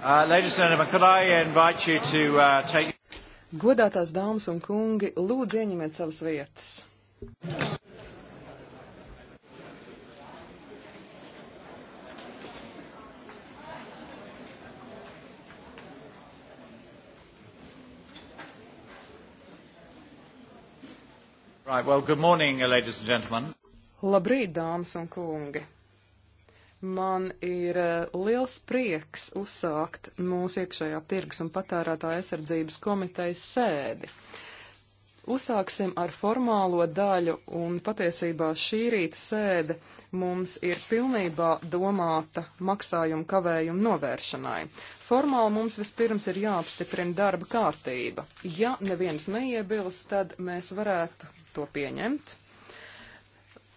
Uh, to, uh, take... Godātās dāmas un kungi, lūdzu ieņemiet savas vietas. Right, well, good morning, uh, ladies and gentlemen. Labrīt, dāmas un kungi. Man ir eh, liels prieks uzsākt mūsu iekšējā tirgus un patērētāja aizsardzības komitejas sēdi. Uzsāksim ar formālo daļu, un patiesībā šī rīta sēde mums ir pilnībā domāta maksājumu kavējumu novēršanai. Formāli mums vispirms ir jāapstiprina darba kārtība. Ja neviens neiebilst, tad mēs varētu to pieņemt.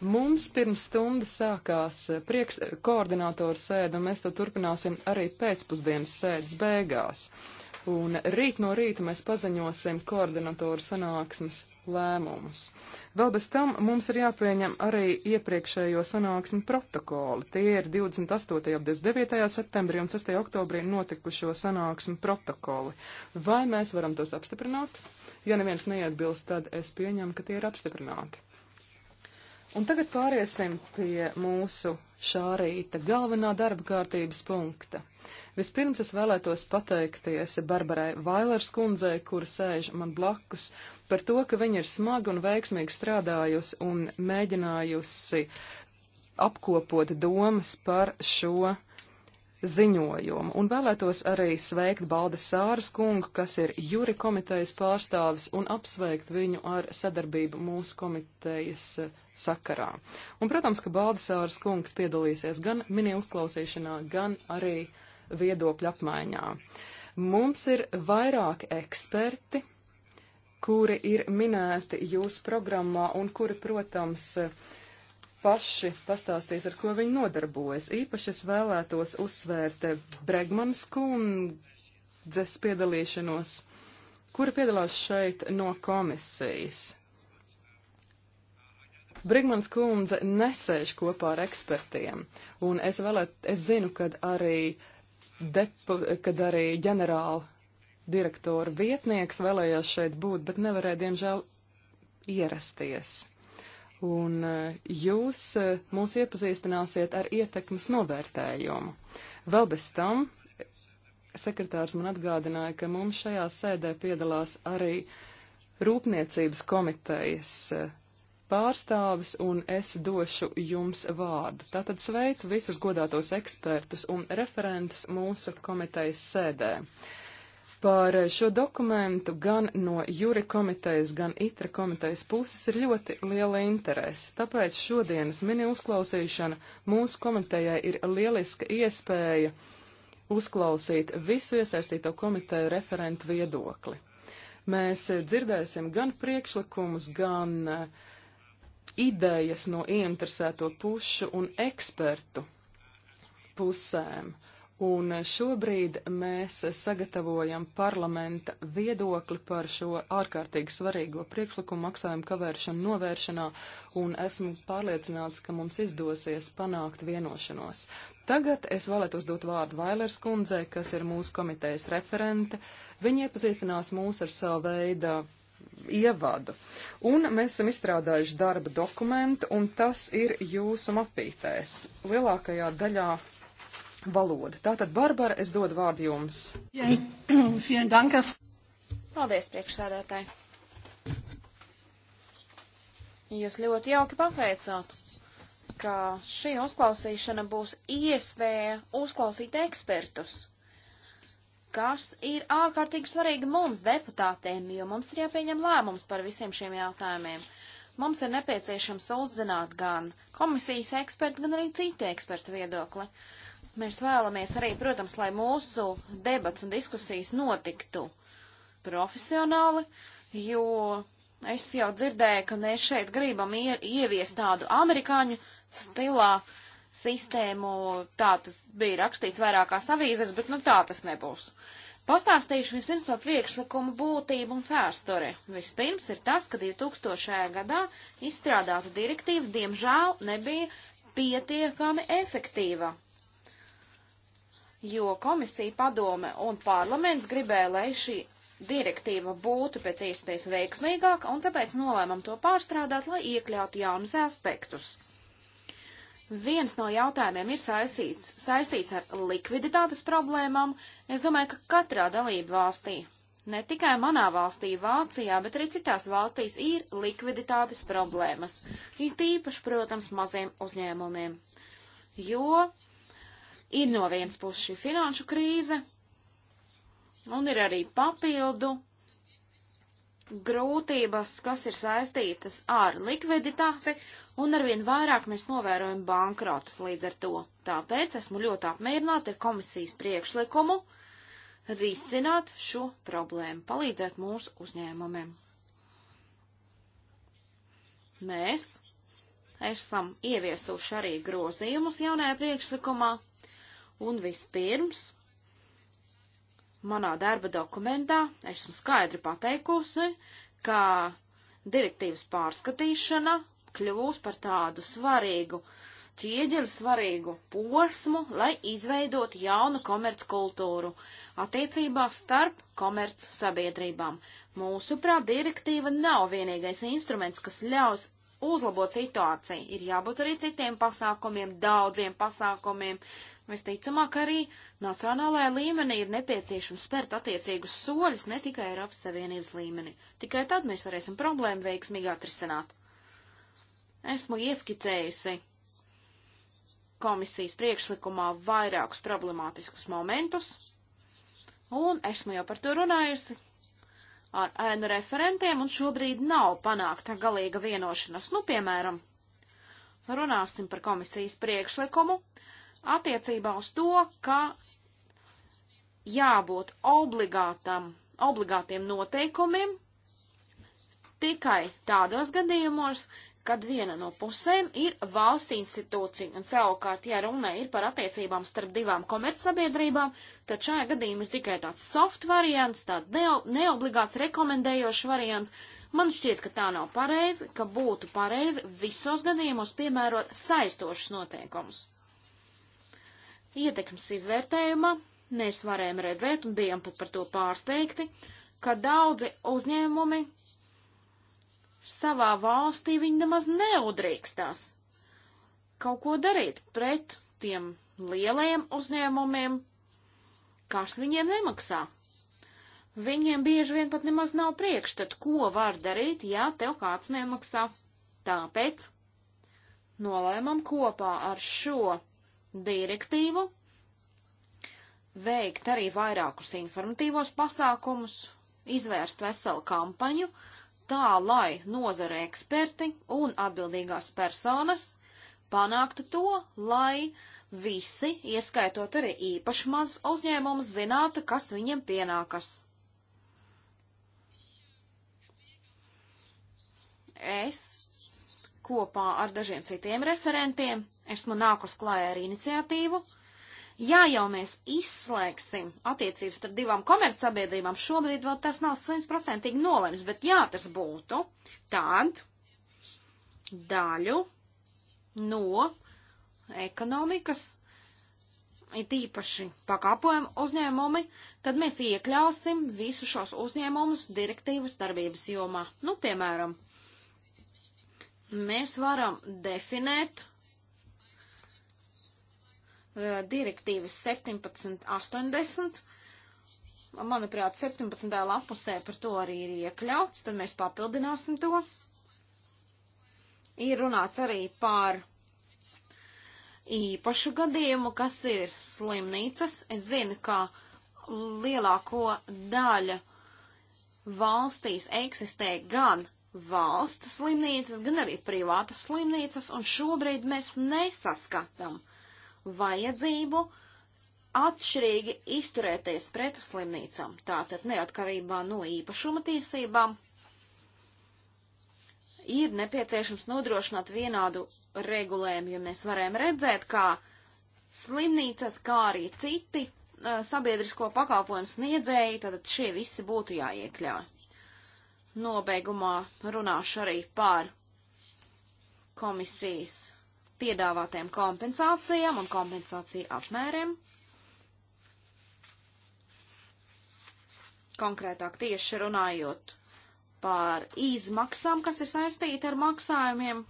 Mums pirms stundas sākās eh, prieks, koordinātoru sēde, un mēs to turpināsim arī pēcpusdienas sēdes beigās. Un rīt no rīta mēs paziņosim koordinātoru sanāksmes lēmumus. Vēl bez tam mums ir jāpieņem arī iepriekšējo sanāksmu protokoli. Tie ir 28. un 29. septembrī un 6. oktobrī notikušo sanāksmu protokoli. Vai mēs varam tos apstiprināt? Ja neviens neiebilst, tad es pieņemu, ka tie ir apstiprināti. Un tagad pāriesim pie mūsu šā rīta galvenā darba kārtības punkta. Vispirms es vēlētos pateikties Barbarai Vailers kundzei, kur sēž man blakus, par to, ka viņa ir smagi un veiksmīgi strādājusi un mēģinājusi apkopot domas par šo ziņojumu. Un vēlētos arī sveikt Baldas Sāras kungu, kas ir juri komitejas pārstāvis, un apsveikt viņu ar sadarbību mūsu komitejas eh, sakarā. Un, protams, ka Baldas Sāras kungs piedalīsies gan mini uzklausīšanā, gan arī viedokļu apmaiņā. Mums ir vairāki eksperti, kuri ir minēti jūsu programmā un kuri, protams, uh, paši pastāstīs, ar ko viņi nodarbojas. Īpaši es vēlētos uzsvērt Bregmanas kundzes piedalīšanos, kura piedalās šeit no komisijas. Brigmans kundze nesēž kopā ar ekspertiem, un es vēlēt, es zinu, kad arī, depo, kad arī ģenerāla direktora vietnieks vēlējās šeit būt, bet nevarēja, diemžēl, ierasties un eh, jūs eh, mūs iepazīstināsiet ar ietekmes novērtējumu. Vēl bez tam sekretārs man atgādināja, ka mums šajā sēdē piedalās arī Rūpniecības komitejas eh, pārstāvis, un es došu jums vārdu. Tātad sveicu visus godātos ekspertus un referentus mūsu komitejas sēdē par šo dokumentu gan no juri komitejas, gan itra komitejas puses ir ļoti liela interese. Tāpēc šodienas mini uzklausīšana mūsu komitejai ir lieliska iespēja uzklausīt visu iesaistīto komiteju referentu viedokli. Mēs dzirdēsim gan priekšlikumus, gan eh, idejas no ieinteresēto pušu un ekspertu pusēm. Un šobrīd mēs sagatavojam parlamenta viedokli par šo ārkārtīgi svarīgo priekšlikumu maksājumu kavēršanu novēršanā, un esmu pārliecināts, ka mums izdosies panākt vienošanos. Tagad es vēlētos dot vārdu Vailers kundzē, kas ir mūsu komitejas referente. Viņa iepazīstinās mūs ar savu veidu ievadu. Un mēs esam izstrādājuši darba dokumentu, un tas ir jūsu mapītēs. Lielākajā daļā valoda. Tātad, Barbara, es dodu vārdu jums. Paldies, priekšsēdētāji. Jūs ļoti jauki paveicāt, ka šī uzklausīšana būs iespēja uzklausīt ekspertus, kas ir ārkārtīgi svarīgi mums, deputātiem, jo mums ir jāpieņem lēmums par visiem šiem jautājumiem mums ir nepieciešams uzzināt gan komisijas ekspertu, gan arī citu ekspertu viedokli. Mēs vēlamies arī, protams, lai mūsu debats un diskusijas notiktu profesionāli, jo es jau dzirdēju, ka mēs šeit gribam ie ieviest tādu amerikāņu stilā sistēmu. Tā tas bija rakstīts vairākās avīzēs, bet nu tā tas nebūs. Pastāstīšu vispirms par priekšlikumu būtību un vēsturi. Vispirms ir tas, ka 2000. gadā izstrādāta direktīva, diemžēl, nebija pietiekami efektīva jo komisija padome un parlaments gribēja, lai šī direktīva būtu pēc iespējas veiksmīgāka, un tāpēc nolēmam to pārstrādāt, lai iekļautu jaunus aspektus. Viens no jautājumiem ir saistīts, saistīts ar likviditātes problēmām. Es domāju, ka katrā dalība valstī, ne tikai manā valstī, Vācijā, bet arī citās valstīs ir likviditātes problēmas. Ir tīpaši, protams, maziem uzņēmumiem, jo Ir no vienas puses šī finanšu krīze, un ir arī papildu grūtības, kas ir saistītas ar likviditāti, un arvien vairāk mēs novērojam bankrotus līdz ar to. Tāpēc esmu ļoti apmierināta ar komisijas priekšlikumu risināt šo problēmu, palīdzēt mūsu uzņēmumiem. Mēs esam ieviesuši arī grozījumus jaunajā priekšlikumā, Un vispirms, manā darba dokumentā esmu skaidri pateikusi, ka direktīvas pārskatīšana kļūs par tādu svarīgu ķieģeli, svarīgu posmu, lai izveidot jaunu komerckultūru attiecībās starp komerc sabiedrībām. Mūsuprāt, direktīva nav vienīgais instruments, kas ļaus uzlabot situāciju. Ir jābūt arī citiem pasākumiem, daudziem pasākumiem, Visticamāk arī nacionālajā līmenī ir nepieciešams spērt attiecīgus soļus ne tikai Eiropas Savienības līmenī. Tikai tad mēs varēsim problēmu veiksmīgi atrisināt. Esmu ieskicējusi komisijas priekšlikumā vairākus problemātiskus momentus, un esmu jau par to runājusi ar ēnu referentiem, un šobrīd nav panākta galīga vienošanas. Nu, piemēram, runāsim par komisijas priekšlikumu attiecībā uz to, ka jābūt obligātam, obligātiem noteikumiem tikai tādos gadījumos, kad viena no pusēm ir valsts institūcija, un savukārt, ja runa ir par attiecībām starp divām komercsabiedrībām, tad šajā gadījumā ir tikai tāds soft variants, tāds neo, neobligāts rekomendējošs variants. Man šķiet, ka tā nav pareizi, ka būtu pareizi visos gadījumos piemērot saistošus noteikumus. Ietekmes izvērtējumā mēs varējām redzēt un bijām pat par to pārsteigti, ka daudzi uzņēmumi savā valstī viņi nemaz neudrīkstās kaut ko darīt pret tiem lielajiem uzņēmumiem, kas viņiem nemaksā. Viņiem bieži vien pat nemaz nav priekšstat, ko var darīt, ja tev kāds nemaksā. Tāpēc nolēmam kopā ar šo direktīvu, veikt arī vairākus informatīvos pasākumus, izvērst veselu kampaņu, tā lai nozara eksperti un atbildīgās personas panāktu to, lai visi, ieskaitot arī īpaši maz uzņēmumus, zinātu, kas viņiem pienākas. Es kopā ar dažiem citiem referentiem esmu nākus klājā ar iniciatīvu. Jā, jau mēs izslēgsim attiecības starp divām komercsabiedrībām, šobrīd vēl tas nav simtprocentīgi nolems, bet jā, tas būtu tād daļu no ekonomikas, it īpaši pakāpojumu uzņēmumi, tad mēs iekļausim visu šos uzņēmumus direktīvas darbības jomā. Nu, piemēram, mēs varam definēt eh, direktīvas 1780. Manuprāt, 17. lapusē par to arī ir iekļauts, tad mēs papildināsim to. Ir runāts arī par īpašu gadījumu, kas ir slimnīcas. Es zinu, ka lielāko daļu valstīs eksistē gan valsts slimnīcas, gan arī privātas slimnīcas, un šobrīd mēs nesaskatām vajadzību atšķirīgi izturēties pret slimnīcām, tātad neatkarībā no īpašuma tiesībām. Ir nepieciešams nodrošināt vienādu regulējumu, jo mēs varējām redzēt, kā slimnīcas, kā arī citi eh, sabiedrisko pakalpojumu sniedzēji, tad šie visi būtu jāiekļauj nobeigumā runāšu arī par komisijas piedāvātiem kompensācijām un kompensāciju apmēriem. Konkrētāk tieši runājot par izmaksām, kas ir saistīti ar maksājumiem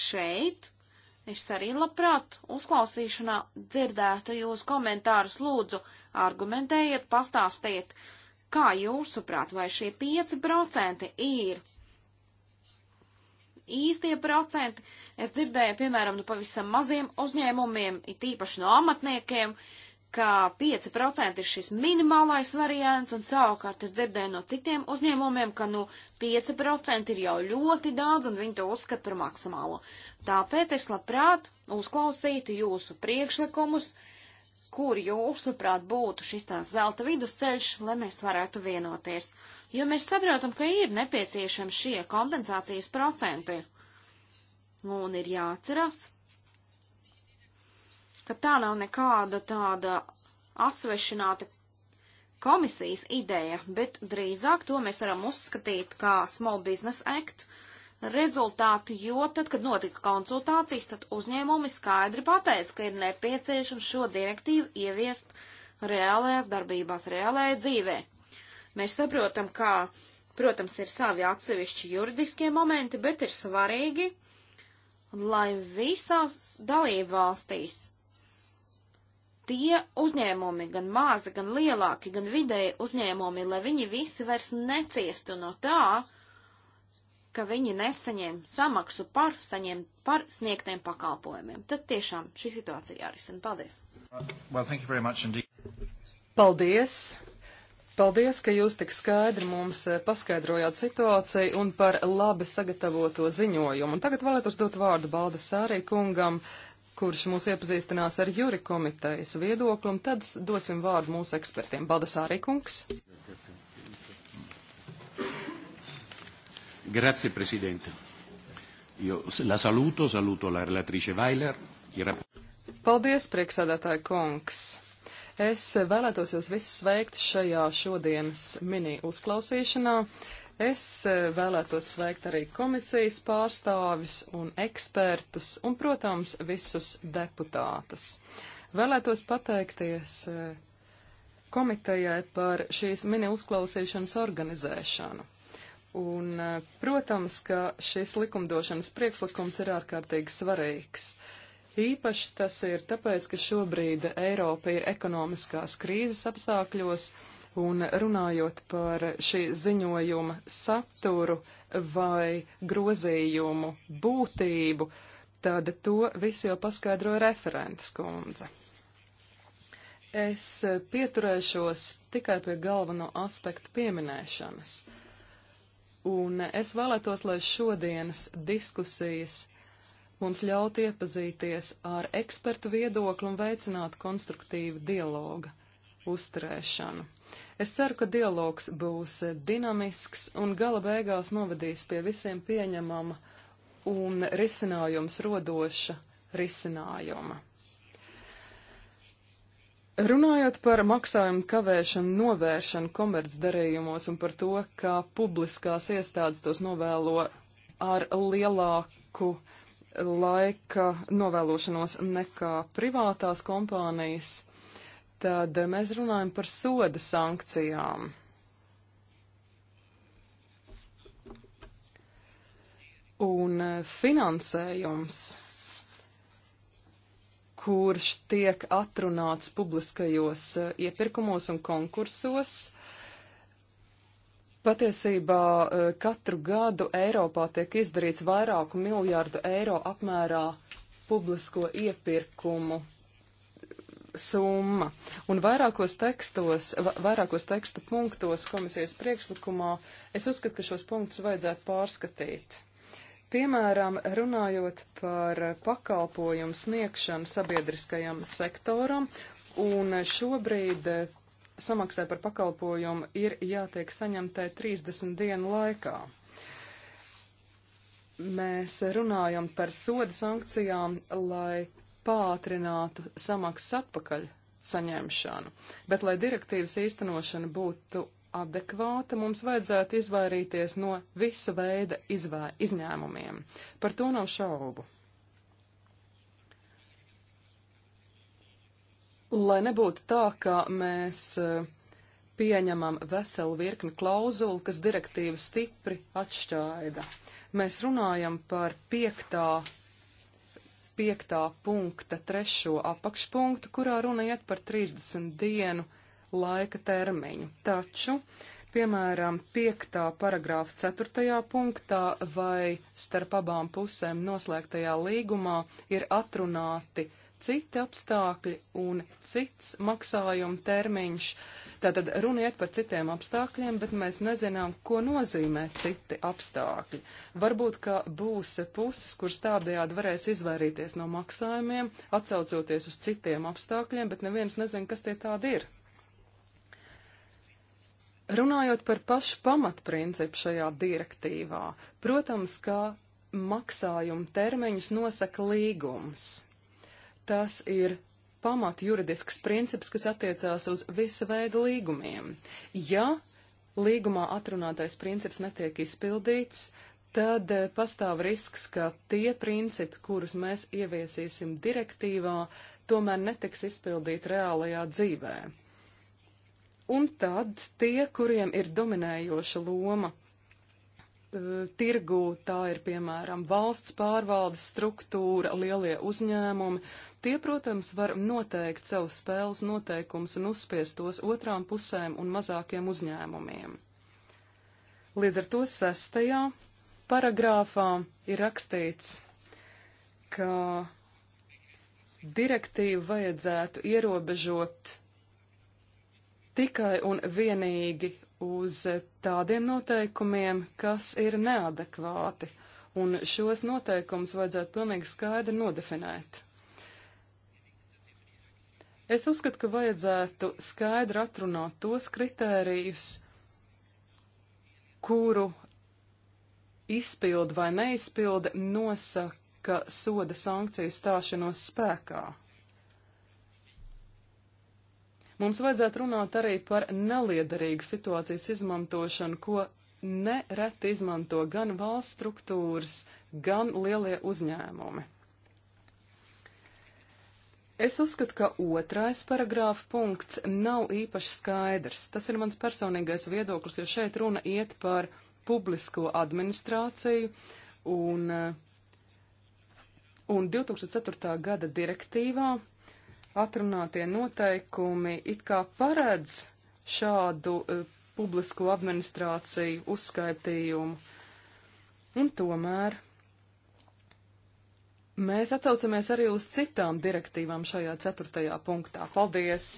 šeit. Es arī labprāt uzklausīšanā dzirdētu jūsu komentārus lūdzu, argumentējiet, pastāstiet, uh, Kā jūsuprāt, vai šie 5% ir īstie procenti? Es dzirdēju, piemēram, nu pavisam maziem uzņēmumiem, it īpaši no amatniekiem, ka 5% ir šis minimālais variants, un savukārt es dzirdēju no citiem uzņēmumiem, ka nu 5% ir jau ļoti daudz, un viņi to uzskata par maksimālo. Tāpēc es labprāt uzklausītu jūsu priekšlikumus, uh, kur jūsuprāt būtu šis tās zelta vidusceļš, lai mēs varētu vienoties. Jo mēs saprotam, ka ir nepieciešami šie kompensācijas procenti. Un ir jāatcerās, ka tā nav nekāda tāda atsvešināta komisijas ideja, bet drīzāk to mēs varam uzskatīt kā Small Business Act, uh, rezultātu, jo tad, kad notika konsultācijas, tad uzņēmumi skaidri pateica, ka ir nepieciešams šo direktīvu ieviest reālajās darbībās, reālajā dzīvē. Mēs saprotam, ka, protams, ir savi atsevišķi juridiskie momenti, bet ir svarīgi, lai visās dalību valstīs tie uzņēmumi, gan mazi, gan lielāki, gan vidēji uzņēmumi, lai viņi visi vairs neciestu no tā, ka viņi nesaņem samaksu par, saņem par sniegtiem pakalpojumiem. Tad tiešām šī situācija jārisina. Paldies! Well, Paldies! Paldies, ka jūs tik skaidri mums eh, paskaidrojāt situāciju un par labi sagatavoto ziņojumu. Un tagad vēlētos dot vārdu Balda Sārī kungam, kurš mūs iepazīstinās ar juri komitejas viedokli, un tad dosim vārdu mūsu ekspertiem. Balda Sārī kungs. Grazie Presidente. Io la saluto, saluto la relatrice Vailer. Rap... Paldies, prieksēdētāji kungs. Es vēlētos jūs visus sveikt šajā šodienas mini uzklausīšanā. Es e, vēlētos sveikt arī komisijas pārstāvis un ekspertus un, protams, visus deputātus. Vēlētos pateikties e, komitejai par šīs mini uzklausīšanas organizēšanu. Un, eh, protams, ka šis likumdošanas priekšlikums ir ārkārtīgi svarīgs. Īpaši tas ir tāpēc, ka šobrīd Eiropa ir ekonomiskās krīzes apstākļos, un runājot par šī ziņojuma saturu vai grozījumu būtību, tad to visu jau paskaidro referents kundze. Es pieturēšos tikai pie galveno aspektu pieminēšanas. Uh, un es vēlētos, lai šodienas diskusijas mums ļaut iepazīties ar ekspertu viedokli un veicināt konstruktīvu dialogu uzturēšanu. Es ceru, ka dialogs būs dinamisks un gala beigās novadīs pie visiem pieņemama un risinājums rodoša risinājuma. Runājot par maksājumu kavēšanu, novēršanu komercdarījumos un par to, ka publiskās iestādes tos novēlo ar lielāku laika novēlošanos nekā privātās kompānijas, tad mēs runājam par soda sankcijām. Un finansējums kurš tiek atrunāts publiskajos eh, iepirkumos un konkursos. Patiesībā eh, katru gadu Eiropā tiek izdarīts vairāku miljārdu eiro apmērā publisko iepirkumu summa. Un vairākos tekstos, vairākos teksta punktos komisijas priekšlikumā es uzskatu, ka šos punktus vajadzētu pārskatīt. Piemēram, runājot par pakalpojumu sniegšanu sabiedriskajam sektoram, un šobrīd samaksai par pakalpojumu ir jātiek saņemtai 30 dienu laikā. Mēs runājam par soda sankcijām, lai pātrinātu samaksas atpakaļ saņemšanu, bet lai direktīvas īstenošana būtu adekvāta, mums vajadzētu izvairīties no visa veida izvē, izņēmumiem. Par to nav šaubu. Lai nebūtu tā, ka mēs eh, pieņemam veselu virkni klauzulu, kas direktīvu stipri atšķaida. Mēs runājam par piektā, piektā punkta trešo apakšpunktu, kurā runa iet par 30 dienu laika termiņu. Taču, piemēram, 5. paragrāfa 4. punktā vai starp abām pusēm noslēgtajā līgumā ir atrunāti citi apstākļi un cits maksājuma termiņš. Tātad runiet par citiem apstākļiem, bet mēs nezinām, ko nozīmē citi apstākļi. Varbūt, ka būs puses, kuras tādējādi varēs izvairīties no maksājumiem, atsaucoties uz citiem apstākļiem, bet neviens nezin, kas tie tādi ir. Runājot par pašu pamatprincipu šajā direktīvā, protams, ka maksājumu termiņus nosaka līgums. Tas ir pamat juridisks princips, kas attiecās uz visu veidu līgumiem. Ja līgumā atrunātais princips netiek izpildīts, tad eh, pastāv risks, ka tie principi, kurus mēs ieviesīsim direktīvā, tomēr netiks izpildīti reālajā dzīvē un tad tie, kuriem ir dominējoša loma e, tirgū, tā ir piemēram valsts pārvaldes struktūra, lielie uzņēmumi, tie, protams, var noteikt savus spēles noteikumus un uzspiest tos otrām pusēm un mazākiem uzņēmumiem. Līdz ar to sestajā paragrāfā ir rakstīts, ka direktīvu vajadzētu ierobežot tikai un vienīgi uz tādiem noteikumiem, kas ir neadekvāti, un šos noteikumus vajadzētu pilnīgi skaidri nodefinēt. Es uzskatu, ka vajadzētu skaidri atrunāt tos kritērijus, kuru izpildu vai neizpildu nosaka soda sankciju stāšanos spēkā. Mums vajadzētu runāt arī par neliederīgu situācijas izmantošanu, ko nereti izmanto gan valsts struktūras, gan lielie uzņēmumi. Es uzskatu, ka otrais paragrāfa punkts nav īpaši skaidrs. Tas ir mans personīgais viedoklis, jo šeit runa iet par publisko administrāciju un, eh, un 2004. gada direktīvā atrunātie noteikumi it kā paredz šādu uh, e, publisko administrāciju uzskaitījumu. Un tomēr mēs atcaucamies arī uz citām direktīvām šajā ceturtajā punktā. Paldies!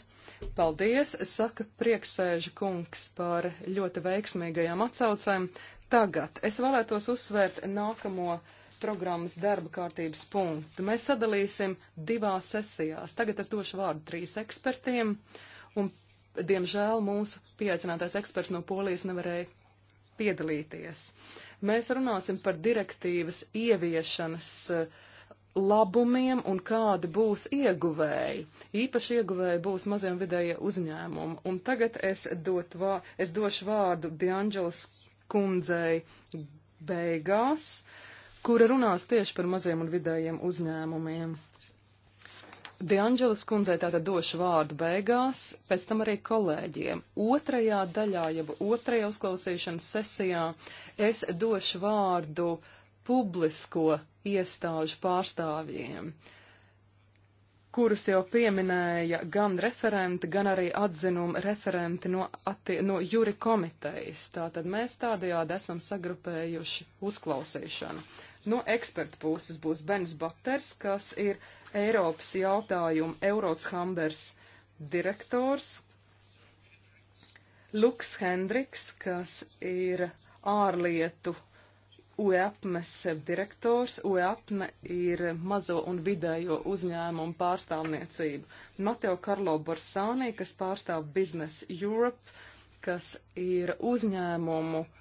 Paldies, saka priekšsēža kungs par ļoti veiksmīgajām atcaucēm. Tagad es vēlētos uzsvērt nākamo programmas darba kārtības punktu. Mēs sadalīsim divās sesijās. Tagad es došu vārdu trīs ekspertiem, un, diemžēl, mūsu pieaicinātais eksperts no Polijas nevarēja piedalīties. Mēs runāsim par direktīvas ieviešanas eh, labumiem un kādi būs ieguvēji. Īpaši ieguvēji būs maziem vidējie uzņēmumi. Un tagad es, dot vā, es došu vārdu Dianģelas kundzei beigās. Uh, kura runās tieši par maziem un vidējiem uzņēmumiem. Dianģelas kundzei tātad došu vārdu beigās, pēc tam arī kolēģiem. Otrajā daļā, jeb otrajā uzklausīšanas sesijā, es došu vārdu publisko iestāžu pārstāvjiem, kurus jau pieminēja gan referenti, gan arī atzinuma referenti no, atti, no juri komitejas. Tātad mēs tādajādi esam sagrupējuši uzklausīšanu. No eksperta puses būs Benis Baters, kas ir Eiropas jautājumu Eurots Hambers direktors, Luks Hendriks, kas ir ārlietu UEAPMES direktors. UEAPME ir mazo un vidējo uzņēmumu pārstāvniecība. Mateo Karlo Borsānī, kas pārstāv Business Europe, kas ir uzņēmumu uh,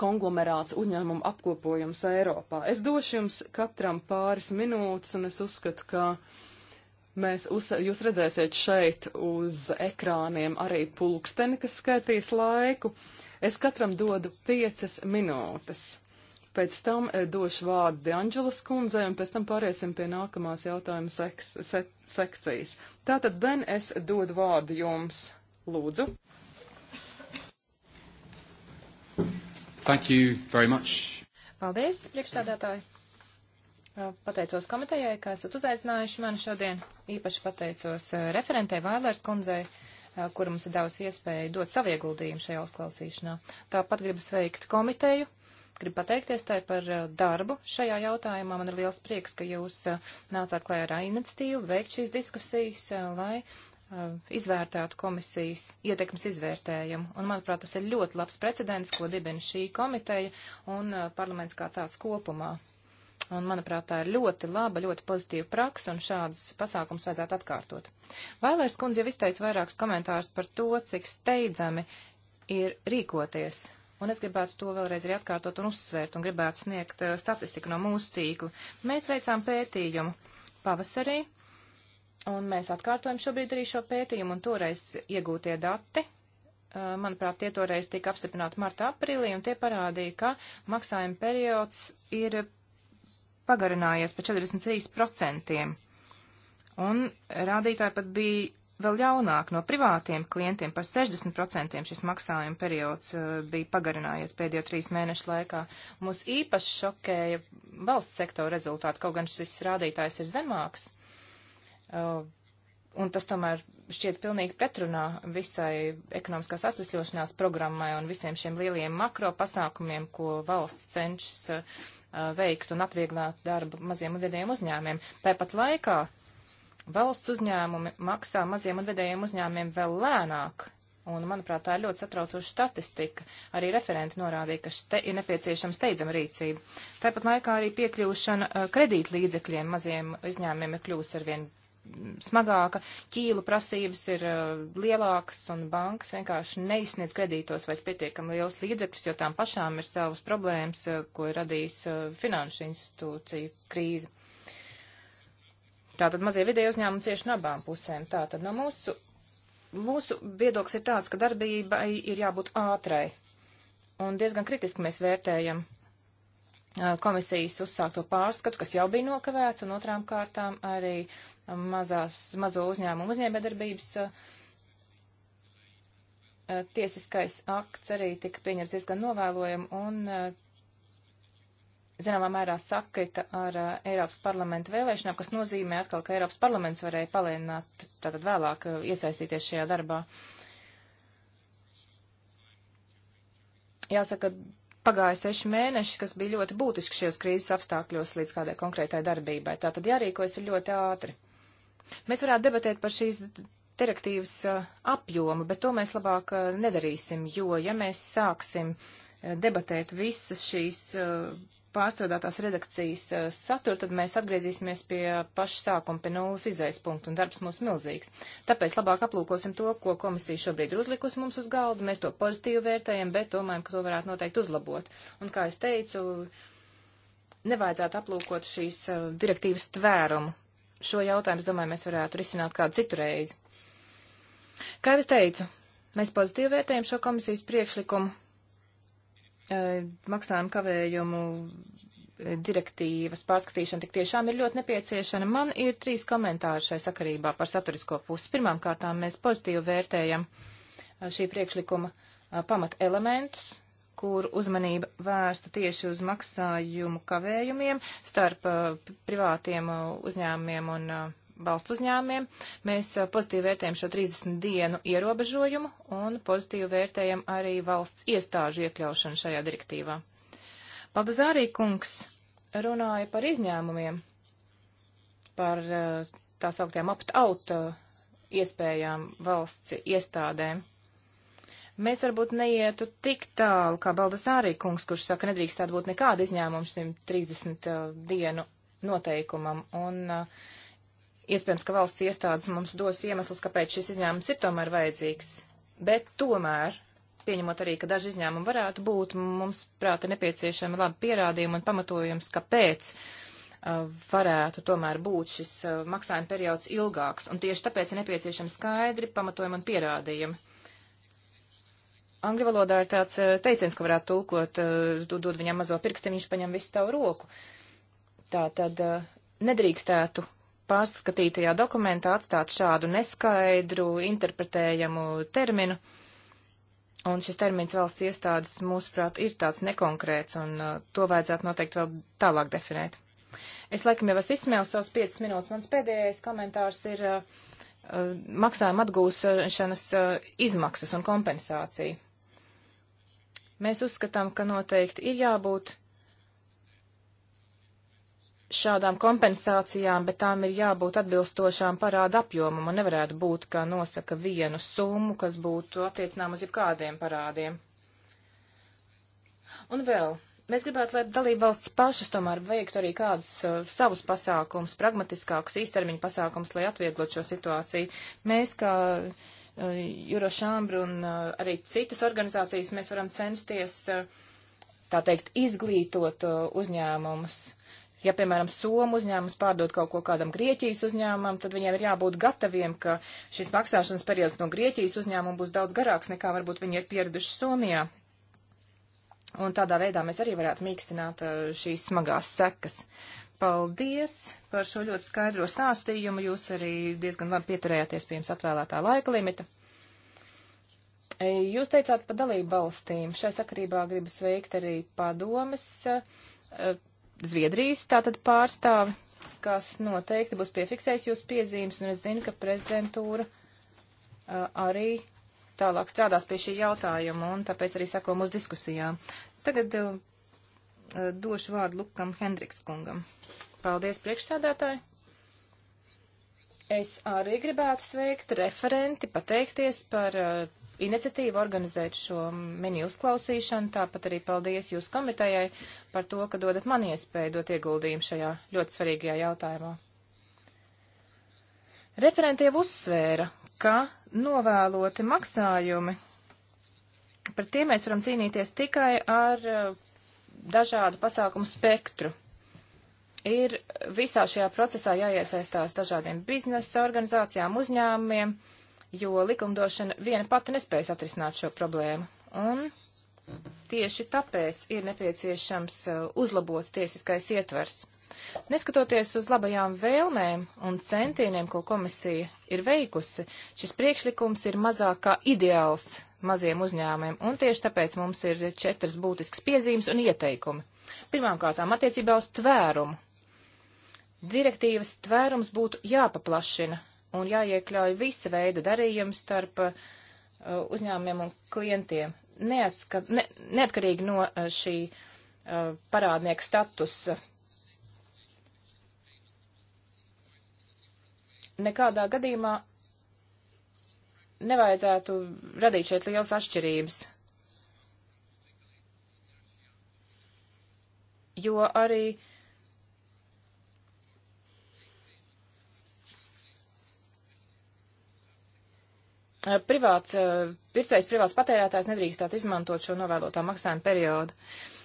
konglomerāts uzņēmumu apkopojums Eiropā. Es došu jums katram pāris minūtes, un es uzskatu, ka mēs uz, jūs redzēsiet šeit uz ekrāniem arī pulksteni, kas skaitīs laiku. Es katram dodu piecas minūtes. Pēc tam eh, došu vārdu Deanģelas kundzei, un pēc tam pāriesim pie nākamās jautājuma seks, se, sekcijas. Tātad, Ben, es dodu vārdu jums. Lūdzu. Thank you very much. Paldies, priekšsādātāji. Pateicos komitejai, ka esat uzaicinājuši mani šodien. Īpaši pateicos referentei Vailers kundzei, kura mums ir devusi iespēju dot savu ieguldījumu šajā uzklausīšanā. Tāpat gribu sveikt komiteju. Gribu pateikties tai par darbu šajā jautājumā. Man ir liels prieks, ka jūs nācāt klājā ar iniciatīvu veikt šīs diskusijas, lai Um, izvērtētu komisijas ietekmes izvērtējumu. Un, manuprāt, tas ir ļoti labs precedents, ko dibina šī komiteja un uh, parlaments kā tāds kopumā. Un, manuprāt, tā ir ļoti laba, ļoti pozitīva praksa, un šādas pasākums vajadzētu atkārtot. Vailērs kundze jau izteica vairākus komentārus par to, cik steidzami ir rīkoties. Un es gribētu to vēlreiz arī atkārtot un uzsvērt, un gribētu sniegt uh, statistiku no mūsu tīkla. Mēs veicām pētījumu pavasarī, Un mēs atkārtojam šobrīd arī šo pētījumu, un toreiz iegūtie dati, manuprāt, tie toreiz tika apstiprināti marta aprīlī, un tie parādīja, ka maksājuma periods ir pagarinājies par 43%. Un rādītāji pat bija vēl jaunāk no privātiem klientiem par 60% šis maksājuma periods bija pagarinājies pēdējo trīs mēnešu laikā. Mūs īpaši šokēja valsts sektora rezultāti, kaut gan šis rādītājs ir zemāks. Uh, un tas tomēr šķiet pilnīgi pretrunā visai ekonomiskās atvesļošanās programmai un visiem šiem lielajiem makro pasākumiem, ko valsts cenšas uh, veikt un atvieglāt darbu maziem un vidējiem uzņēmiem. Tāpat laikā valsts uzņēmumi maksā maziem un vidējiem uzņēmiem vēl lēnāk. Un, manuprāt, tā ir ļoti satraucoša statistika. Arī referenti norādīja, ka te ir nepieciešama steidzama rīcība. Tāpat laikā arī piekļūšana uh, kredītlīdzekļiem maziem uzņēmiem ir kļūst arvien smagāka, ķīlu prasības ir uh, lielākas un bankas vienkārši neizsniedz kredītos vairs pietiekami liels līdzekļus, jo tām pašām ir savas problēmas, uh, ko ir radījis uh, finanšu institūciju krīze. Tātad mazie vidēji uzņēmumi cieši no abām pusēm. Tātad no mūsu, mūsu viedoklis ir tāds, ka darbībai ir jābūt ātrai. Un diezgan kritiski mēs vērtējam uh, komisijas uzsākto pārskatu, kas jau bija nokavēts, un otrām kārtām arī mazās, mazo uzņēmumu uzņēmējdarbības uh, uh, tiesiskais akts arī tika pieņemts diezgan novēlojami un, uh, zināmā mērā, sakrita ar Eiropas parlamenta vēlēšanām, kas nozīmē atkal, ka Eiropas parlaments varēja palēnināt, tātad vēlāk iesaistīties šajā darbā. Jāsaka, pagāja seši mēneši, kas bija ļoti būtiski šajos krīzes apstākļos līdz kādai konkrētai darbībai. Tātad jārīkojas ir ļoti ātri. Mēs varētu debatēt par šīs direktīvas eh, apjomu, bet to mēs labāk eh, nedarīsim, jo ja mēs sāksim eh, debatēt visas šīs pārstrādātās redakcijas saturu, tad mēs atgriezīsimies pie paša sākuma, pie nulles izējas punktu, un darbs mūs milzīgs. Tāpēc labāk aplūkosim to, ko komisija šobrīd ir uzlikusi mums uz galda, mēs to pozitīvi vērtējam, bet domājam, ka to varētu noteikti uzlabot. Un, kā es teicu, nevajadzētu aplūkot šīs direktīvas tvērumu šo jautājumu, es domāju, mēs varētu risināt kādu citu reizi. Kā jau es teicu, mēs pozitīvi vērtējam šo komisijas priekšlikumu e, maksājumu kavējumu e, direktīvas pārskatīšana tik tiešām ir ļoti nepieciešama. Man ir trīs komentāri šai sakarībā par saturisko pusi. Pirmām kārtām mēs pozitīvi vērtējam e, šī priekšlikuma e, pamat elementus, kur uzmanība vērsta tieši uz maksājumu kavējumiem starp uh, privātiem uh, uzņēmumiem un uh, valsts uzņēmumiem. Mēs pozitīvi vērtējam šo 30 dienu ierobežojumu un pozitīvi vērtējam arī valsts iestāžu iekļaušanu šajā direktīvā. Pabazārī kungs runāja par izņēmumiem, par tā sauktiem opt-out iespējām valsts iestādēm. Mēs varbūt neietu tik tālu, kā Baldas arī kungs, kurš saka, nedrīkst tādu būt nekāda izņēmuma šim 30 uh, dienu noteikumam. Un, uh, Iespējams, ka valsts iestādes mums dos iemeslus, kāpēc šis izņēmums ir tomēr vajadzīgs. Bet tomēr, pieņemot arī, ka daži izņēmumi varētu būt, mums prāta nepieciešami labi pierādījumi un pamatojums, kāpēc uh, varētu tomēr būt šis uh, maksājuma periods ilgāks. Un tieši tāpēc ir nepieciešami skaidri pamatojumi un pierādījumi. Angļu valodā ir tāds eh, teiciens, ko varētu tulkot, tu eh, dod viņam mazo pirksti, viņš paņem visu tavu roku. Tā tad eh, nedrīkstētu pārskatītajā dokumentā atstāt šādu neskaidru, interpretējamu terminu. Un šis termins valsts iestādes, mūsuprāt, ir tāds nekonkrēts, un to vajadzētu noteikti vēl tālāk definēt. Es laikam jau esmu izsmēlis savus 5 minūtes. Mans pēdējais komentārs ir uh, maksājuma atgūšanas uh, izmaksas un kompensācija. Mēs uzskatām, ka noteikti ir jābūt šādām kompensācijām, bet tām ir jābūt atbilstošām parāda apjomam un nevarētu būt, ka nosaka vienu summu, kas būtu attiecinām uz jebkādiem parādiem. Un vēl, mēs gribētu, lai dalība valsts pašas tomēr veiktu arī kādus uh, savus pasākums, pragmatiskākus īstermiņu pasākums, lai atvieglot šo situāciju. Mēs kā uh, Eh, Jurošāmbru un eh, arī citas organizācijas mēs varam censties, eh, tā teikt, izglītot uzņēmumus. Ja, piemēram, Somu uzņēmums pārdod kaut ko kādam Grieķijas uzņēmumam, tad viņiem ir jābūt gataviem, ka šis maksāšanas periods no Grieķijas uzņēmuma būs daudz garāks nekā varbūt viņi ir pieraduši Somijā. Un tādā veidā mēs arī varētu mīkstināt šīs smagās sekas. Uh, Paldies par šo ļoti skaidro stāstījumu. Jūs arī diezgan labi pieturējāties pie jums atvēlētā laika limita. E, jūs teicāt par dalību valstīm. Šai sakarībā gribu sveikt arī padomes e, Zviedrijas tātad pārstāvi, kas noteikti būs piefiksējis jūs piezīmes, un es zinu, ka prezidentūra e, arī tālāk strādās pie šī jautājuma, un tāpēc arī sako mūsu diskusijām. Tagad Eh, došu vārdu Lukam Hendriks kungam. Paldies, priekšsādātāji! Es arī gribētu sveikt referenti, pateikties par uh, iniciatīvu organizēt šo mini uzklausīšanu, tāpat arī paldies jūs komitejai par to, ka dodat man iespēju dot ieguldījumu šajā ļoti svarīgajā jautājumā. Referenti jau uzsvēra, ka novēloti maksājumi, par tiem mēs varam cīnīties tikai ar uh, dažādu pasākumu spektru. Ir visā šajā procesā jāiesaistās dažādiem biznesa organizācijām, uzņēmumiem, jo likumdošana viena pati nespējas atrisināt šo problēmu. Un tieši tāpēc ir nepieciešams uh, uzlabots tiesiskais ietvers. Neskatoties uz labajām vēlmēm un centieniem, ko komisija ir veikusi, šis priekšlikums ir mazāk kā ideāls maziem uzņēmumiem, un tieši tāpēc mums ir četras būtiskas piezīmes un ieteikumi. Pirmkārt, attiecībā uz tvērumu. Direktīvas tvērums būtu jāpaplašina un jāiekļauj visa veida darījumi starp uh, uzņēmumiem un klientiem, neatska, ne, neatkarīgi no uh, šī uh, parādnieka statusa. Nekādā gadījumā nevajadzētu radīt šeit lielas atšķirības. Jo arī privāts, pircējs, privāts patērētājs nedrīkstāt izmantot šo novēlotā maksājuma periodu.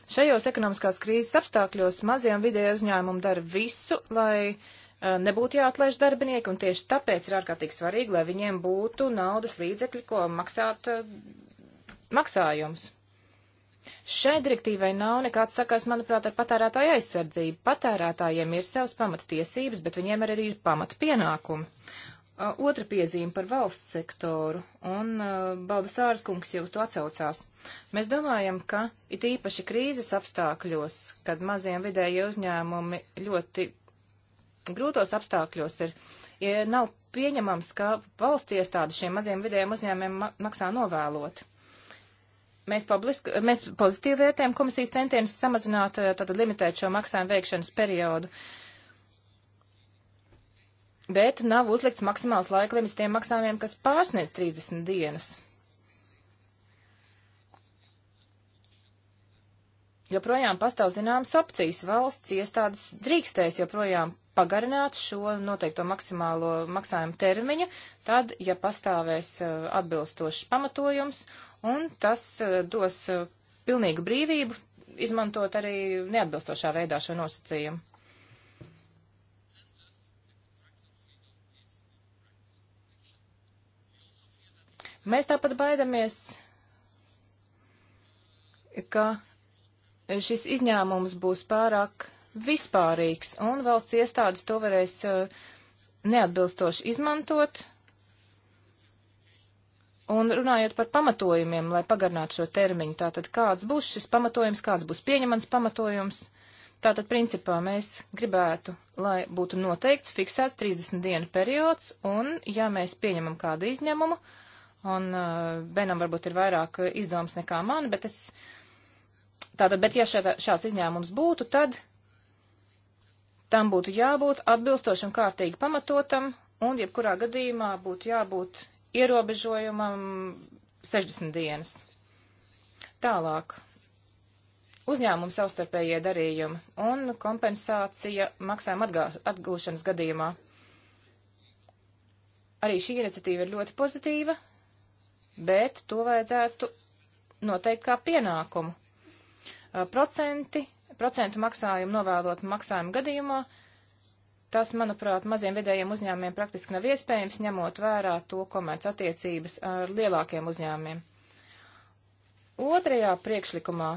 Šajos ekonomiskās krīzes apstākļos maziem vidēja uzņēmumi dara visu, lai uh, Eh, nebūtu jāatlaiž darbinieki, un tieši tāpēc ir ārkārtīgi svarīgi, lai viņiem būtu naudas līdzekļi, ko maksāt eh, maksājums. Šai direktīvai nav nekāds sakars, manuprāt, ar patērētāju aizsardzību. Patērētājiem ir savas pamatiesības, bet viņiem arī ir pamat pienākumi. Eh, otra piezīme par valsts sektoru, un uh, Baldasāras kungs jau uz to atsaucās. Mēs domājam, ka it īpaši krīzes apstākļos, kad maziem vidēji uzņēmumi ļoti grūtos apstākļos ir. Ja nav pieņemams, ka valsts iestāde šiem maziem vidējiem uzņēmumiem ma maksā novēlot. Mēs, publisku, mēs pozitīvi vērtējam komisijas centienus samazināt, eh, tātad limitēt šo maksājumu veikšanas periodu. Bet nav uzlikts maksimāls laika limits tiem maksājumiem, kas pārsniedz 30 dienas. joprojām pastāv zināmas opcijas. Valsts iestādes drīkstēs joprojām pagarināt šo noteikto maksimālo maksājumu termiņu, tad, ja pastāvēs uh, atbilstošs pamatojums, un tas uh, dos uh, pilnīgu brīvību izmantot arī neatbilstošā veidā šo nosacījumu. Mēs tāpat baidamies, ka šis izņēmums būs pārāk vispārīgs, un valsts iestādes to varēs eh, neatbilstoši izmantot. Un runājot par pamatojumiem, lai pagarinātu šo termiņu, tātad kāds būs šis pamatojums, kāds būs pieņemams pamatojums. Tātad, principā, mēs gribētu, lai būtu noteikts, fiksēts 30 dienu periods, un, ja mēs pieņemam kādu izņēmumu, un uh, Benam varbūt ir vairāk eh, izdevums nekā man, bet es, tātad, bet ja šā, šāds izņēmums būtu, tad Tam būtu jābūt atbilstošam, kārtīgi pamatotam, un jebkurā gadījumā būtu jābūt ierobežojumam 60 dienas. Tālāk. Uzņēmumu savstarpējie darījumi un kompensācija maksājuma atgūšanas gadījumā. Arī šī iniciatīva ir ļoti pozitīva, bet to vajadzētu noteikt kā pienākumu. Procenti procentu maksājumu novēlot maksājumu gadījumā. Tas, manuprāt, maziem vidējiem uzņēmumiem praktiski nav iespējams, ņemot vērā to komerc attiecības ar lielākiem uzņēmumiem. Otrajā priekšlikumā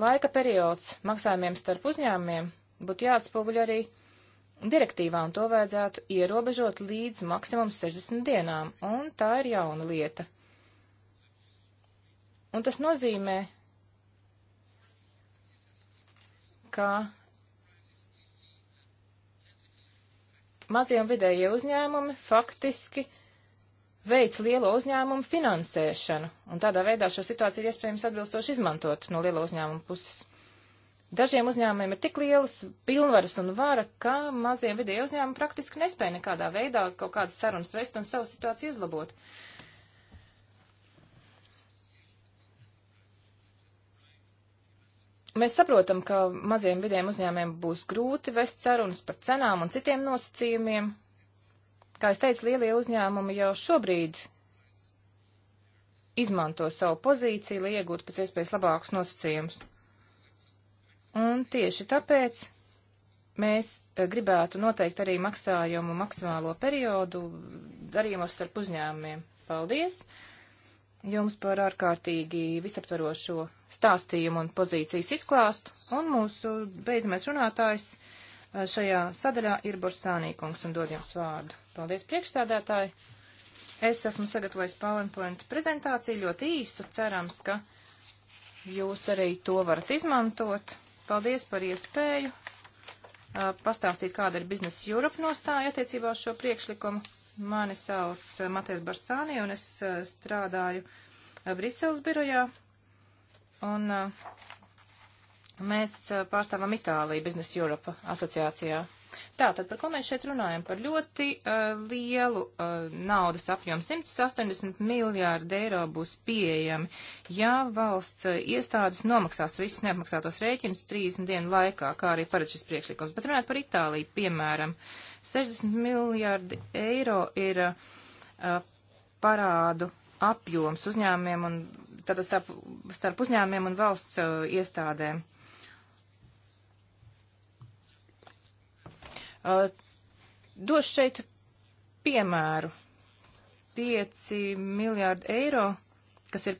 laika periods maksājumiem starp uzņēmumiem būtu jāatspoguļ arī direktīvā, un to vajadzētu ierobežot līdz maksimums 60 dienām, un tā ir jauna lieta. Un tas nozīmē, ka mazie un vidējie uzņēmumi faktiski veic lielo uzņēmumu finansēšanu, un tādā veidā šo situāciju iespējams atbilstoši izmantot no lielo uzņēmumu puses. Dažiem uzņēmumiem ir tik lielas pilnvaras un vara, ka maziem vidēji uzņēmumi praktiski nespēja nekādā veidā kaut kādas sarunas vest un savu situāciju izlabot. Mēs saprotam, ka maziem vidiem uzņēmiem būs grūti vest sarunas par cenām un citiem nosacījumiem. Kā es teicu, lielie uzņēmumi jau šobrīd izmanto savu pozīciju, lai iegūtu pēc iespējas labākus nosacījumus. Un tieši tāpēc mēs eh, gribētu noteikt arī maksājumu maksimālo periodu darījumos starp uzņēmumiem. Paldies! jums par ārkārtīgi visaptvarošo stāstījumu un pozīcijas izklāstu, un mūsu beidzamais runātājs eh, šajā sadaļā ir Borsānīkungs un dod jums vārdu. Paldies priekšstādētāji! Es esmu sagatavojis PowerPoint prezentāciju ļoti īsu, cerams, ka jūs arī to varat izmantot. Paldies par iespēju eh, pastāstīt, kāda ir biznesa Europe nostāja attiecībā uz šo priekšlikumu. Mani sauc eh, Matēs Barsāni un es eh, strādāju eh, Briseles birojā. Un mēs pārstāvam Itāliju Business Europe asociācijā. Tātad, par ko mēs šeit runājam? Par ļoti uh, lielu uh, naudas apjomu. 180 miljārdi eiro būs pieejami, ja valsts uh, iestādes nomaksās visus neapmaksātos rēķinus 30 dienu laikā, kā arī paredz šis priekšlikums. Bet runājot par Itāliju, piemēram, 60 miljārdi eiro ir uh, parādu apjoms uzņēmumiem un tātad starp, starp uzņēmumiem un valsts uh, iestādēm. Uh, Došu šeit piemēru. 5 miljārdi eiro, kas ir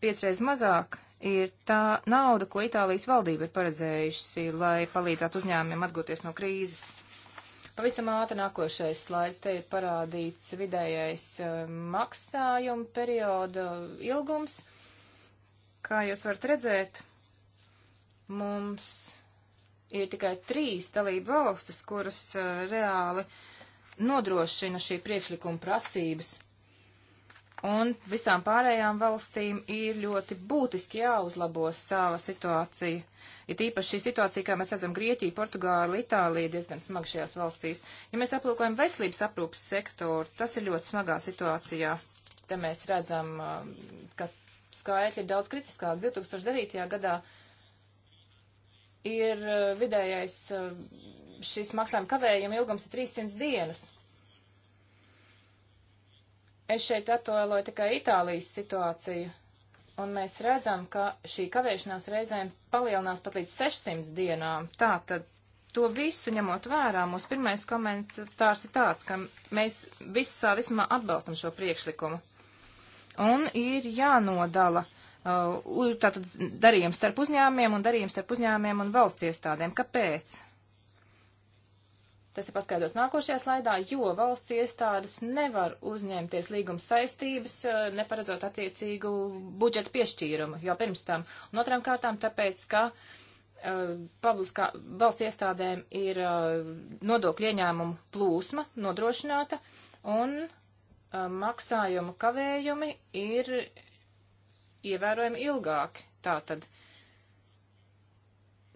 piecreiz mazāk, ir tā nauda, ko Itālijas valdība ir paredzējusi, lai palīdzētu uzņēmumiem atgūties no krīzes. Pavisam ātri nākošais slaids te ir parādīts vidējais uh, maksājuma perioda ilgums. Kā jūs varat redzēt, mums ir tikai trīs dalība valstis, kuras uh, reāli nodrošina šī priekšlikuma prasības. Un visām pārējām valstīm ir ļoti būtiski jāuzlabo sava situācija. Ir tīpaši šī situācija, kā mēs redzam, Grieķija, Portugāla, Itālija diezgan smagi šajās valstīs. Ja mēs aplūkojam veselības aprūpas sektoru, tas ir ļoti smagā situācijā. Te mēs redzam, eh, ka skaitļi ir daudz kritiskāki. 2009. gadā uh, ir eh, vidējais eh, šis maksājuma kavējuma ilgums ir 300 dienas. Es šeit attēloju tikai Itālijas situāciju, un mēs redzam, ka šī kavēšanās reizēm palielinās pat līdz 600 dienām. Tā tad to visu ņemot vērā, mūsu pirmais komentārs ir tāds, ka mēs visā vismā atbalstam šo priekšlikumu. Un ir jānodala Uh, tātad darījums starp uzņēmumiem un darījums starp uzņēmumiem un valsts iestādēm. Kāpēc? Tas ir paskaidrots nākošajā slaidā, jo valsts iestādes nevar uzņemties līguma saistības, uh, neparedzot attiecīgu budžeta piešķīrumu jau pirms tam. Un otram kārtām tāpēc, ka uh, publiskā valsts iestādēm ir uh, nodokļu ieņēmumu plūsma nodrošināta un uh, maksājumu kavējumi ir ievērojami ilgāki. Tātad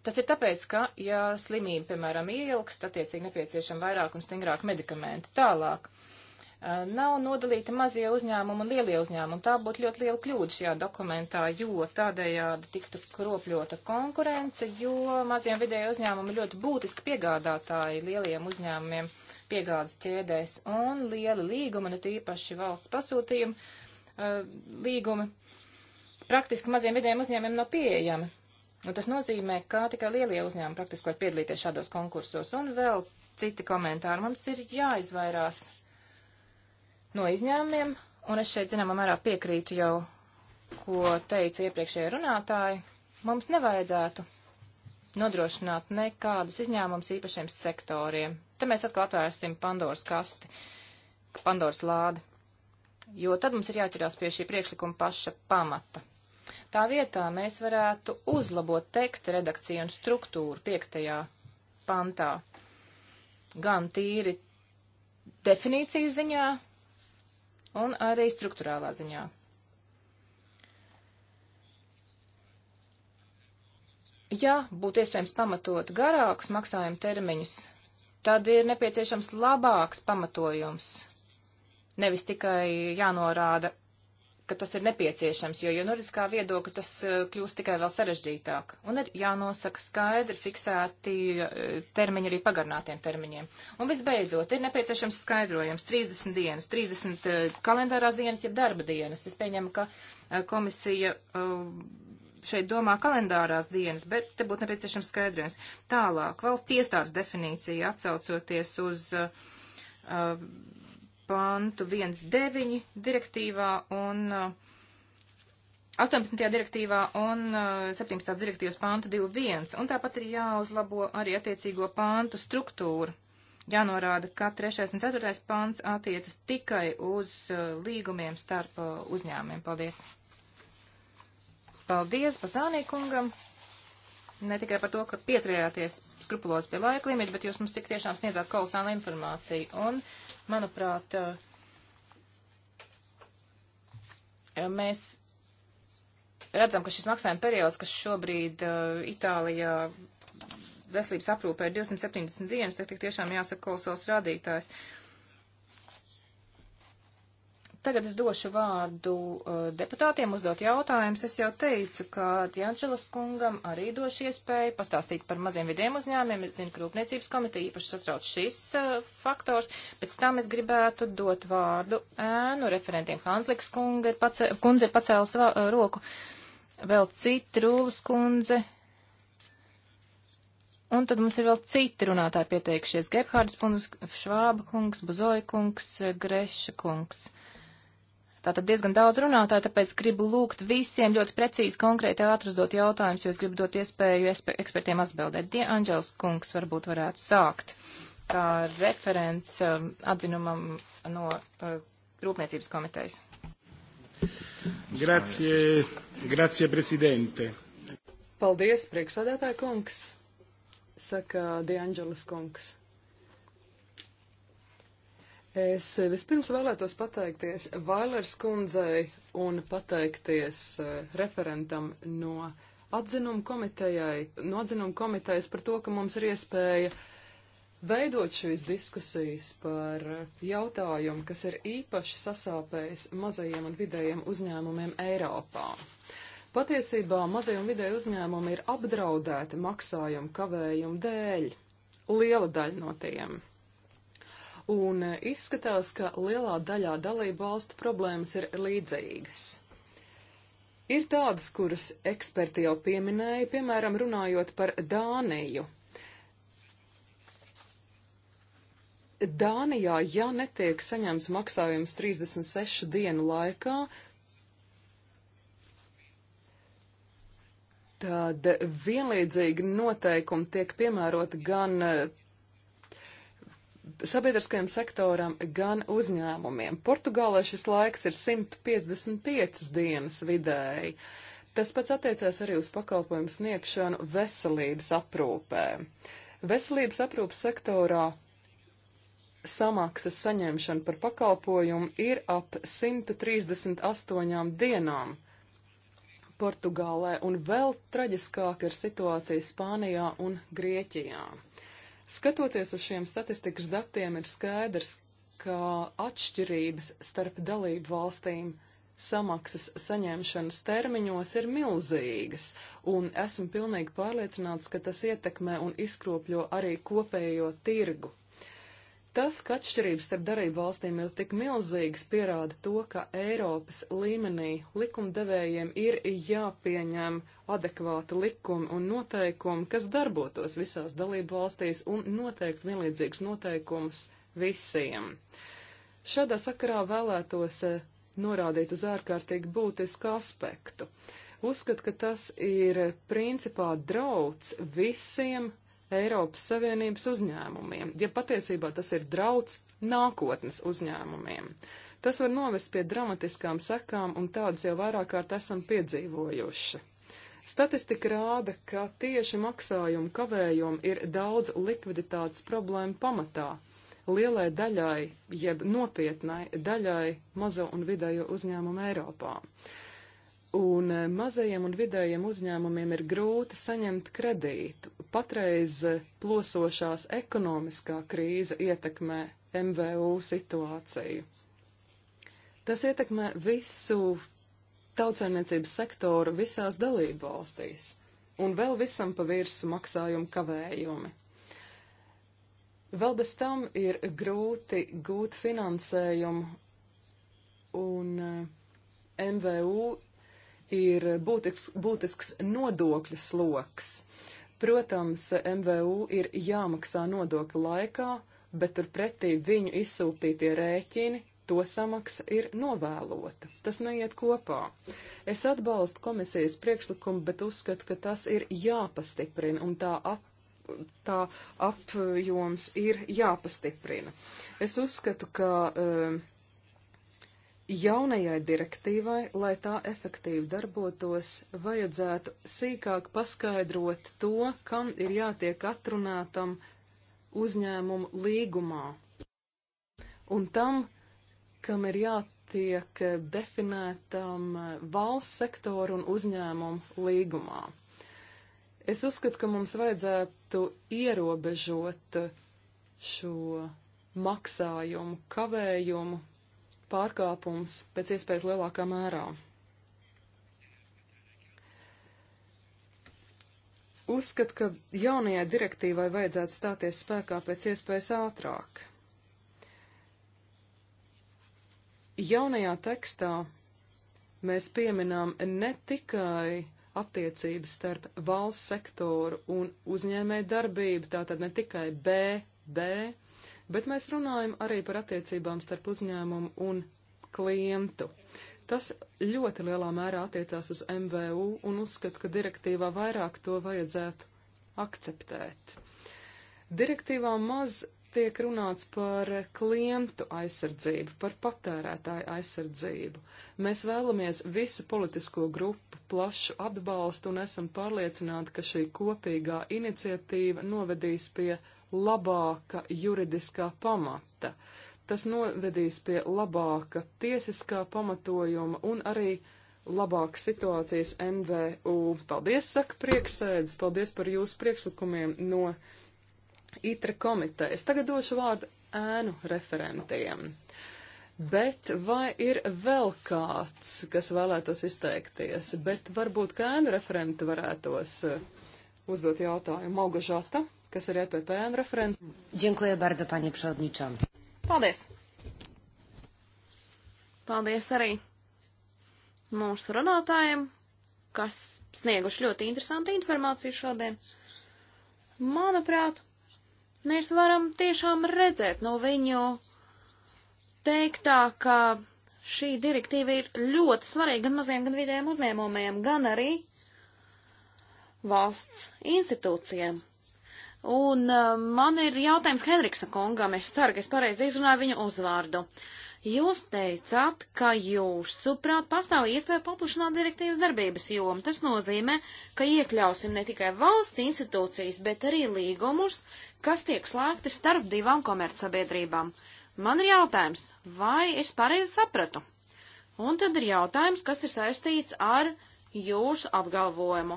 tas ir tāpēc, ka, ja slimība, piemēram, ieilgst, attiecīgi nepieciešama vairāk un stingrāk medikamenti. Tālāk. Nav nodalīta mazie uzņēmumi un lielie uzņēmumi. Tā būtu ļoti liela kļūda šajā dokumentā, jo tādējādi tiktu kropļota konkurence, jo maziem vidēji uzņēmumi ļoti būtiski piegādātāji lieliem uzņēmumiem piegādas ķēdēs un lieli līgumi, nu tīpaši valsts pasūtījumi līgumi praktiski maziem vidiem uzņēmiem nav pieejami. Un tas nozīmē, ka tikai lielie uzņēmumi praktiski var piedalīties šādos konkursos. Un vēl citi komentāri. Mums ir jāizvairās no izņēmumiem, un es šeit, zināmā mērā, piekrītu jau, ko teica iepriekšējie runātāji. Mums nevajadzētu nodrošināt nekādus izņēmumus īpašiem sektoriem. Te mēs atkal atvērsim Pandoras kasti, Pandoras lādi, jo tad mums ir jāķerās pie šī priekšlikuma paša pamata. Tā vietā mēs varētu uzlabot teksta redakciju un struktūru piektajā pantā. Gan tīri definīciju ziņā, un arī struktūrālā ziņā. Ja būtu iespējams pamatot garākus maksājumu termiņus, tad ir nepieciešams labāks pamatojums. Nevis tikai jānorāda ka tas ir nepieciešams, jo, jo noriskā viedokļa tas eh, kļūst tikai vēl sarežģītāk. Un ir jānosaka skaidri fiksēti eh, termiņi arī pagarinātiem termiņiem. Un visbeidzot, ir nepieciešams skaidrojums 30 dienas, 30 eh, kalendārās dienas, jeb darba dienas. Es pieņemu, ka komisija šeit domā kalendārās dienas, bet te būtu nepieciešams skaidrojums. Tālāk, valsts iestādes definīcija atsaucoties uz. Uh, pantu 1.9 direktīvā un 18. Uh, direktīvā un 17. Uh, direktīvas pantu 2.1. Un tāpat ir jāuzlabo arī attiecīgo pantu struktūra. Jānorāda, ka 3. un 4. pants attiecas tikai uz uh, līgumiem starp uzņēmumiem. Paldies! Paldies Bazānī kungam! Ne tikai par to, ka pieturējāties skrupulos pie laika limita, bet jūs mums tik tiešām sniedzāt kolosālu informāciju. Un Manuprāt, eh, mēs redzam, ka šis maksājuma periods, kas šobrīd eh, Itālijā veselības aprūpē ir 270 dienas, tad tik tiešām jāsaka kolosāls rādītājs. Uh, Tagad es došu vārdu uh, deputātiem uzdot jautājumus. Es jau teicu, ka Jančelas kungam arī došu iespēju pastāstīt par maziem vidiem uzņēmumiem. Es zinu, ka Rūpniecības komiteja īpaši satrauc šis uh, faktors. Pēc tam es gribētu dot vārdu ēnu referentiem. Hansliks kunga ir pacē, kundze ir pacēlus uh, roku. Vēl citi Rūvas kundze. Un tad mums ir vēl citi runātāji pieteikšies. Gebhārds kungs, Švāba kungs, Buzoja kungs, Greša kungs. Tātad diezgan daudz runātāju, tāpēc gribu lūgt visiem ļoti precīzi, konkrēti ātri uzdot jautājumus, jo es gribu dot iespēju ekspertiem atbildēt. Die Anģels kungs varbūt varētu sākt kā referents um, atzinumam no uh, Rūpniecības komitejas. Grazie, grazie, prezidente. Paldies, priekšsādātāja kungs, saka Dianģelis kungs. Es vispirms vēlētos pateikties Vailers kundzei un pateikties eh, referentam no atzinuma komitejai, no atzinuma komitejas par to, ka mums ir iespēja veidot šīs diskusijas par jautājumu, kas ir īpaši sasāpējis mazajiem un vidējiem uzņēmumiem Eiropā. Patiesībā mazie un vidēji uzņēmumi ir apdraudēti maksājumu kavējumu dēļ. Liela daļa no tiem un eh, izskatās, ka lielā daļā dalību valstu problēmas ir līdzīgas. Ir tādas, kuras eksperti jau pieminēja, piemēram, runājot par Dāniju. Dānijā, ja netiek saņemts maksājums 36 dienu laikā, tad vienlīdzīgi noteikumi tiek piemēroti gan eh, sabiedriskajam sektoram, gan uzņēmumiem. Portugālē šis laiks ir 155 dienas vidēji. Tas pats attiecās arī uz pakalpojumu sniegšanu veselības aprūpē. Veselības aprūpas sektorā samaksas saņemšana par pakalpojumu ir ap 138 dienām Portugālē, un vēl traģiskāk ir situācija Spānijā un Grieķijā. Skatoties uz šiem statistikas datiem, ir skaidrs, ka atšķirības starp dalību valstīm samaksas saņemšanas termiņos ir milzīgas, un esmu pilnīgi pārliecināts, ka tas ietekmē un izkropļo arī kopējo tirgu Tas, ka atšķirības starp darību valstīm ir tik milzīgas, pierāda to, ka Eiropas līmenī likumdevējiem ir jāpieņem adekvāti likumi un noteikumi, kas darbotos visās dalību valstīs un noteikti vienlīdzīgus noteikumus visiem. Šādā sakarā vēlētos eh, norādīt uz ārkārtīgi būtisku aspektu. Uzskat, ka tas ir principā drauds visiem Eiropas Savienības uzņēmumiem, ja patiesībā tas ir drauds nākotnes uzņēmumiem. Tas var novest pie dramatiskām sekām, un tādas jau vairāk kārt esam piedzīvojuši. Statistika rāda, ka tieši maksājumu kavējumu ir daudz likviditātes problēmu pamatā lielai daļai, jeb nopietnai daļai mazo un vidējo uzņēmumu Eiropā. Uh, Un eh, mazajiem un vidējiem uzņēmumiem ir grūti saņemt kredītu. Patreiz eh, plosošās ekonomiskā krīze ietekmē MVU situāciju. Tas ietekmē visu tautsēmniecības sektoru visās dalību valstīs. Un vēl visam pa virsu maksājumu kavējumi. Vēl bez tam ir grūti gūt finansējumu, un eh, MVU ir būtisks, būtisks nodokļu sloks. Protams, MVU ir jāmaksā nodokļu laikā, bet turpretī viņu izsūtītie rēķini to samaksa ir novēlota. Tas neiet kopā. Es atbalstu komisijas priekšlikumu, bet uzskatu, ka tas ir jāpastiprina un tā, ap, tā apjoms ir jāpastiprina. Es uzskatu, ka uh, Jaunajai direktīvai, lai tā efektīvi darbotos, vajadzētu sīkāk paskaidrot to, kam ir jātiek atrunātam uzņēmumu līgumā, un tam, kam ir jātiek definētam valsts sektoru un uzņēmumu līgumā. Es uzskatu, ka mums vajadzētu ierobežot šo maksājumu kavējumu pārkāpums pēc iespējas lielākā mērā. Uzskat, ka jaunajai direktīvai vajadzētu stāties spēkā pēc iespējas ātrāk. Jaunajā tekstā mēs pieminām ne tikai attiecības starp valsts sektoru un uzņēmēju darbību, tātad ne tikai B, B, bet mēs runājam arī par attiecībām starp uzņēmumu un klientu. Tas ļoti lielā mērā attiecās uz MVU un uzskatu, ka direktīvā vairāk to vajadzētu akceptēt. Direktīvā maz tiek runāts par klientu aizsardzību, par patērētāju aizsardzību. Mēs vēlamies visu politisko grupu plašu atbalstu un esam pārliecināti, ka šī kopīgā iniciatīva novedīs pie labāka juridiskā pamata. Tas novedīs pie labāka tiesiskā pamatojuma un arī labākas situācijas MVU. Paldies, saka prieksēdz, paldies par jūsu priekšlikumiem no ITRA e komitejas. Tagad došu vārdu ēnu referentiem. Bet vai ir vēl kāds, kas vēlētos izteikties, bet varbūt kā ēnu referenti varētos eh, uzdot jautājumu? Augažata? kas ir EPPN referents. Dziękuję bardzo, panie przewodniczący. Paldies! Paldies arī mūsu runātājiem, kas snieguši ļoti interesantu informāciju šodien. Manuprāt, mēs varam tiešām redzēt no viņu teiktā, ka šī direktīva ir ļoti svarīga gan maziem, gan vidējiem uzņēmumiem, gan arī valsts institūcijiem. Un uh, man ir jautājums Henriksa kungam, es ceru, ka es pareizi izrunāju viņa uzvārdu. Jūs teicāt, ka jūsuprāt pastāv iespēja paplašināt direktīvas darbības jomu. Tas nozīmē, ka iekļausim ne tikai valsts institūcijas, bet arī līgumus, kas tiek slēgti starp divām komercsabiedrībām. Man ir jautājums, vai es pareizi sapratu? Un tad ir jautājums, kas ir saistīts ar uh, jūsu apgalvojumu.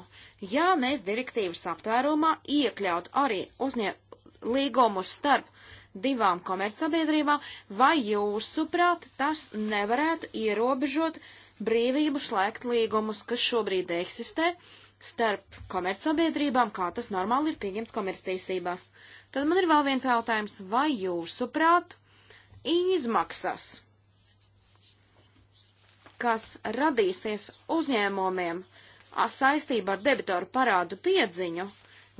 Ja mēs direktīvas aptvērumā iekļaut arī uzņē līgumus starp divām komercsabiedrībām, vai jūsuprāt tas nevarētu ierobežot brīvību slēgt līgumus, kas šobrīd eksistē starp komercsabiedrībām, kā tas normāli ir pieņemts komerctiesībās? Tad man ir vēl viens jautājums, vai jūsuprāt izmaksas kas radīsies uzņēmumiem saistībā ar debitoru parādu piedziņu,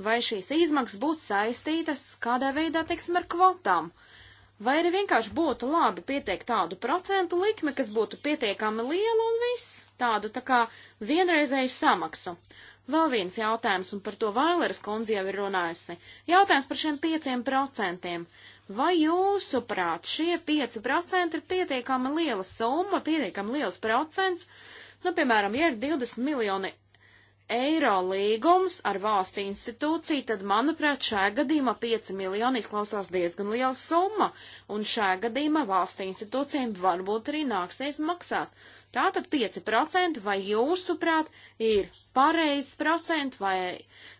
vai šīs izmaksas būtu saistītas kādā veidā, teiksim, ar kvotām, vai arī vienkārši būtu labi pieteikt tādu procentu likmi, kas būtu pietiekami liela un viss, tādu tā kā vienreizēju samaksu. Vēl viens jautājums, un par to Vaileras kundze jau ir runājusi. Jautājums par šiem pieciem procentiem. Vai jūsuprāt šie 5% ir pietiekami liela summa, pietiekami liels procents? Nu, piemēram, ja ir 20 miljoni eiro līgums ar valsts institūciju, tad, manuprāt, šajā gadījumā 5 miljoni izklausās diezgan liela summa, un šajā gadījumā valsts institūcijiem varbūt arī nāksies maksāt. Tātad 5% vai jūsuprāt ir pareizs procents vai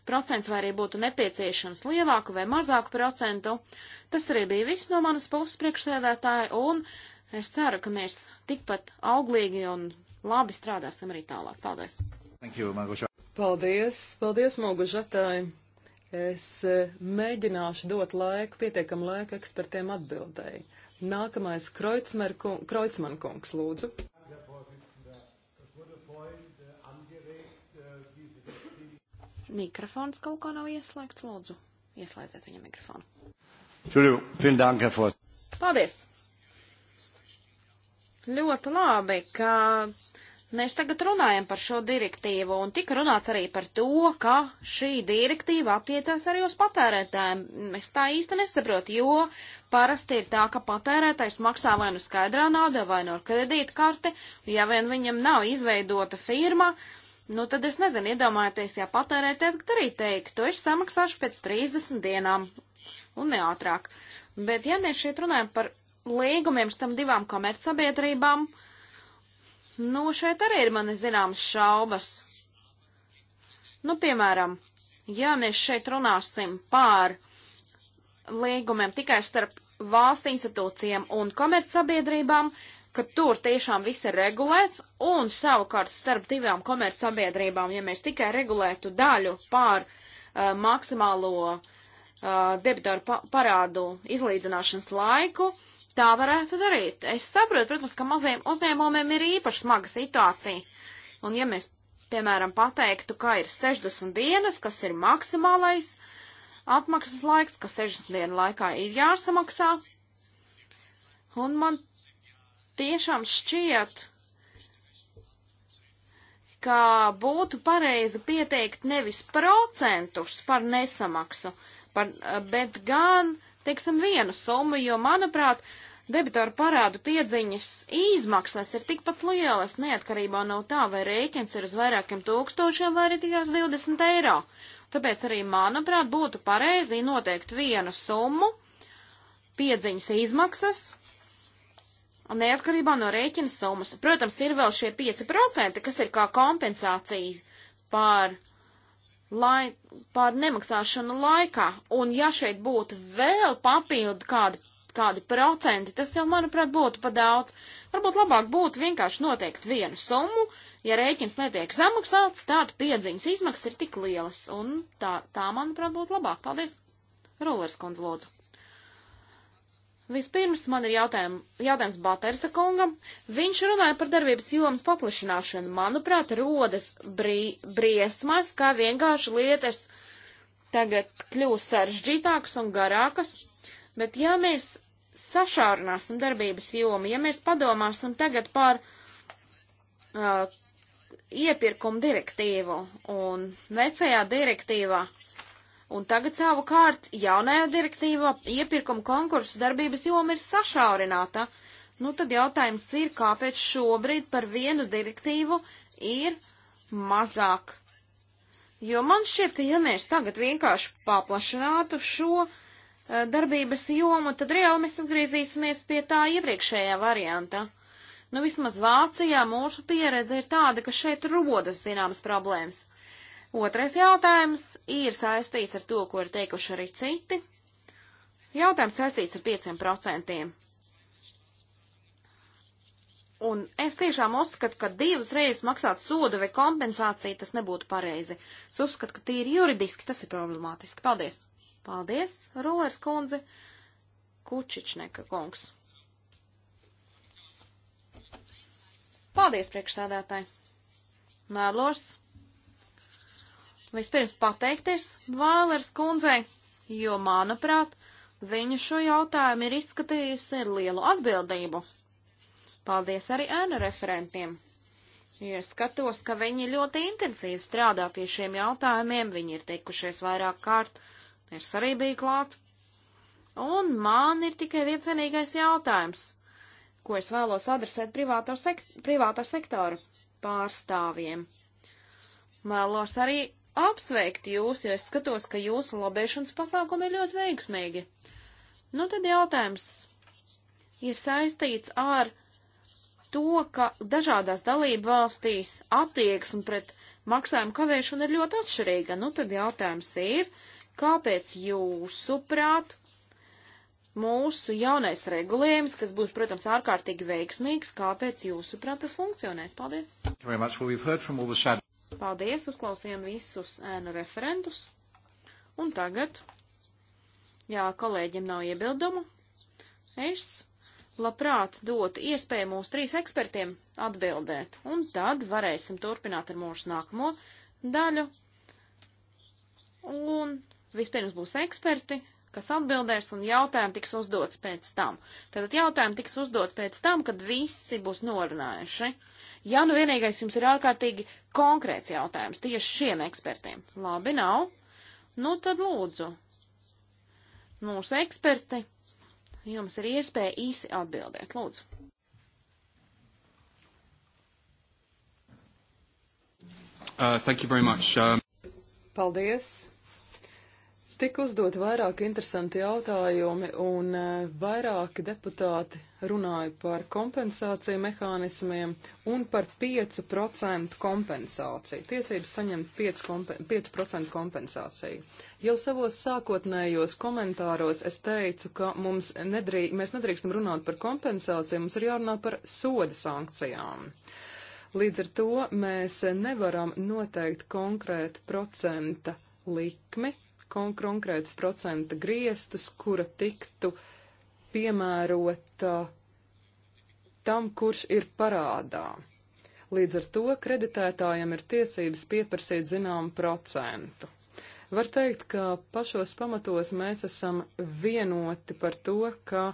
procents, vai arī būtu nepieciešams lielāku vai mazāku procentu. Tas arī bija viss no manas puses priekšsēdētāja, un es ceru, ka mēs tikpat auglīgi un labi strādāsim arī tālāk. Paldies! You, paldies! Paldies, Mogužatāji! Es eh, mēģināšu dot laiku, pietiekam laiku ekspertiem atbildēji. Nākamais Kreutzmann kungs, lūdzu. Mikrofons kaut kā nav ieslēgts, lūdzu. Ieslēdziet viņam mikrofonu. Paldies! Ļoti labi, ka mēs tagad runājam par šo direktīvu, un tika runāts arī par to, ka šī direktīva attiecās arī uz patērētājiem. Es tā īsti nesaprotu, jo parasti ir tā, ka patērētājs maksā vai nu no skaidrā naudā, vai no nu kredītkarte, ja vien viņam nav izveidota firma, uh, Nu, tad es nezinu, iedomājieties, ja patērētāji arī teiktu, es samaksāšu pēc 30 dienām un neātrāk. Bet, ja mēs šeit runājam par līgumiem starp divām komercsabiedrībām, nu, šeit arī ir mani zināmas šaubas. Nu, piemēram, ja mēs šeit runāsim pār līgumiem tikai starp valsts institūcijiem un komercsabiedrībām, ka tur tiešām viss ir regulēts, un savukārt starp divām komercsabiedrībām, ja mēs tikai regulētu daļu pār uh, maksimālo uh, debitoru pa parādu izlīdzināšanas laiku, tā varētu darīt. Es saprotu, protams, ka maziem uzņēmumiem ir īpaši smaga situācija, un ja mēs, piemēram, pateiktu, ka ir 60 dienas, kas ir maksimālais atmaksas laiks, ka 60 dienu laikā ir jāsamaksā, un man tiešām šķiet, ka būtu pareizi pieteikt nevis procentus par nesamaksu, par, bet gan, teiksim, vienu summu, jo, manuprāt, debitoru parādu piedziņas izmaksas ir tikpat lielas, neatkarībā no tā, vai rēķins ir uz vairākiem tūkstošiem vai arī tikai uz 20 eiro. Tāpēc arī, manuprāt, būtu pareizi noteikt vienu summu piedziņas izmaksas, Un neatkarībā no rēķina summas, protams, ir vēl šie 5%, kas ir kā kompensācijas pār, lai, pār nemaksāšanu laikā. Un ja šeit būtu vēl papildu kādi, kādi procenti, tas jau, manuprāt, būtu pa daudz. Varbūt labāk būtu vienkārši noteikt vienu summu, ja rēķins netiek samaksāts, tad piedziņas izmaksas ir tik lielas. Un tā, tā manuprāt, būtu labāk. Paldies! Rulers kundze, lūdzu. Vispirms man ir jautājum, jautājums Batersa kungam. Viņš runāja par darbības jomas paplašināšanu. Manuprāt, rodas brī, briesmas, kā vienkārši lietas tagad kļūst sarežģītākas un garākas. Bet ja mēs sašaurināsim darbības jomu, ja mēs padomāsim tagad par uh, iepirkumu direktīvu un vecajā direktīvā uh, Un tagad savukārt jaunajā direktīvā iepirkuma konkursu darbības joma ir sašaurināta. Nu tad jautājums ir, kāpēc šobrīd par vienu direktīvu ir mazāk. Jo man šķiet, ka ja mēs tagad vienkārši paplašinātu šo uh, darbības jomu, tad reāli mēs atgriezīsimies pie tā iepriekšējā varianta. Nu vismaz Vācijā mūsu pieredze ir tāda, ka šeit rodas zināmas problēmas. Otrais jautājums ir saistīts ar to, ko ir teikuši arī citi. Jautājums saistīts ar 5%. Un es tiešām uzskatu, ka divas reizes maksāt sodu vai kompensāciju tas nebūtu pareizi. Es uzskatu, ka tīri juridiski tas ir problemātiski. Paldies! Paldies, Rulers kundze, Kučičneka kungs. Paldies, priekšsādātāji! Mēlos! vispirms pateikties Vālers kundzei, jo, manuprāt, viņa šo jautājumu ir izskatījusi ar lielu atbildību. Paldies arī ēna referentiem. Ja skatos, ka viņi ļoti intensīvi strādā pie šiem jautājumiem, viņi ir tikušies vairāk kārt, es arī biju klāt. Un man ir tikai viens vienīgais jautājums, ko es vēlos adresēt privātā sekt privāto sektoru pārstāvjiem. Vēlos arī apsveikt jūs, jo es skatos, ka jūsu lobēšanas pasākumi ir ļoti veiksmīgi. Nu, tad jautājums ir saistīts ar to, ka dažādās dalību valstīs attieksme pret maksājumu kavēšanu ir ļoti atšķirīga. Nu, tad jautājums ir, kāpēc jūsuprāt mūsu jaunais regulējums, kas būs, protams, ārkārtīgi veiksmīgs, kāpēc jūsuprāt tas funkcionēs? Paldies! Paldies, uzklausījām visus ēnu referentus. Un tagad, jā, kolēģiem nav iebildumu, es labprāt dotu iespēju mūsu trīs ekspertiem atbildēt, un tad varēsim turpināt ar mūsu nākamo daļu. Un vispirms būs eksperti, kas atbildēs, un jautājumi tiks uzdots pēc tam. Tātad jautājumi tiks uzdot pēc tam, kad visi būs norunājuši. Ja nu vienīgais jums ir ārkārtīgi konkrēts jautājums tieši šiem ekspertiem, labi nav, nu tad lūdzu. Mūsu eksperti, jums ir iespēja īsi atbildēt, lūdzu. Uh, thank you very much. Um... Paldies! Tik uzdot vairāk interesanti jautājumi un eh, vairāki deputāti runāja par kompensāciju mehānismiem un par 5% kompensāciju. Tiesības saņemt 5%, kompen 5 kompensāciju. Jau savos sākotnējos komentāros es teicu, ka mums nedrī, mēs nedrīkstam runāt par kompensāciju, mums ir jārunā par soda sankcijām. Līdz ar to mēs nevaram noteikt konkrētu procenta likmi, konkrētus procenta griestus, kura tiktu piemērota tam, kurš ir parādā. Līdz ar to kreditētājam ir tiesības pieprasīt zināmu procentu. Var teikt, ka pašos pamatos mēs esam vienoti par to, ka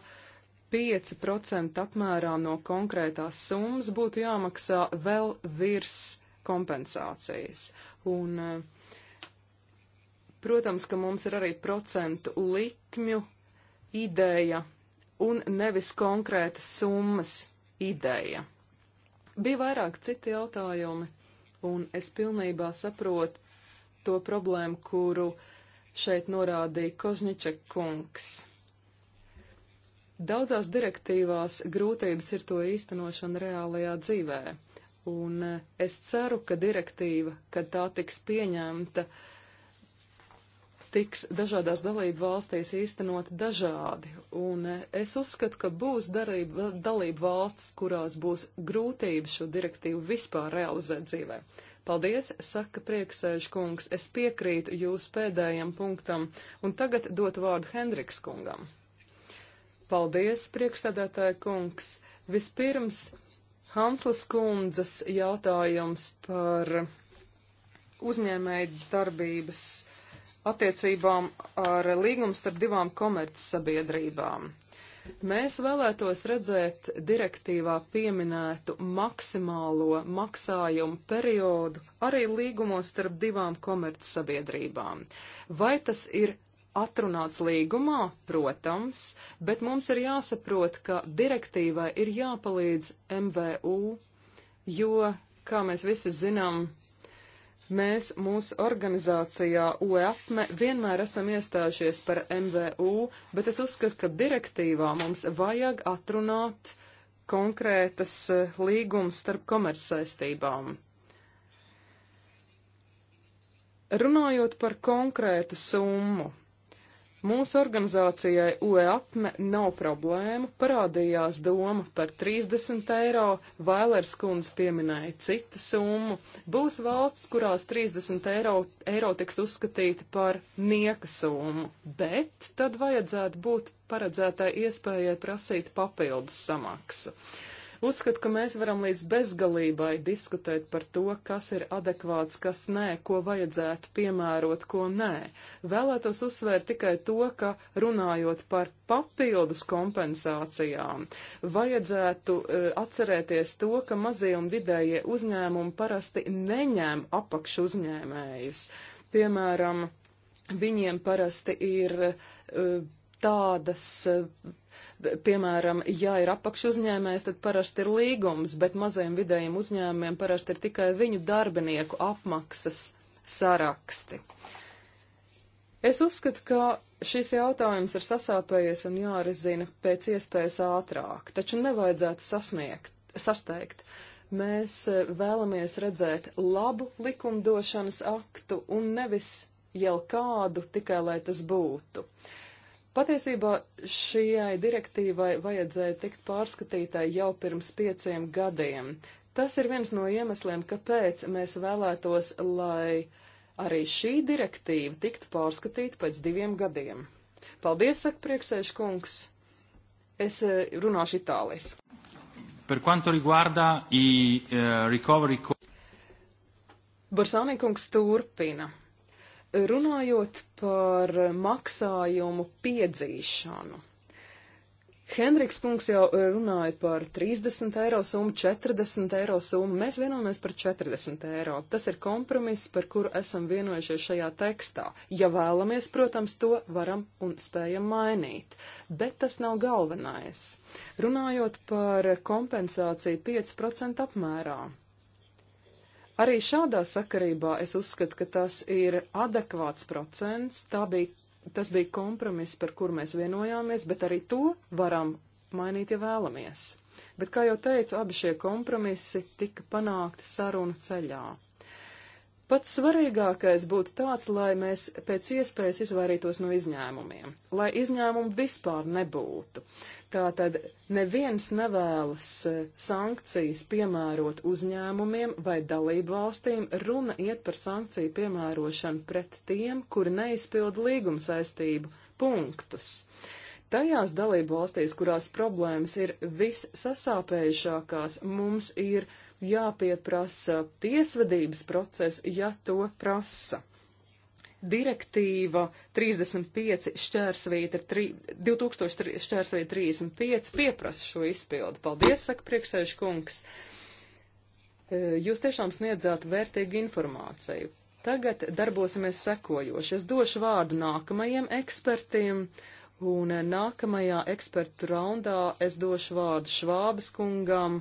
5% apmērā no konkrētās summas būtu jāmaksā vēl virs kompensācijas. Un uh, Protams, ka mums ir arī procentu likmju ideja un nevis konkrētas summas ideja. Bija vairāk citi jautājumi, un es pilnībā saprotu to problēmu, kuru šeit norādīja Kozņiček kungs. Daudzās direktīvās grūtības ir to īstenošana reālajā dzīvē, un es ceru, ka direktīva, kad tā tiks pieņemta, uh, tiks dažādās dalību valstīs īstenot dažādi. Un eh, es uzskatu, ka būs darība, dalību valstis, kurās būs grūtības šo direktīvu vispār realizēt dzīvē. Paldies, saka prieksēžu kungs, es piekrītu jūs pēdējiem punktam, un tagad dot vārdu Hendriks kungam. Paldies, priekšstādātāja kungs. Vispirms Hanslas kundzes jautājums par uzņēmēju darbības attiecībām ar līgumu starp divām komerces sabiedrībām. Mēs vēlētos redzēt direktīvā pieminētu maksimālo maksājumu periodu arī līgumos starp divām komerces sabiedrībām. Vai tas ir atrunāts līgumā? Protams, bet mums ir jāsaprot, ka direktīvai ir jāpalīdz MVU, jo, kā mēs visi zinām, Mēs mūsu organizācijā UEAPME e, vienmēr esam iestājušies par MVU, bet es uzskatu, ka direktīvā mums vajag atrunāt konkrētas eh, līgumas starp komercsaistībām. Runājot par konkrētu summu, Mūsu organizācijai UEAPME e nav problēmu, parādījās doma par 30 eiro, Vailers kundze pieminēja citu summu. Būs valsts, kurās 30 eiro, eiro tiks uzskatīta par nieka summu, bet tad vajadzētu būt paredzētai iespējai prasīt papildus samaksu. Uh, Uzskatu, ka mēs varam līdz bezgalībai diskutēt par to, kas ir adekvāts, kas nē, ko vajadzētu piemērot, ko nē. Vēlētos uzsvērt tikai to, ka runājot par papildus kompensācijām, vajadzētu uh, atcerēties to, ka mazie un vidējie uzņēmumi parasti neņem apakšu uzņēmējus. Piemēram, viņiem parasti ir uh, tādas uh, Piemēram, ja ir apakš uzņēmējs, tad parasti ir līgums, bet mazajiem vidējiem uzņēmumiem parasti ir tikai viņu darbinieku apmaksas saraksti. Es uzskatu, ka šis jautājums ir sasāpējies un jārisina pēc iespējas ātrāk, taču nevajadzētu sasniegt, sasteigt. Mēs e, vēlamies redzēt labu likumdošanas aktu un nevis jau kādu, tikai lai tas būtu. Uh, Patiesībā šajai direktīvai vajadzēja tikt pārskatītai jau pirms pieciem gadiem. Tas ir viens no iemesliem, kāpēc mēs vēlētos, lai arī šī direktīva tiktu pārskatīta pēc diviem gadiem. Paldies, saka priekšsēž kungs. Es e, runāšu itāliski. Per quanto riguarda i uh, recovery. Barsānīkungs turpina. Runājot par maksājumu piedzīšanu. Henriks kungs jau runāja par 30 eiro summu, 40 eiro summu. Mēs vienojamies par 40 eiro. Tas ir kompromiss, par kuru esam vienojušies šajā tekstā. Ja vēlamies, protams, to varam un spējam mainīt. Bet tas nav galvenais. Runājot par kompensāciju 5% apmērā. Arī šādā sakarībā es uzskatu, ka tas ir adekvāts procents, tā bija, tas bija kompromiss, par kur mēs vienojāmies, bet arī to varam mainīt, ja vēlamies. Bet, kā jau teicu, abi šie kompromisi tika panākti sarunu ceļā. Pats svarīgākais būtu tāds, lai mēs pēc iespējas izvairītos no izņēmumiem, lai izņēmumu vispār nebūtu. Tātad neviens nevēlas eh, sankcijas piemērot uzņēmumiem vai dalību valstīm, runa iet par sankciju piemērošanu pret tiem, kuri neizpild līguma saistību punktus. Tajās dalību valstīs, kurās problēmas ir vissasāpējušākās, mums ir jāpieprasa tiesvedības process, ja to prasa. Direktīva 35 šķērsvīta 2000 šķērsvīta 35 pieprasa šo izpildu. Paldies, saka priekšsēžu kungs. E, jūs tiešām sniedzāt vērtīgu informāciju. Tagad darbosimies sekojoši. Es došu vārdu nākamajiem ekspertiem. Un nākamajā ekspertu raundā es došu vārdu Švābes kungam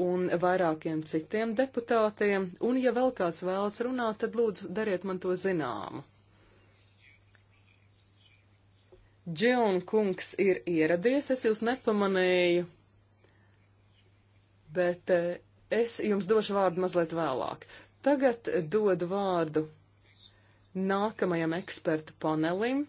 un vairākiem citiem deputātiem, un ja vēl kāds vēlas runāt, tad lūdzu dariet man to zināmu. Džeon kungs ir ieradies, es jūs nepamanīju, bet eh, es jums došu vārdu mazliet vēlāk. Tagad dodu vārdu nākamajam ekspertu panelim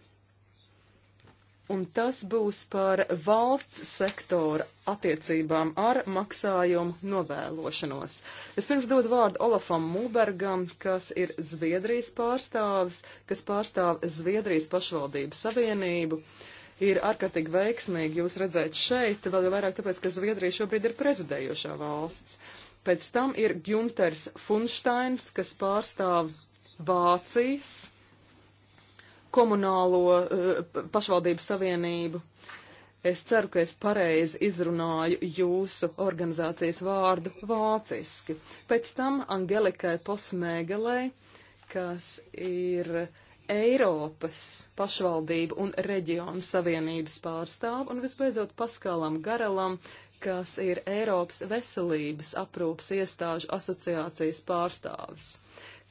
un tas būs par valsts sektora attiecībām ar maksājumu novēlošanos. Es pirms dodu vārdu Olafam Mūbergam, kas ir Zviedrijas pārstāvis, kas pārstāv Zviedrijas pašvaldību savienību. Ir ārkārtīgi veiksmīgi jūs redzēt šeit, vēl jau vairāk tāpēc, ka Zviedrija šobrīd ir prezidējošā valsts. Pēc tam ir Gunters Funsteins, kas pārstāv Vācijas komunālo eh, pašvaldību savienību. Es ceru, ka es pareizi izrunāju jūsu organizācijas vārdu vāciski. Pēc tam Angelikai Posmēgalei, kas ir Eiropas pašvaldību un reģionu savienības pārstāv, un visbeidzot Paskālam Garelam, kas ir Eiropas veselības aprūpas iestāžu asociācijas pārstāvis.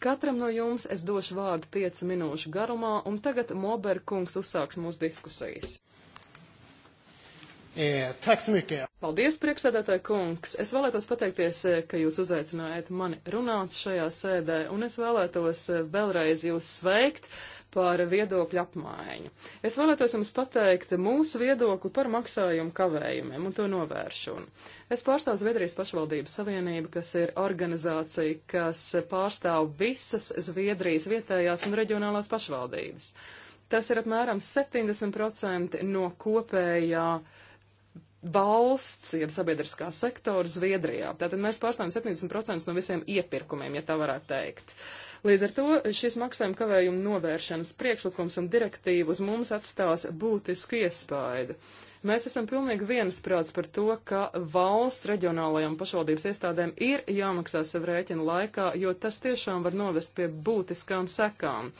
Katram no jums es došu vārdu 5 minūšu garumā, un tagad Mober kungs uzsāks mūsu diskusijas. Eh, Paldies, priekšsēdētāji kungs! Es vēlētos pateikties, eh, ka jūs uzaicinājāt mani runāt šajā sēdē, un es vēlētos eh, vēlreiz jūs sveikt par viedokļu apmaiņu. Es vēlētos jums pateikt mūsu viedokli par maksājumu kavējumiem un to novēršanu. Es pārstāvu Zviedrijas pašvaldības savienību, kas ir organizācija, kas pārstāv visas Zviedrijas vietējās un reģionālās pašvaldības. Tas ir apmēram 70% no kopējā valsts, jeb sabiedriskā sektora Zviedrijā. Tātad mēs pārstāvam 70% no visiem iepirkumiem, ja tā varētu teikt. Uh, Līdz ar to šis maksājuma kavējuma novēršanas priekšlikums un direktīva uz mums atstās būtisku iespaidu. Mēs esam pilnīgi viensprāts par to, ka valsts reģionālajām pašvaldības iestādēm ir jāmaksā sev rēķina laikā, jo tas tiešām var novest pie būtiskām sekām.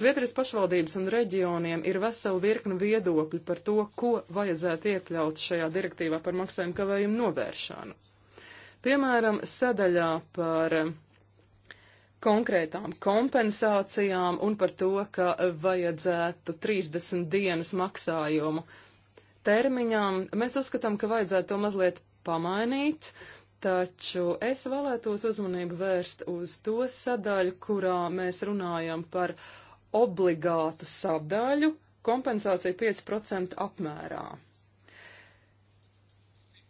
Zviedrijas pašvaldības un reģioniem ir vesela virkna viedokļu par to, ko vajadzētu iekļaut šajā direktīvā par maksājumu kavējumu novēršanu. Piemēram, sadaļā par konkrētām kompensācijām un par to, ka vajadzētu 30 dienas maksājumu termiņām. Mēs uzskatām, ka vajadzētu to mazliet pamainīt, taču es vēlētos uzmanību vērst uz to sadaļu, kurā mēs runājam par obligātu sadaļu kompensāciju 5% apmērā.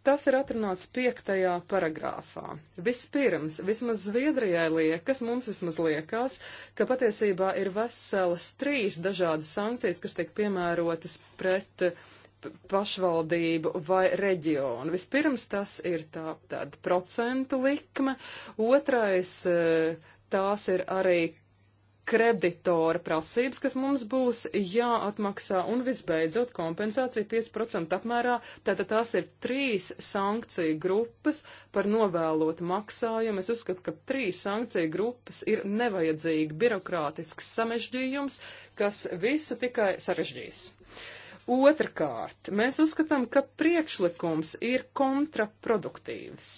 Tas ir atrunāts piektajā paragrāfā. Vispirms, vismaz Zviedrijai liekas, mums vismaz liekas, ka patiesībā ir veselas trīs dažādas sankcijas, kas tiek piemērotas pret pašvaldību vai reģionu. Vispirms tas ir tā, tāda procentu likme, otrais eh, tās ir arī kreditora prasības, kas mums būs jāatmaksā, un visbeidzot kompensācija 5% apmērā. Tātad tās ir trīs sankciju grupas par novēlotu maksājumu. Es uzskatu, ka trīs sankciju grupas ir nevajadzīgi birokrātisks samežģījums, kas visu tikai sarežģīs. Otrakārt, mēs uzskatām, ka priekšlikums ir kontraproduktīvs.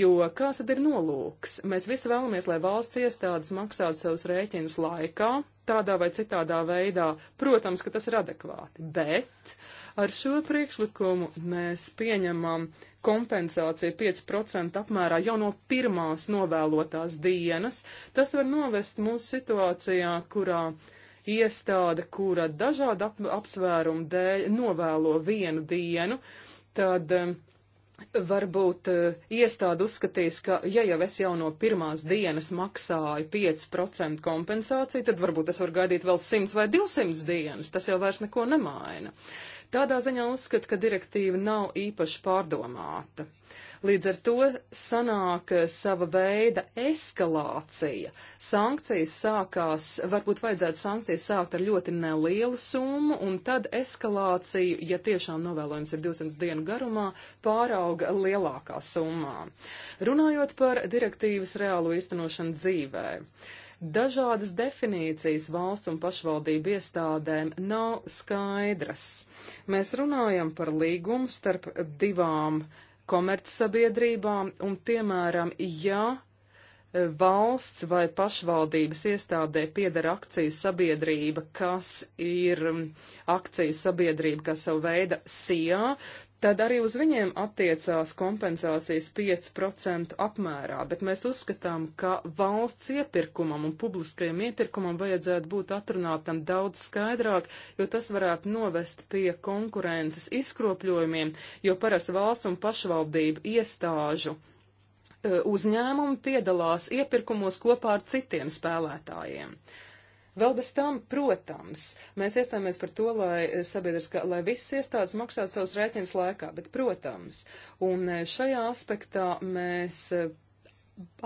Jo kāds tad ir nolūks? Mēs visi vēlamies, lai valsts iestādes maksātu savus rēķinus laikā, tādā vai citādā veidā. Protams, ka tas ir adekvāti, bet ar šo priekšlikumu mēs pieņemam kompensāciju 5% apmērā jau no pirmās novēlotās dienas. Tas var novest mūsu situācijā, kurā iestāde, kura dažādu ap, apsvērumu dēļ novēlo vienu dienu, tad um, varbūt uh, iestāde uzskatīs, ka ja jau es jau no pirmās dienas maksāju 5% kompensāciju, tad varbūt es varu gaidīt vēl 100 vai 200 dienas, tas jau vairs neko nemaina. Tādā ziņā uzskata, ka direktīva nav īpaši pārdomāta. Līdz ar to sanāk sava veida eskalācija. Sankcijas sākās, varbūt vajadzētu sankcijas sākt ar ļoti nelielu summu, un tad eskalāciju, ja tiešām novēlojums ir 200 dienu garumā, pārauga lielākā summā. Runājot par direktīvas reālo īstenošanu dzīvē. Dažādas definīcijas valsts un pašvaldību iestādēm nav skaidras. Mēs runājam par līgumu starp divām komercsabiedrībām un, piemēram, ja e, valsts vai pašvaldības iestādē pieder akciju sabiedrība, kas ir akciju sabiedrība, kas savu veidu sijā, tad arī uz viņiem attiecās kompensācijas 5% apmērā, bet mēs uzskatām, ka valsts iepirkumam un publiskajam iepirkumam vajadzētu būt atrunātam daudz skaidrāk, jo tas varētu novest pie konkurences izkropļojumiem, jo parasti valsts un pašvaldību iestāžu e, uzņēmumi piedalās iepirkumos kopā ar citiem spēlētājiem. Uh, Vēl bez tam, protams, mēs iestājāmies par to, lai eh, sabiedriskā, lai visas iestādes maksātu savus rēķinus laikā, bet, protams, un eh, šajā aspektā mēs eh,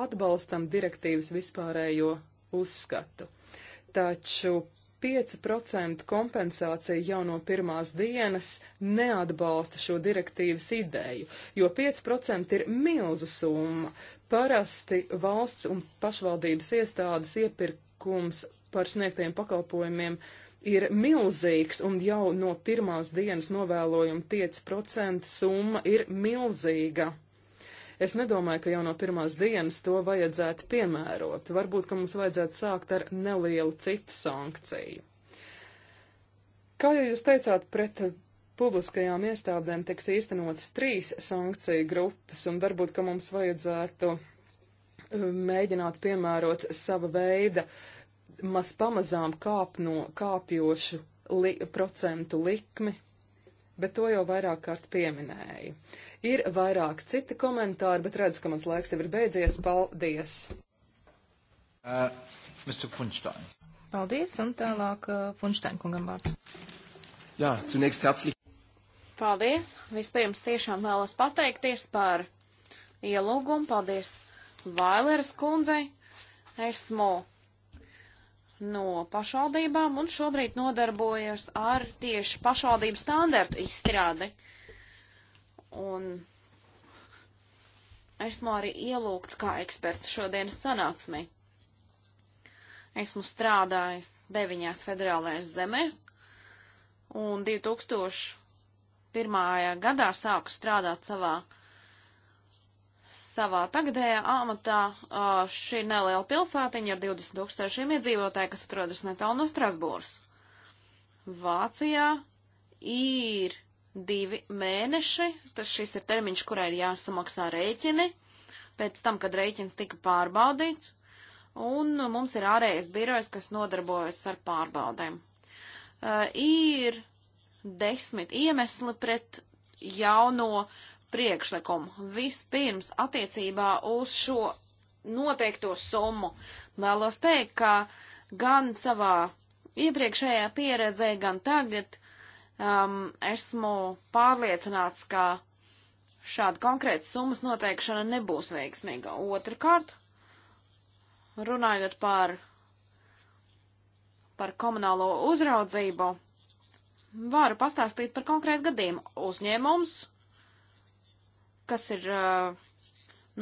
atbalstam direktīvas vispārējo uzskatu. Taču 5% kompensācija jau no pirmās dienas neatbalsta šo direktīvas ideju, jo 5% ir milzu summa. Parasti valsts un pašvaldības iestādes iepirkums par sniegtajiem pakalpojumiem ir milzīgs, un jau no pirmās dienas novēlojuma 5% summa ir milzīga. Es nedomāju, ka jau no pirmās dienas to vajadzētu piemērot. Varbūt, ka mums vajadzētu sākt ar nelielu citu sankciju. Kā jau jūs teicāt, pret publiskajām iestādēm tiks īstenotas trīs sankciju grupas, un varbūt, ka mums vajadzētu um, mēģināt piemērot sava veida uh, maz pamazām kāpno, kāpjošu li, procentu likmi, bet to jau vairāk kārt pieminēju. Ir vairāk citi komentāri, bet redz, ka mans laiks jau ir beidzies. Paldies! Uh, Mr. Funstein. Paldies, un tālāk uh, Funstein kungam vārds. Jā, zunächst herzlich. Paldies! Vispirms tiešām vēlos pateikties par ielūgumu. Paldies Vaileras kundzei. Esmu no pašvaldībām un šobrīd nodarbojas ar tieši pašvaldību standartu izstrādi. Un esmu arī ielūgts kā eksperts šodienas sanāksmē. Esmu strādājis deviņās federālajās zemēs un 2001. gadā sāku strādāt savā savā tagadējā amatā šī neliela pilsētiņa ar 20 tūkstošiem iedzīvotāju, kas atrodas netālu no Strasbūras. Vācijā ir divi mēneši, tas šis ir termiņš, kurā ir jāsamaksā rēķini, pēc tam, kad rēķins tika pārbaudīts, un mums ir ārējais birojs, kas nodarbojas ar pārbaudēm. Uh, ir desmit iemesli pret jauno uh, priekšlikumu. Vispirms attiecībā uz šo noteikto summu vēlos teikt, ka gan savā iepriekšējā pieredzē, gan tagad um, esmu pārliecināts, ka šāda konkrēta summas noteikšana nebūs veiksmīga. Otrakārt, runājot par, par komunālo uzraudzību, varu pastāstīt par konkrētu gadījumu. Uzņēmums kas ir uh,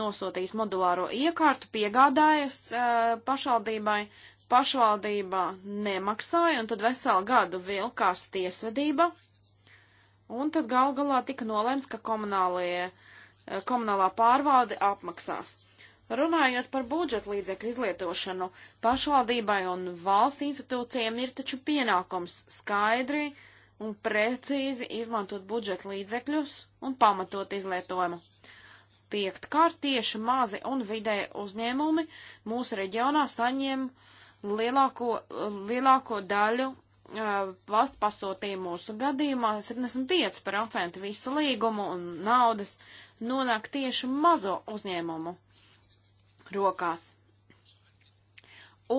nosūtījis modulāro iekārtu, piegādājas uh, pašvaldībai, pašvaldībā nemaksāja, un tad veselu gadu vilkās tiesvedība, un tad gal galā tika nolēmts, ka komunālie, uh, komunālā pārvalde apmaksās. Runājot par budžeta līdzekļu izlietošanu, pašvaldībai un valsts institūcijiem ir taču pienākums skaidri uh, un precīzi izmantot budžeta līdzekļus un pamatot izlietojumu. Piektkārt, tieši mazi un vidēji uzņēmumi mūsu reģionā saņem lielāko, lielāko daļu uh, valsts pasūtījumu mūsu gadījumā 75% visu līgumu un naudas nonāk tieši mazo uzņēmumu rokās.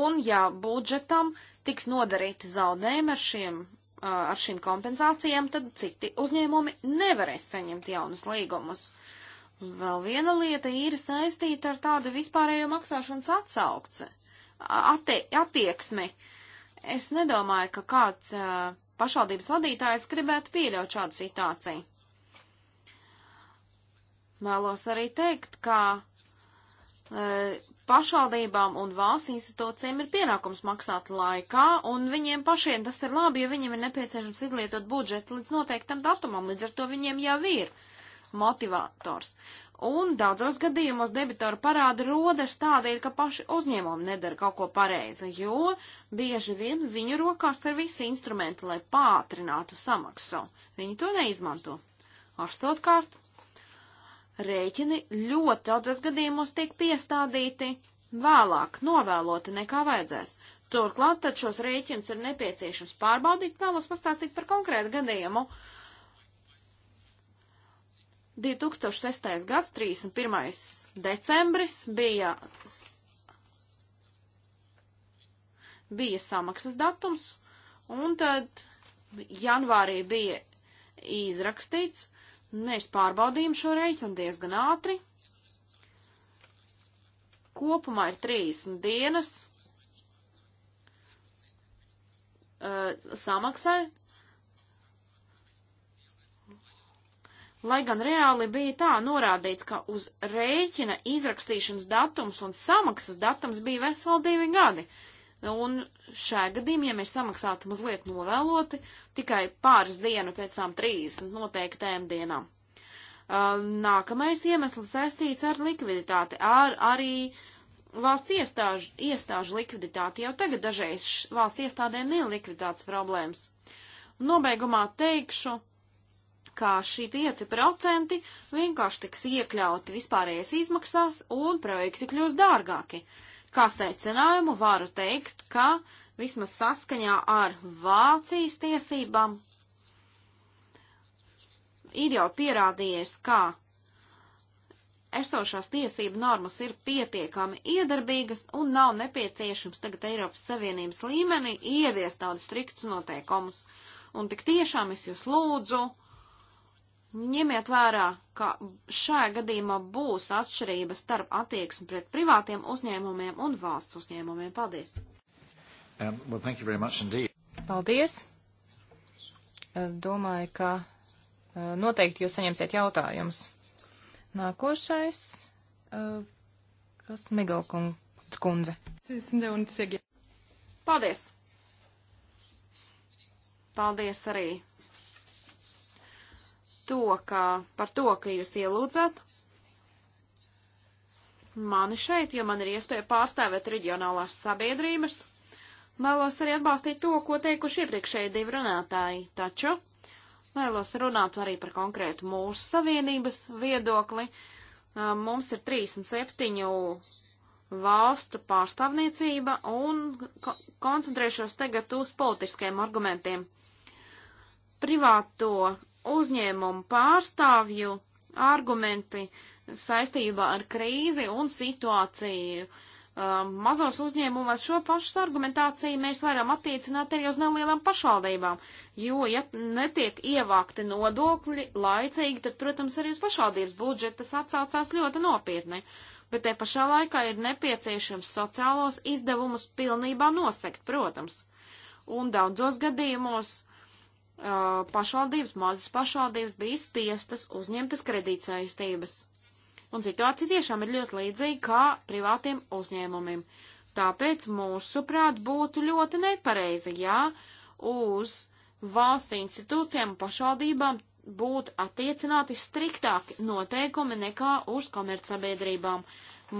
Un ja budžetam tiks nodarīti zaudējumi ar šiem ar šīm kompensācijām, tad citi uzņēmumi nevarēs saņemt jaunus līgumus. Vēl viena lieta ir saistīta ar tādu vispārējo maksāšanas atsauce, attie, attieksmi. Es nedomāju, ka kāds pašvaldības vadītājs gribētu pieļaut šādu situāciju. Vēlos arī teikt, ka pašvaldībām un valsts institūcijiem ir pienākums maksāt laikā, un viņiem pašiem tas ir labi, jo viņiem ir nepieciešams izlietot budžetu līdz noteiktam datumam, līdz ar to viņiem jau ir motivators. Un daudzos gadījumos debitoru parādi rodas tādēļ, ka paši uzņēmumi nedara kaut ko pareizi, jo bieži vien viņu rokās ir visi instrumenti, lai pātrinātu samaksu. Viņi to neizmanto. Astotkārt, Rēķini ļoti daudzos gadījumos tiek piestādīti vēlāk, novēloti nekā vajadzēs. Turklāt tad šos rēķinus ir nepieciešams pārbaudīt, vēlos pastāstīt par konkrētu gadījumu. 2006. gads, 31. decembris bija, bija samaksas datums, un tad janvārī bija izrakstīts, Mēs pārbaudījām šo rēķinu diezgan ātri. Kopumā ir 30 dienas uh, samaksai, lai gan reāli bija tā norādīts, ka uz rēķina izrakstīšanas datums un samaksas datums bija veseli divi gadi. Un šajā gadījumā, ja mēs samaksātu mazliet novēloti, tikai pāris dienu pēc tām 30 noteiktēm dienām. Uh, nākamais iemesls saistīts ar likviditāti, ar arī valsts iestāžu, iestāžu likviditāti. Jau tagad dažreiz valsts iestādēm ir likviditātes problēmas. Nobeigumā teikšu, ka šī 5% vienkārši tiks iekļauti vispārējais izmaksās un projekti kļūs dārgāki. Uh, Kā secinājumu varu teikt, ka vismaz saskaņā ar Vācijas tiesībām ir jau pierādījies, ka esošās tiesību normas ir pietiekami iedarbīgas un nav nepieciešams tagad Eiropas Savienības līmenī ieviest tādus striktus noteikumus. Un tik tiešām es jūs lūdzu, uh, Ņemiet vērā, ka šajā gadījumā būs atšķirības starp attieksmi pret privātiem uzņēmumiem un valsts uzņēmumiem. Paldies! Um, well, thank you very much indeed. Paldies! Uh, domāju, ka uh, noteikti jūs saņemsiet jautājumus. Nākošais, uh, kas uh, Migalkundze. Paldies! Paldies arī to, ka, par to, ka jūs ielūdzat mani šeit, jo man ir iespēja pārstāvēt reģionālās sabiedrības. Vēlos arī atbalstīt to, ko teikuši iepriekšēji divi runātāji, taču vēlos runāt arī par konkrētu mūsu savienības viedokli. Mums ir 37 valstu pārstāvniecība un ko koncentrēšos tagad uz politiskiem argumentiem. Privāto uzņēmumu pārstāvju argumenti saistībā ar krīzi un situāciju. Uh, mazos uzņēmumos šo pašu argumentāciju mēs varam attiecināt arī uz nelielām pašvaldībām, jo, ja netiek ievākti nodokļi laicīgi, tad, protams, arī uz pašvaldības budžetas atsaucās ļoti nopietni, bet te pašā laikā ir nepieciešams sociālos izdevumus pilnībā nosekt, protams. Un daudzos gadījumos uh, Uh, pašvaldības, mazas pašvaldības bija spiestas uzņemtas kredītsaistības. Un situācija tiešām ir ļoti līdzīga kā privātiem uzņēmumiem. Tāpēc mūsuprāt būtu ļoti nepareizi, ja uz valsts institūcijām un pašvaldībām būtu attiecināti striktāki noteikumi nekā uz komercsabiedrībām.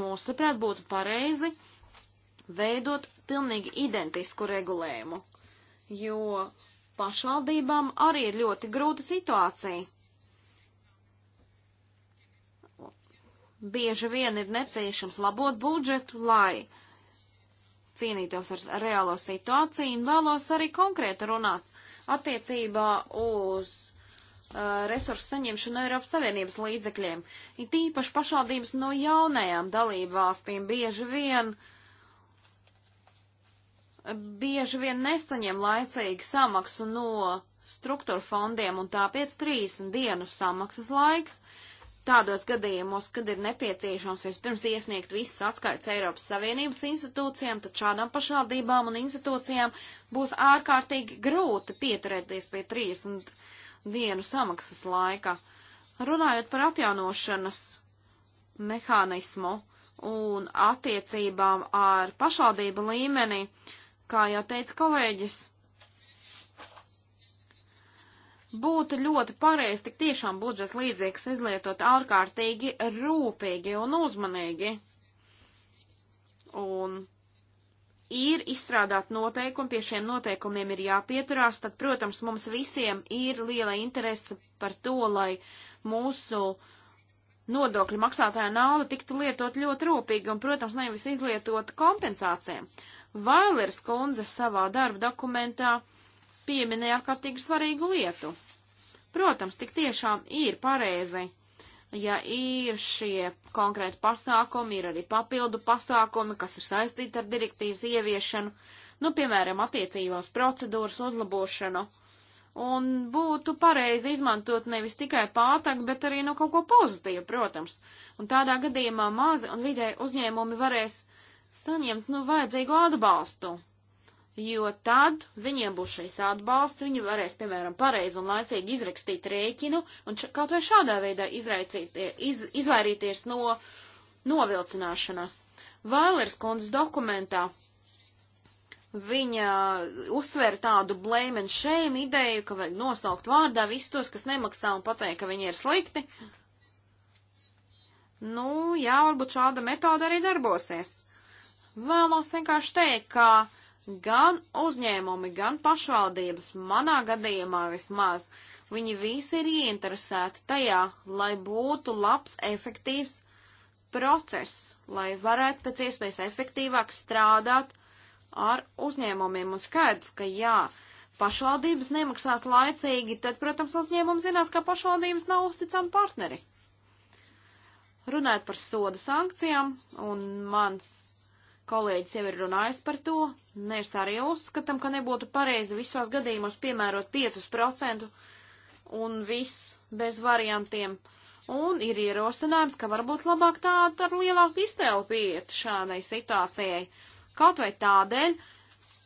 Mūsuprāt būtu pareizi veidot pilnīgi identisku regulējumu, jo pašvaldībām arī ir ļoti grūta situācija. Bieži vien ir nepieciešams labot budžetu, lai cīnītos ar reālo situāciju un vēlos arī konkrēti runāt attiecībā uz uh, resursu saņemšanu Eiropas Savienības līdzekļiem. Ir tīpaši pašvaldības no jaunajām dalībvalstīm bieži vien uh, bieži vien nesaņem laicīgi samaksu no struktūra fondiem, un tāpēc 30 dienu samaksas laiks tādos gadījumos, kad ir nepieciešams vispirms iesniegt visas atskaites Eiropas Savienības institūcijām, tad šādām pašvaldībām un institūcijām būs ārkārtīgi grūti pieturēties pie 30 dienu samaksas laika. Runājot par atjaunošanas mehānismu un attiecībām ar pašvaldību līmeni, uh, kā jau teica kolēģis, būtu ļoti pareizi tik tiešām budžeta līdzīgas izlietot ārkārtīgi rūpīgi un uzmanīgi. Un ir izstrādāt noteikumi, pie šiem noteikumiem ir jāpieturās, tad, protams, mums visiem ir liela interese par to, lai mūsu nodokļu maksātāja nauda tiktu lietot ļoti rūpīgi un, protams, nevis izlietot kompensācijām. Vailers kundze savā darba dokumentā pieminēja ārkārtīgi svarīgu lietu. Protams, tik tiešām ir pareizi, ja ir šie konkrēti pasākumi, ir arī papildu pasākumi, kas ir saistīti ar direktīvas ieviešanu, nu, piemēram, attiecībās procedūras uzlabošanu. Un būtu pareizi izmantot nevis tikai pātāk, bet arī nu no kaut ko pozitīvu, protams. Un tādā gadījumā mazi un vidēji uzņēmumi varēs uh, saņemt nu, vajadzīgo atbalstu. Jo tad viņiem būs šīs atbalsts, viņi varēs, piemēram, pareizi un laicīgi izrakstīt rēķinu un š, kaut vai šādā veidā izraicīt, iz, izvairīties no novilcināšanas. Vailers kundzes dokumentā viņa uzsver tādu blame and shame ideju, ka vajag nosaukt vārdā visus tos, kas nemaksā un pateikt, ka viņi ir slikti. Nu, jā, varbūt šāda metode arī darbosies. Vēlos vienkārši teikt, ka gan uzņēmumi, gan pašvaldības, manā gadījumā vismaz, viņi visi ir ieinteresēti tajā, lai būtu labs, efektīvs process, lai varētu pēc iespējas efektīvāk strādāt ar uzņēmumiem. Un skaidrs, ka jā, pašvaldības nemaksās laicīgi, tad, protams, uzņēmums zinās, ka pašvaldības nav uzticami partneri runājot par soda sankcijām, un mans Kolēģis jau ir runājis par to. Mēs arī uzskatām, ka nebūtu pareizi visos gadījumos piemērot 5% un viss bez variantiem. Un ir ierosinājums, ka varbūt labāk tāda ar lielāku iztēlu pieiet šādai situācijai. Kaut vai tādēļ,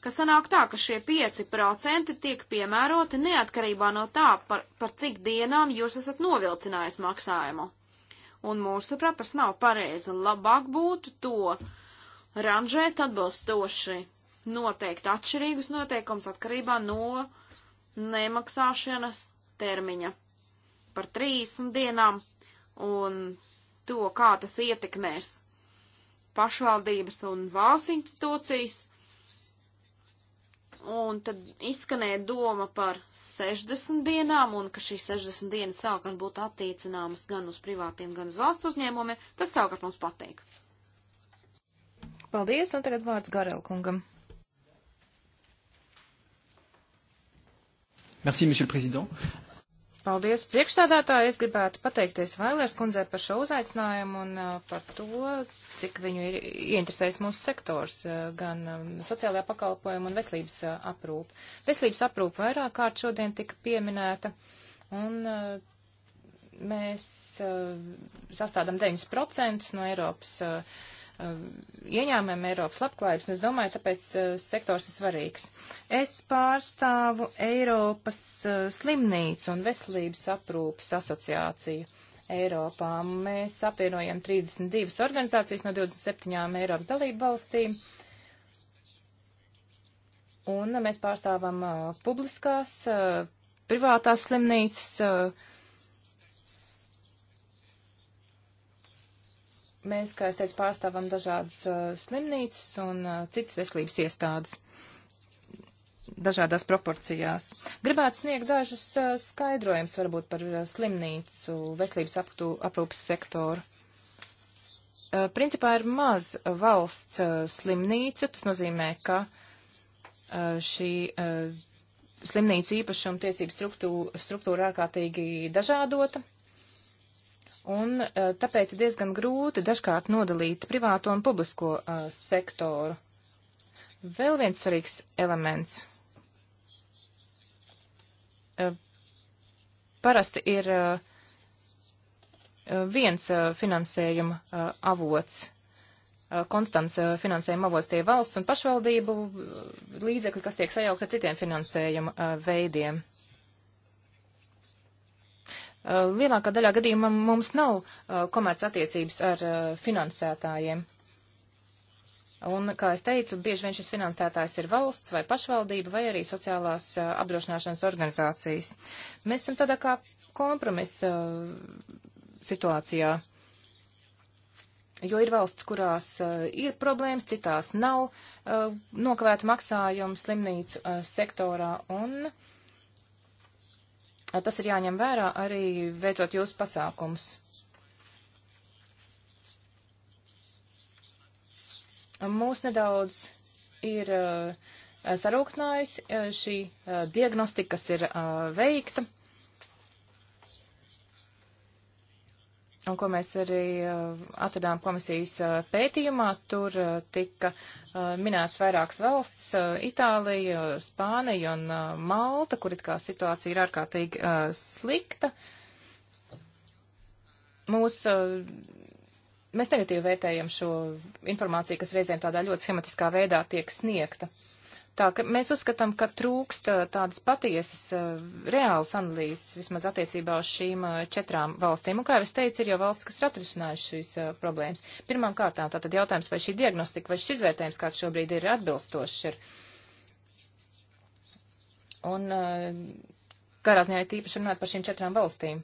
ka sanāk tā, ka šie 5% tiek piemēroti neatkarībā no tā, par, par cik dienām jūs esat novilcinājis maksājumu. Un mūsuprāt, tas nav pareizi. Labāk būtu to ranžēt atbilstoši noteikti atšķirīgus noteikums atkarībā no nemaksāšanas termiņa par 30 dienām un to, kā tas ietekmēs pašvaldības un valsts institūcijas. Un tad izskanēja doma par 60 dienām, un ka šīs 60 dienas savukārt būtu attiecināmas gan uz privātiem, gan uz valsts uzņēmumiem, tas savukārt mums patīk. Paldies, un tagad vārds Garelkungam. Merci, monsieur le président. Paldies, priekšsādātāji. Es gribētu pateikties Vailērs kundzei par šo uzaicinājumu un uh, par to, cik viņu ir ieinteresējis mūsu sektors, uh, gan um, sociālajā pakalpojuma un veselības uh, aprūpa. Veselības aprūpa vairāk kārt šodien tika pieminēta, un mēs sastādām 9% no Eiropas Eh, ieņēmumiem Eiropas labklājības, un es domāju, tāpēc uh, sektors ir svarīgs. Es pārstāvu Eiropas uh, slimnīcu un veselības aprūpas asociāciju. Eiropā mēs apvienojam 32 organizācijas no 27 Eiropas dalību valstīm, un mēs pārstāvam uh, publiskās, privātās slimnīcas, Mēs, kā es teicu, pārstāvam dažādas uh, slimnīcas un uh, citas veselības iestādes dažādās proporcijās. Gribētu sniegt dažus uh, skaidrojumus varbūt par uh, slimnīcu, veselības aptu, aprūpas sektoru. Uh, principā ir maz valsts uh, slimnīcu, tas nozīmē, ka uh, šī uh, slimnīcu īpašuma tiesību struktūra, struktūra ārkārtīgi dažādota. Un eh, tāpēc ir diezgan grūti dažkārt nodalīt privāto un publisko uh, sektoru. Vēl viens svarīgs elements. Uh, parasti ir uh, viens finansējuma avots. Konstants finansējuma avots tie valsts un pašvaldību līdzekļi, kas tiek sajaukt ar citiem finansējuma veidiem. Uh, Eh, lielākā daļā gadījumā mums nav eh, komerc attiecības ar eh, finansētājiem. Un, kā es teicu, bieži vien šis finansētājs ir valsts vai pašvaldība vai arī sociālās uh, apdrošināšanas organizācijas. Mēs esam tādā kā kompromisa uh, situācijā, jo ir valsts, kurās uh, ir problēmas, citās nav, nokavēt maksājumu slimnīcu sektorā un. Tas ir jāņem vērā arī veicot jūsu pasākums. Mūs nedaudz ir sarūknājusi šī diagnostika, kas ir veikta un ko mēs arī uh, atradām komisijas uh, pētījumā, tur uh, tika minēts vairākas valsts - Itālija, Spānija un Malta, kur it kā situācija ir ārkārtīgi slikta. Mūs, mēs negatīvi vērtējam šo informāciju, kas reizēm tādā ļoti schematiskā veidā tiek sniegta. Uh, Tā ka mēs uzskatām, ka trūkst tādas patiesas, reālas analīzes vismaz attiecībā uz šīm četrām valstīm. Un, kā jau es teicu, ir jau valsts, kas ir atrisinājuši šīs uh, problēmas. Pirmām kārtām tātad jautājums, vai šī diagnostika vai šis izvērtējums, kāds šobrīd ir atbilstošs, ir. Un uh, kādās ņēmē tīpaši runāt par šīm četrām valstīm.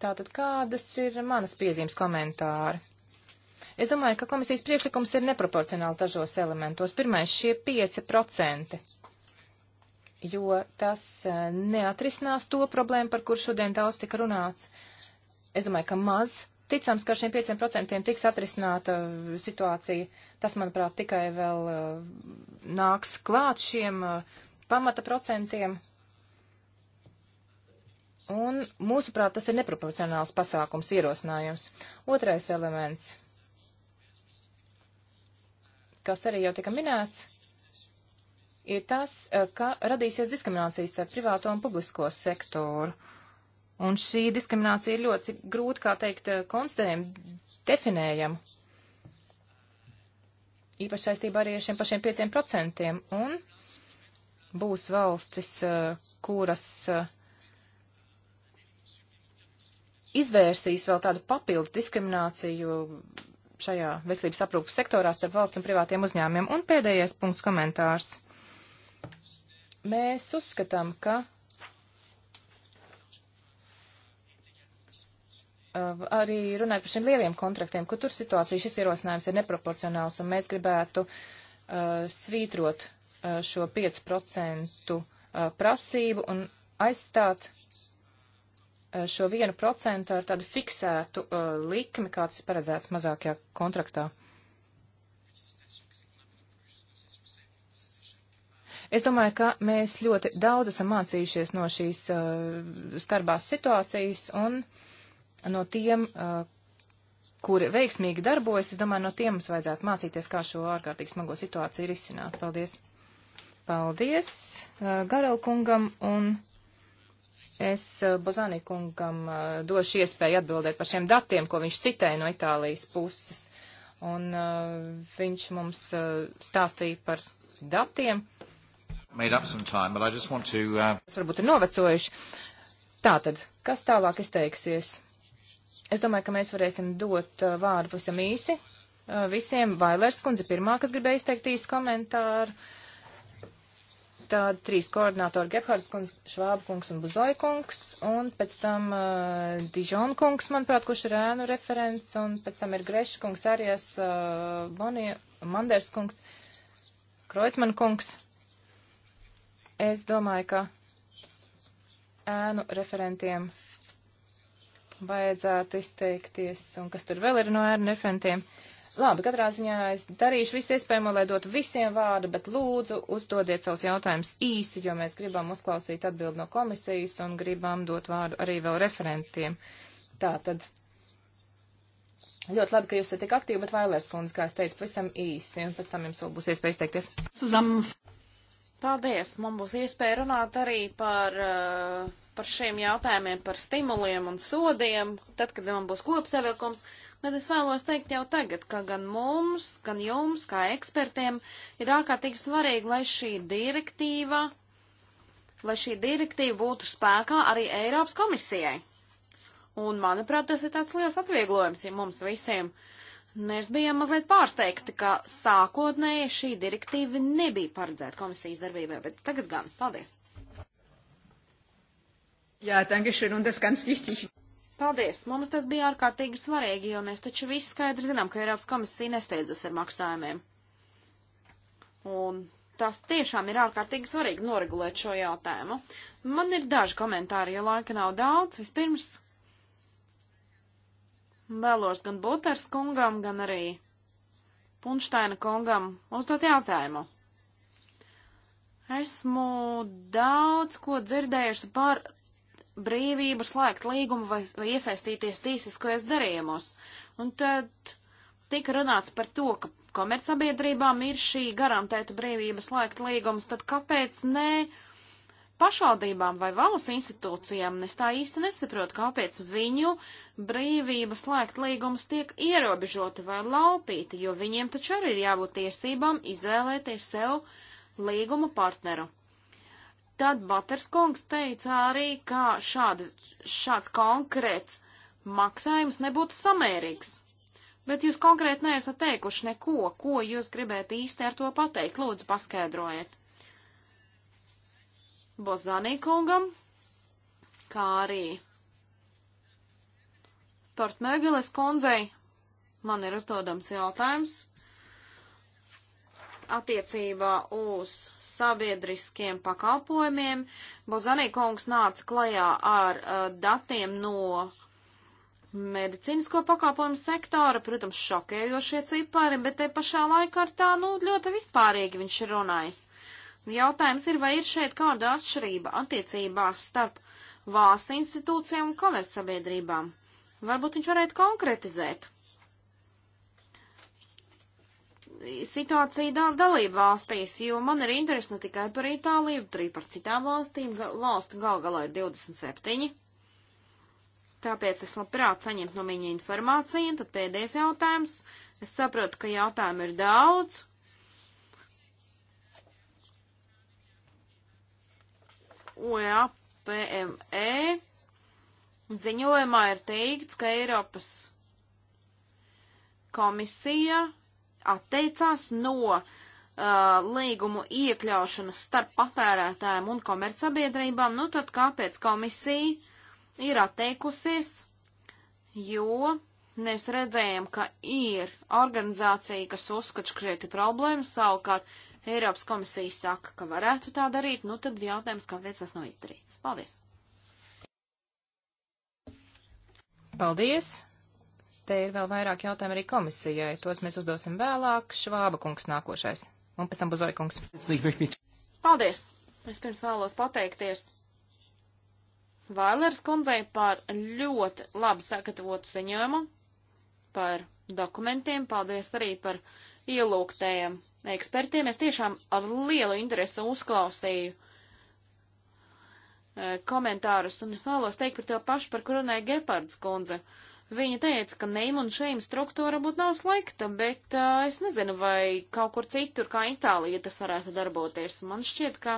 Tātad kādas ir manas piezīmes komentāri? Es domāju, ka komisijas priekšlikums ir neproporcionāli dažos elementos. Pirmais, šie 5%, jo tas eh, neatrisinās to problēmu, par kur šodien daudz tika runāts. Es domāju, ka maz ticams, ka ar šiem 5% tiks atrisināta eh, situācija. Tas, manuprāt, tikai vēl eh, nāks klāt šiem pamata procentiem, Un, mūsuprāt, tas ir neproporcionāls pasākums ierosinājums. Otrais elements, kas arī jau tika minēts, ir tas, eh, ka radīsies diskriminācijas starp privāto un publisko sektoru. Un šī diskriminācija ir ļoti grūti, kā teikt, eh, konstatējama, definējama. Īpaši saistībā arī ar šiem pašiem 5%. Un būs valstis, eh, kuras izvērsīs vēl tādu papildu diskrimināciju šajā veselības aprūpas sektorā starp valsts un privātiem uzņēmumiem. Un pēdējais punkts komentārs. Mēs uzskatām, ka Uh, arī runājot par šiem lieliem kontraktiem, kur tur situācija šis ierosinājums ir neproporcionāls, un mēs gribētu uh, svītrot uh, šo 5% uh, prasību un aizstāt Eh, šo vienu procentu ar tādu fiksētu uh, likmi, kāds ir paredzēts mazākajā kontraktā. Es domāju, ka mēs ļoti daudz esam mācījušies no šīs uh, skarbās situācijas un no tiem, uh, kuri veiksmīgi darbojas, es domāju, no tiem mums vajadzētu mācīties, kā šo ārkārtīgi smago situāciju risināt. Paldies! Paldies uh, Garelkungam un Es eh, Bozanī kungam eh, došu iespēju atbildēt par šiem datiem, ko viņš citēja no Itālijas puses. Un eh, viņš mums stāstīja par datiem. Time, to, uh... Es varbūt ir novecojuši. Tātad, kas tālāk izteiksies? Es domāju, ka mēs varēsim dot uh, vārdu pavisam īsi uh, visiem. Vailers kundze pirmā, kas gribēja izteikt īsu komentāru. Uh, tādi trīs koordinātori - Gebhards kungs, Švāba kungs un Buzoja kungs, un pēc tam uh, eh, Dižon kungs, manuprāt, kurš ir ēnu referents, un pēc tam ir Greš kungs, Arijas, uh, eh, Bonija, Manders kungs, Kreutzmann kungs. Es domāju, ka ēnu referentiem vajadzētu izteikties, un kas tur vēl ir no ēnu referentiem. Uh, Labi, katrā ziņā es darīšu visu iespējamo, lai dotu visiem vārdu, bet lūdzu uzdodiet savus jautājumus īsi, jo mēs gribam uzklausīt atbildi no komisijas un gribam dot vārdu arī vēl referentiem. Tā tad. Ļoti labi, ka jūs esat tik aktīvi, bet Vailērs kundze, kā es teicu, pavisam īsi, un pēc tam jums vēl būs iespēja izteikties. Suzam. Paldies! Man būs iespēja runāt arī par, eh, par šiem jautājumiem, par stimuliem un sodiem, tad, kad man būs kopsavilkums. Uh, bet es vēlos teikt jau tagad, ka gan mums, gan jums, kā ekspertiem, ir ārkārtīgi svarīgi, lai šī direktīva, lai šī direktīva būtu spēkā arī Eiropas komisijai. Un, manuprāt, tas ir tāds liels atvieglojums ja mums visiem. Mēs bijām mazliet pārsteigti, ka sākotnēji šī direktīva nebija paredzēta komisijas darbībai, bet tagad gan. Paldies! Jā, dankeschön, un tas ganz wichtig. Paldies! Mums tas bija ārkārtīgi svarīgi, jo mēs taču visi skaidri zinām, ka Eiropas komisija nesteidzas ar maksājumiem. Un tas tiešām ir ārkārtīgi svarīgi noregulēt šo jautājumu. Man ir daži komentāri, jo ja laika nav daudz. Vispirms vēlos gan Buters kungam, gan arī Punštaina kungam uzdot jautājumu. Esmu daudz ko dzirdējuši par brīvību slēgt līgumu vai, vai iesaistīties tīsiskajos darījumos. Un tad tika runāts par to, ka komercsabiedrībām ir šī garantēta brīvība slēgt līgumus, tad kāpēc ne pašvaldībām vai valsts institūcijām? Es tā īsti nesaprotu, kāpēc viņu brīvība slēgt līgumus tiek ierobežota vai laupīta, jo viņiem taču arī ir jābūt tiesībām izvēlēties sev līguma partneru. Tad Baterskungs teica arī, ka šāda, šāds konkrēts maksājums nebūtu samērīgs. Bet jūs konkrēti neesat teikuši neko, ko jūs gribētu īsti ar to pateikt. Lūdzu, paskaidrojiet. Bozanī kungam, kā arī Portmēgeles kundzei, man ir uzdodams jautājums attiecībā uz sabiedriskiem pakalpojumiem. Bozanī kungs nāca klajā ar uh, datiem no medicīnisko pakalpojumu sektora, protams, šokējošie cipari, bet te pašā laikā ar tā, nu, ļoti vispārīgi viņš ir runājis. Jautājums ir, vai ir šeit kāda atšķirība attiecībās starp valsts institūcijām un komercsabiedrībām? Varbūt viņš varētu konkretizēt situāciju da dalību valstīs, jo man ir interesi ne tikai par Itāliju, bet arī par citām valstīm. Valstu gal galā ir 27. Tāpēc es labprāt saņemtu no viņa informāciju. Un tad pēdējais jautājums. Es saprotu, ka jautājumu ir daudz. UAPME e ziņojumā ir teikts, ka Eiropas komisija atteicās no uh, līgumu iekļaušanas starp patērētājiem un komercsabiedrībām, nu tad kāpēc komisija ir atteikusies, jo mēs redzējām, ka ir organizācija, kas uzskata šķieti problēmu, savukārt Eiropas komisija saka, ka varētu tā darīt, nu tad jautājums, kāpēc tas nav izdarīts. Paldies! Paldies! te ir vēl vairāk jautājumu arī komisijai. Tos mēs uzdosim vēlāk. Švāba kungs nākošais. Un pēc tam Buzoja kungs. Paldies! Es pirms vēlos pateikties Vailers kundzei par ļoti labi sagatavotu ziņojumu, par dokumentiem. Paldies arī par ielūgtējiem ekspertiem. Es tiešām ar lielu interesi uzklausīju e, komentārus, un es vēlos teikt par to pašu, par kur runāja Gepards kundze. Uh, Viņa teica, ka neim un šeim struktūra būtu nav slikta, bet uh, es nezinu, vai kaut kur citur kā Itālija tas varētu darboties. Man šķiet, ka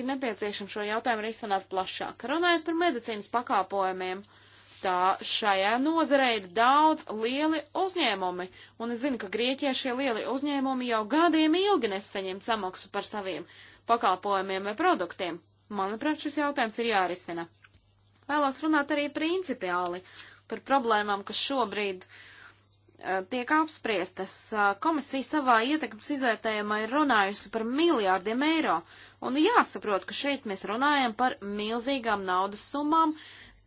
ir nepieciešams šo jautājumu risināt plašāk. Runājot par medicīnas pakāpojumiem, tā šajā nozarē ir daudz lieli uzņēmumi, un es zinu, ka Grieķijā šie lieli uzņēmumi jau gadiem ilgi nesaņem samaksu par saviem pakāpojumiem vai produktiem. Manuprāt, šis jautājums ir jārisina. Vēlos runāt arī principiāli par problēmām, kas šobrīd eh, tiek apspriestas. Eh, komisija savā ietekmes izvērtējumā ir runājusi par miljārdiem eiro, un jāsaprot, ka šeit mēs runājam par milzīgām naudas summām,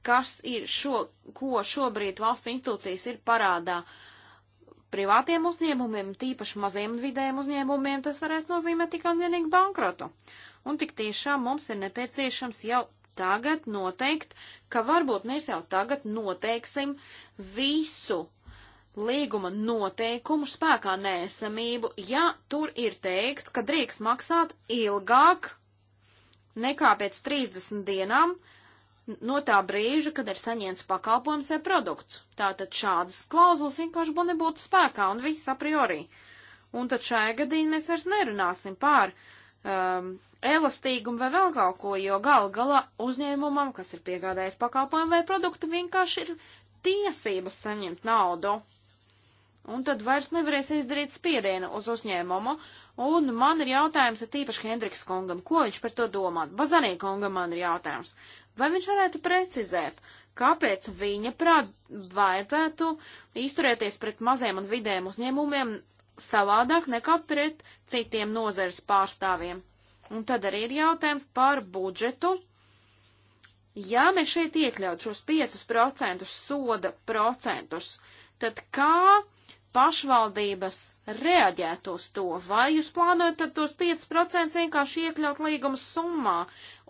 kas ir šo, ko šobrīd valsts institūcijas ir parādā. Privātiem uzņēmumiem, tīpaši maziem un vidējiem uzņēmumiem, tas varētu nozīmēt tikai un vienīgi bankrotu. Un tik tiešām mums ir nepieciešams jau tagad noteikt, ka varbūt mēs jau tagad noteiksim visu līguma noteikumu spēkā nēsamību, ja tur ir teikts, ka drīkst maksāt ilgāk nekā pēc 30 dienām no tā brīža, kad ir saņemts pakalpojums vai produkts. Tātad šādas klauzulas vienkārši nebūtu spēkā un viss a priori. Un tad šajā gadījumā mēs vairs nerunāsim pār um, elastīgumu vai vēl kaut ko, jo gal galā uzņēmumam, kas ir piegādājis pakalpojumu vai produktu, vienkārši ir tiesības saņemt naudu. Un tad vairs nevarēs izdarīt spiedienu uz uzņēmumu. Un man ir jautājums, ir tīpaši Hendriks kungam, ko viņš par to domā. Bazanī kungam man ir jautājums. Vai viņš varētu precizēt, kāpēc viņa prāt vajadzētu izturēties pret maziem un vidējiem uzņēmumiem savādāk nekā pret citiem nozares pārstāvjiem? Un tad arī ir jautājums par budžetu. Ja mēs šeit iekļaut šos 5% soda procentus, tad kā pašvaldības reaģētu uz to? Vai jūs plānojat tad tos 5% vienkārši iekļaut līguma summā?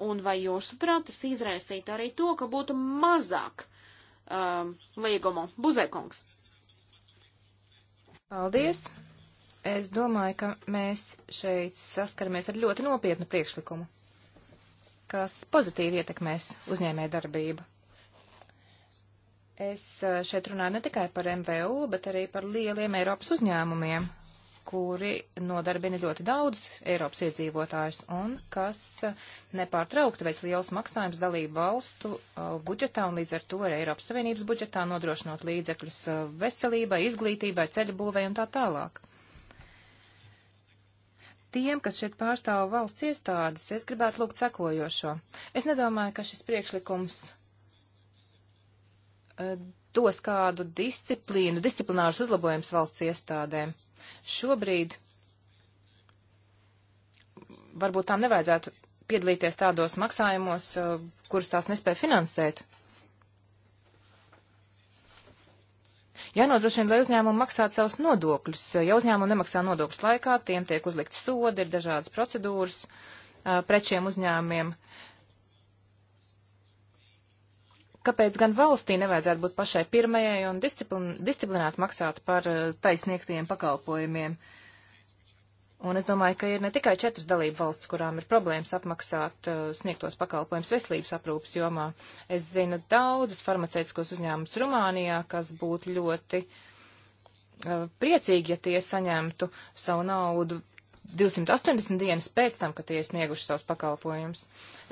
Un vai jūsuprāt tas izraisītu arī to, ka būtu mazāk um, līgumu? Buzekungs. Paldies! Jā. Es domāju, ka mēs šeit saskaramies ar ļoti nopietnu priekšlikumu, kas pozitīvi ietekmēs uzņēmē darbību. Es eh, šeit runāju ne tikai par MVU, bet arī par lieliem Eiropas uzņēmumiem, kuri nodarbina ļoti daudz Eiropas iedzīvotājus un kas eh, nepārtraukti veic liels maksājums dalību valstu uh, budžetā un līdz ar to arī Eiropas Savienības budžetā nodrošinot līdzekļus uh, veselībai, izglītībai, ceļu būvē un tā tālāk. Tiem, kas šeit pārstāv valsts iestādes, es gribētu lūgt sekojošo. Es nedomāju, ka šis priekšlikums e, dos kādu disciplīnu, disciplināšu uzlabojums valsts iestādēm. Šobrīd varbūt tām nevajadzētu piedalīties tādos maksājumos, e, kurus tās nespēja finansēt. Jānodrošina, lai uzņēmumi maksātu savus nodokļus. Ja uzņēmumi nemaksā nodokļus laikā, tiem tiek uzlikti sodi, ir dažādas procedūras pret šiem uzņēmumiem. Kāpēc gan valstī nevajadzētu būt pašai pirmajai un disciplin disciplinēt maksāt par taisniegtajiem pakalpojumiem? Uh, Un es domāju, ka ir ne tikai četras dalību valsts, kurām ir problēmas apmaksāt uh, sniegtos pakalpojumus veselības aprūpas jomā. Es zinu daudzus farmaceitiskos uzņēmumus Rumānijā, kas būtu ļoti uh, priecīgi, ja tie saņemtu savu naudu 280 dienas pēc tam, kad tie ir snieguši savus pakalpojumus.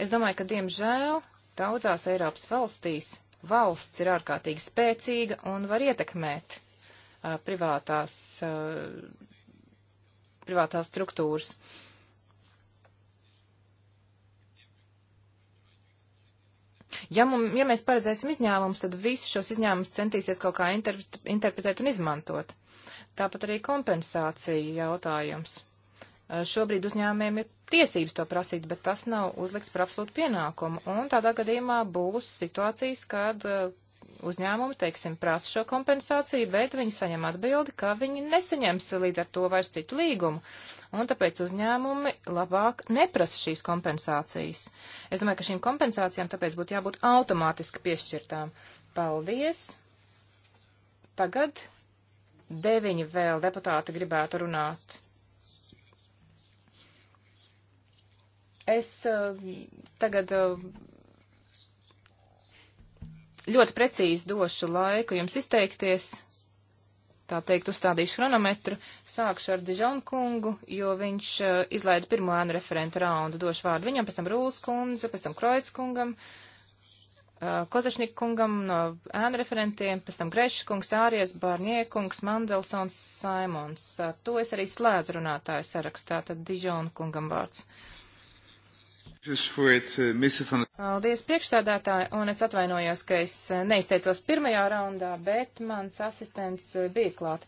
Es domāju, ka diemžēl daudzās Eiropas valstīs valsts ir ārkārtīgi spēcīga un var ietekmēt uh, privātās uh, privātās struktūras. Ja, mum, ja mēs paredzēsim izņēmumus, tad visus šos izņēmumus centīsies kaut kā inter, interpretēt un izmantot. Tāpat arī kompensācija jautājums. Šobrīd uzņēmējiem ir tiesības to prasīt, bet tas nav uzlikts par absolūtu pienākumu. Un tādā gadījumā būs situācijas, kad uzņēmumi, teiksim, prasa šo kompensāciju, bet viņi saņem atbildi, ka viņi nesaņems līdz ar to vairs citu līgumu. Un tāpēc uzņēmumi labāk neprasa šīs kompensācijas. Es domāju, ka šīm kompensācijām tāpēc būtu jābūt automātiski piešķirtām. Paldies! Tagad deviņi vēl deputāti gribētu runāt. Es uh, tagad uh, ļoti precīzi došu laiku jums izteikties, tā teikt, uzstādīšu chronometru, sākšu ar Dižon kungu, jo viņš uh, izlaida pirmo ēnu referentu raundu, došu vārdu viņam, pēc tam Rūlas kundze, pēc tam Kroic kungam, uh, Kozašnik kungam no ēnu referentiem, pēc tam Grešs kungs, Āries, Bārnie kungs, Mandelsons, Saimons. Uh, to es arī slēdzu runātāju sarakstā, tad Dižon kungam vārds. Uh, Uh, Paldies, priekšsādātāji, un es atvainojos, ka es uh, neizteicos pirmajā raundā, bet mans asistents uh, bija klāt.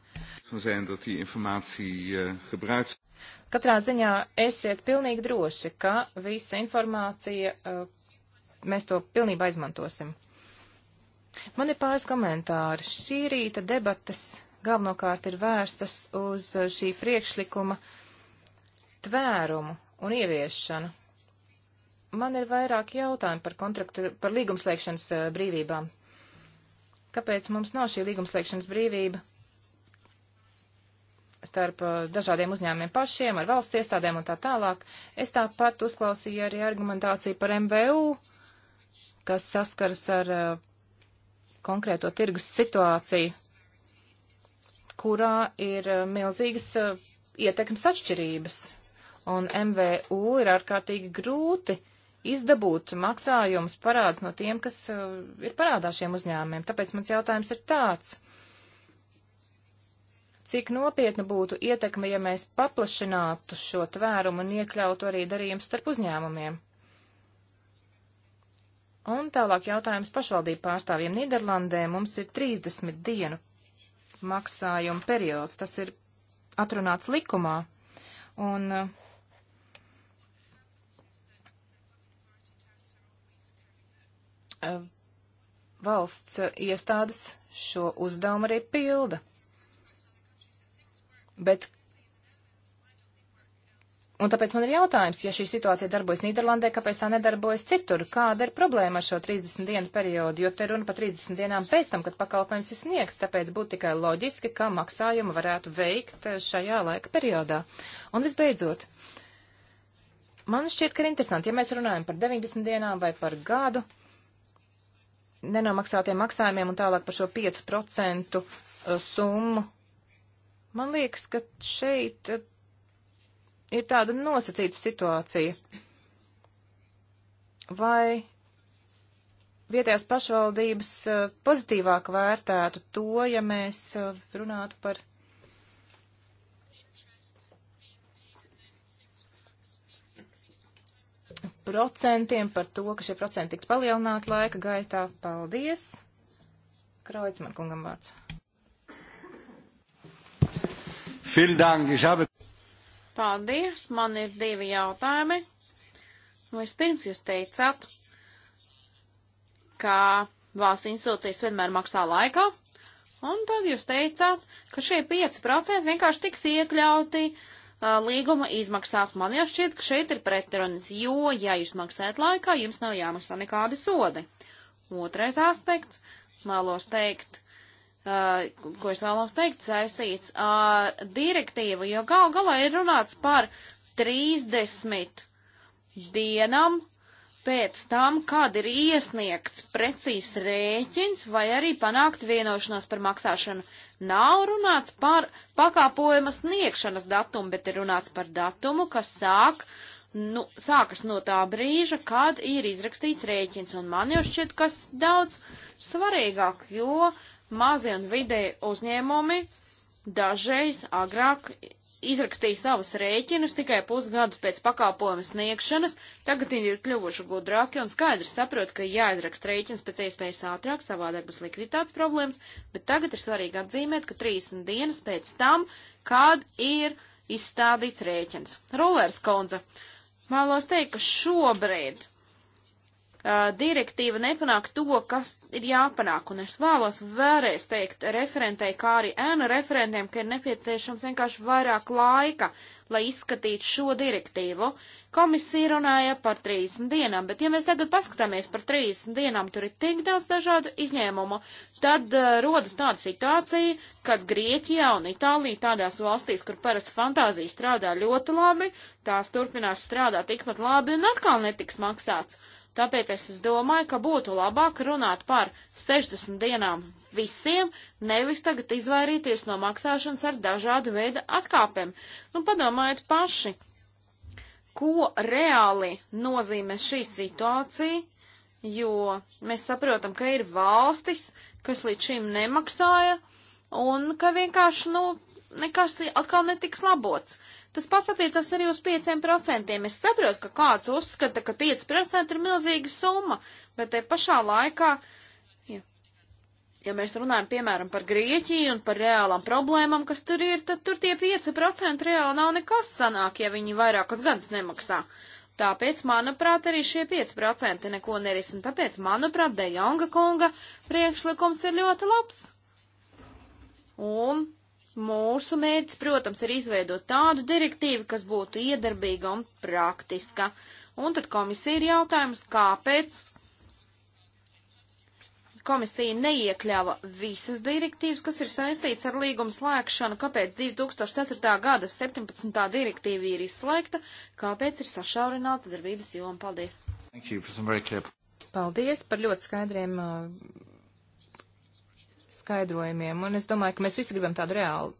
Katrā ziņā esiet pilnīgi droši, ka visa informācija, mēs to pilnībā izmantosim. Man ir pāris komentāri. Šī rīta debatas galvenokārt ir vērstas uz šī priekšlikuma tvērumu un ieviešanu Man ir vairāk jautājumu par, kontraktu, par līgumslēgšanas eh, brīvībām. Kāpēc mums nav šī līgumslēgšanas brīvība starp eh, dažādiem uzņēmumiem pašiem, ar valsts iestādēm un tā tālāk? Es tāpat uzklausīju arī argumentāciju par MVU, kas saskars ar eh, konkrēto tirgus situāciju, kurā ir milzīgas ietekmes atšķirības. Un MVU ir ārkārtīgi grūti uh, izdabūt maksājumus parādus no tiem, kas uh, ir parādā šiem uzņēmumiem. Tāpēc mans jautājums ir tāds. Cik nopietna būtu ietekme, ja mēs paplašinātu šo tvērumu un iekļautu arī darījumu starp uzņēmumiem? Un tālāk jautājums pašvaldību pārstāvjiem Nīderlandē. Mums ir 30 dienu maksājuma periods. Tas ir atrunāts likumā. Un uh, Ehm, valsts iestādes šo uzdevumu arī pilda. Bet Un tāpēc man ir jautājums, ja šī situācija darbojas Nīderlandē, kāpēc tā nedarbojas citur? Kāda ir problēma ar šo 30 dienu periodu? Jo te runa par 30 dienām pēc tam, kad pakalpojums ir sniegts, tāpēc būtu tikai loģiski, ka maksājumu varētu veikt šajā laika periodā. Un visbeidzot, man šķiet, ka ir interesanti, ja mēs runājam par 90 dienām vai par gadu, nenomaksātiem maksājumiem un tālāk par šo 5% uh, summu. Man liekas, ka šeit uh, ir tāda nosacīta situācija. Vai vietējās pašvaldības uh, pozitīvāk vērtētu to, ja mēs runātu par procentiem, par to, ka šie procenti tiks palielināti laika gaitā. Paldies! Kreutzmann kungam vārds. Paldies! Man ir divi jautājumi. Vispirms jūs teicāt, ka valsts institūcijas vienmēr maksā laikā, un tad jūs teicāt, ka šie 5% vienkārši tiks iekļauti uh, Uh, līguma izmaksās. Man jau šķiet, ka šeit ir pretrunis, jo, ja jūs maksājat laikā, jums nav jāmaksā nekādi sodi. Otrais aspekts, vēlos teikt, uh, ko es vēlos teikt, saistīts ar direktīvu, jo gal galā ir runāts par 30 dienām pēc tam, kad ir iesniegts precīzs rēķins vai arī panākt vienošanās par maksāšanu. Nav runāts par pakāpojuma sniegšanas datumu, bet ir runāts par datumu, kas sāk, nu, sākas no tā brīža, kad ir izrakstīts rēķins. Un man jau šķiet, kas daudz svarīgāk, jo mazie un vidēji uzņēmumi dažreiz agrāk izrakstīja savus rēķinus tikai pusgadus pēc pakalpojuma sniegšanas, tagad viņi ir kļuvuši gudrāki un skaidri saprot, ka jāizraksta rēķins pēc iespējas ātrāk, savādāk būs likviditātes problēmas, bet tagad ir svarīgi atzīmēt, ka 30 dienas pēc tam, kad ir izstādīts rēķins. Rulers kundze, vēlos teikt, ka šobrīd uh, direktīva nepanāk to, kas ir jāpanāk. Un es vēlos vēlreiz teikt referentei, kā arī ēnu referentiem, ka ir nepieciešams vienkārši vairāk laika, lai izskatītu šo direktīvu. Komisija runāja par 30 dienām, bet ja mēs tagad paskatāmies par 30 dienām, tur ir tik daudz dažādu izņēmumu, tad uh, rodas tāda situācija, kad Grieķijā un Itālija tādās valstīs, kur parasti fantāzija strādā ļoti labi, tās turpinās strādāt tikpat labi un atkal netiks maksāts. Tāpēc es domāju, ka būtu labāk runāt par 60 dienām visiem, nevis tagad izvairīties no maksāšanas ar dažādu veidu atkāpēm. Nu, padomājiet paši, ko reāli nozīmē šī situācija, jo mēs saprotam, ka ir valstis, kas līdz šim nemaksāja, un ka vienkārši, nu, nekas atkal netiks labots. Tas pats attiecas arī uz 5%. Es saprotu, ka kāds uzskata, ka 5% ir milzīga summa, bet te pašā laikā, ja, ja mēs runājam, piemēram, par Grieķiju un par reālām problēmām, kas tur ir, tad tur tie 5% reāli nav nekas sanāk, ja viņi vairākus gadus nemaksā. Tāpēc, manuprāt, arī šie 5% neko nerisina. Tāpēc, manuprāt, De Jonga kunga priekšlikums ir ļoti labs. Un Mūsu mērķis, protams, ir izveidot tādu direktīvu, kas būtu iedarbīga un praktiska. Un tad komisija ir jautājums, kāpēc komisija neiekļāva visas direktīvas, kas ir saistīts ar līgumu slēgšanu, kāpēc 2004. gada 17. direktīva ir izslēgta, kāpēc ir sašaurināta darbības joma. Paldies! Paldies par ļoti skaidriem uh, skaidrojumiem. Un es domāju, ka mēs visi gribam tādu reālu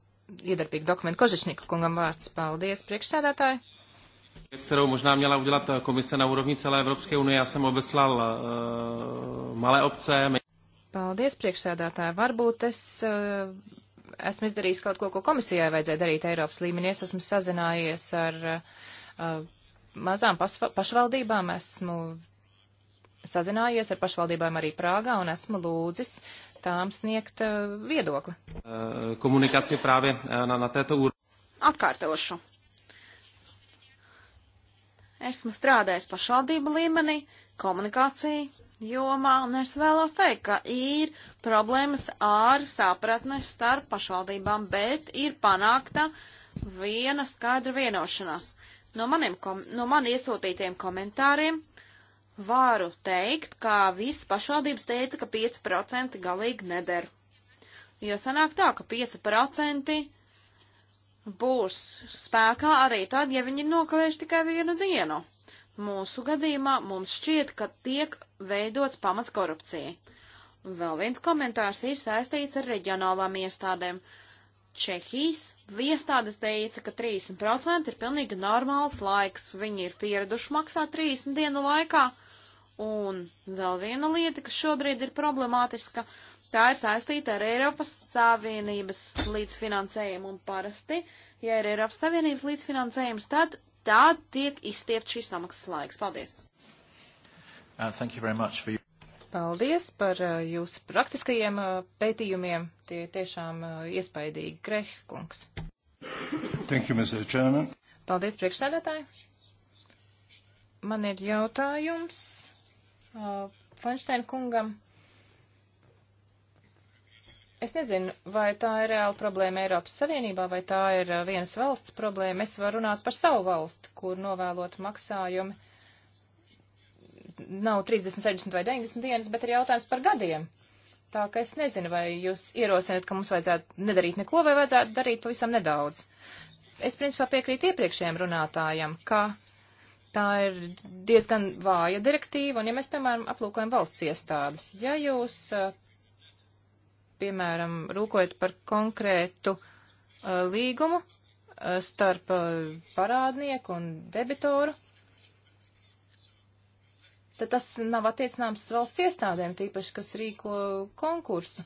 iedarbīgu dokumentu. Kožešņika kungam vārds. Paldies, priekšsēdētāji. kterou možná měla udělat eh, komise na úrovni celé Evropské unie. Já jsem obeslal uh, malé obce. Paldies, priekšsēdētāji. Varbūt es uh, esmu izdarījis kaut ko, ko komisijai vajadzēja darīt Eiropas līmenī. Es esmu sazinājies ar uh, mazām pašvaldībām, esmu sazinājies ar pašvaldībām arī Prāgā un esmu lūdzis tām sniegt eh, viedokli. Eh, komunikācija prāvie eh, na, na tēta ūra. Atkārtošu. Esmu strādājis pašvaldību līmenī, komunikācija jomā, un es vēlos teikt, ka ir problēmas ar sapratni starp pašvaldībām, bet ir panākta viena skaidra vienošanās. No maniem, kom, no man iesūtītiem komentāriem varu teikt, ka visas pašvaldības teica, ka 5% galīgi neder. Jo sanāk tā, ka 5% būs spēkā arī tad, ja viņi ir nokavējuši tikai vienu dienu. Mūsu gadījumā mums šķiet, ka tiek veidots pamats korupcijai. Vēl viens komentārs ir saistīts ar reģionālām iestādēm. Čehijas iestādes teica, ka 30% ir pilnīgi normāls laiks. Viņi ir pieraduši maksāt 30 dienu laikā. Uh, Un vēl viena lieta, kas šobrīd ir problemātiska, tā ir saistīta ar Eiropas Savienības līdzfinansējumu. Un parasti, ja ir Eiropas Savienības līdzfinansējums, tad tā tiek izstiept šīs samaksas laiks. Paldies! Uh, you... Paldies par uh, jūsu praktiskajiem uh, pētījumiem. Tie tiešām uh, iespaidīgi, Greh kungs. Thank you, Mr. Chairman. Paldies, priekšsēdētāji. Man ir jautājums Uh, Fanšteina kungam. Es nezinu, vai tā ir reāla problēma Eiropas Savienībā, vai tā ir uh, vienas valsts problēma. Es varu runāt par savu valstu, kur novēlot maksājumi. Nav 30, 60 vai 90 dienas, bet ir jautājums par gadiem. Tā ka es nezinu, vai jūs ierosināt, ka mums vajadzētu nedarīt neko, vai vajadzētu darīt pavisam nedaudz. Es principā piekrītu iepriekšējiem runātājiem, ka tā ir diezgan vāja direktīva, un ja mēs, piemēram, aplūkojam valsts iestādes, ja jūs, eh, piemēram, rūkojat par konkrētu uh, līgumu eh, starp uh, parādnieku un debitoru, tad tas nav attiecināms uz valsts iestādēm, tīpaši, kas rīko konkursu.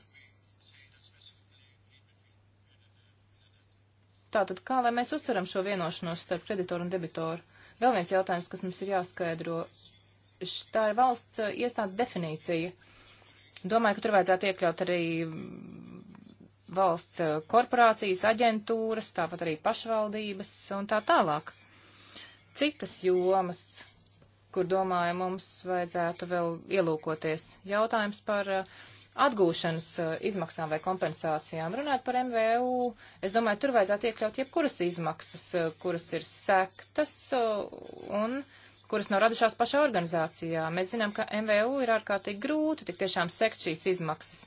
Tātad, kā lai mēs uztveram šo vienošanos starp kreditoru un debitoru? Vēl viens jautājums, kas mums ir jāskaidro. Tā ir valsts eh, iestāde definīcija. Domāju, ka tur vajadzētu iekļaut arī mm, valsts eh, korporācijas, aģentūras, tāpat arī pašvaldības un tā tālāk. Citas jomas, kur domāju, mums vajadzētu vēl ielūkoties. Jautājums par uh, atgūšanas uh, izmaksām vai kompensācijām. Runāt par MVU, es domāju, tur vajadzētu iekļaut jebkuras izmaksas, uh, kuras ir sektas uh, un kuras nav radušās pašā organizācijā. Mēs zinām, ka MVU ir ārkārtīgi grūti tik tiešām sekt šīs izmaksas,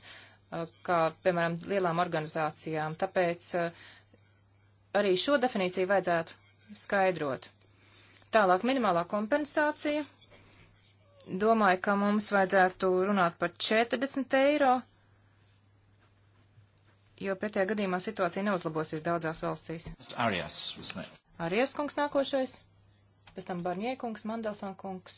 kā, piemēram, lielām organizācijām. Tāpēc arī šo definīciju vajadzētu skaidrot. Tālāk minimālā kompensācija domāju, ka mums vajadzētu runāt par 40 eiro, jo pretējā gadījumā situācija neuzlabosies daudzās valstīs. Arijas kungs nākošais, pēc tam Barņē kungs, Mandelson kungs.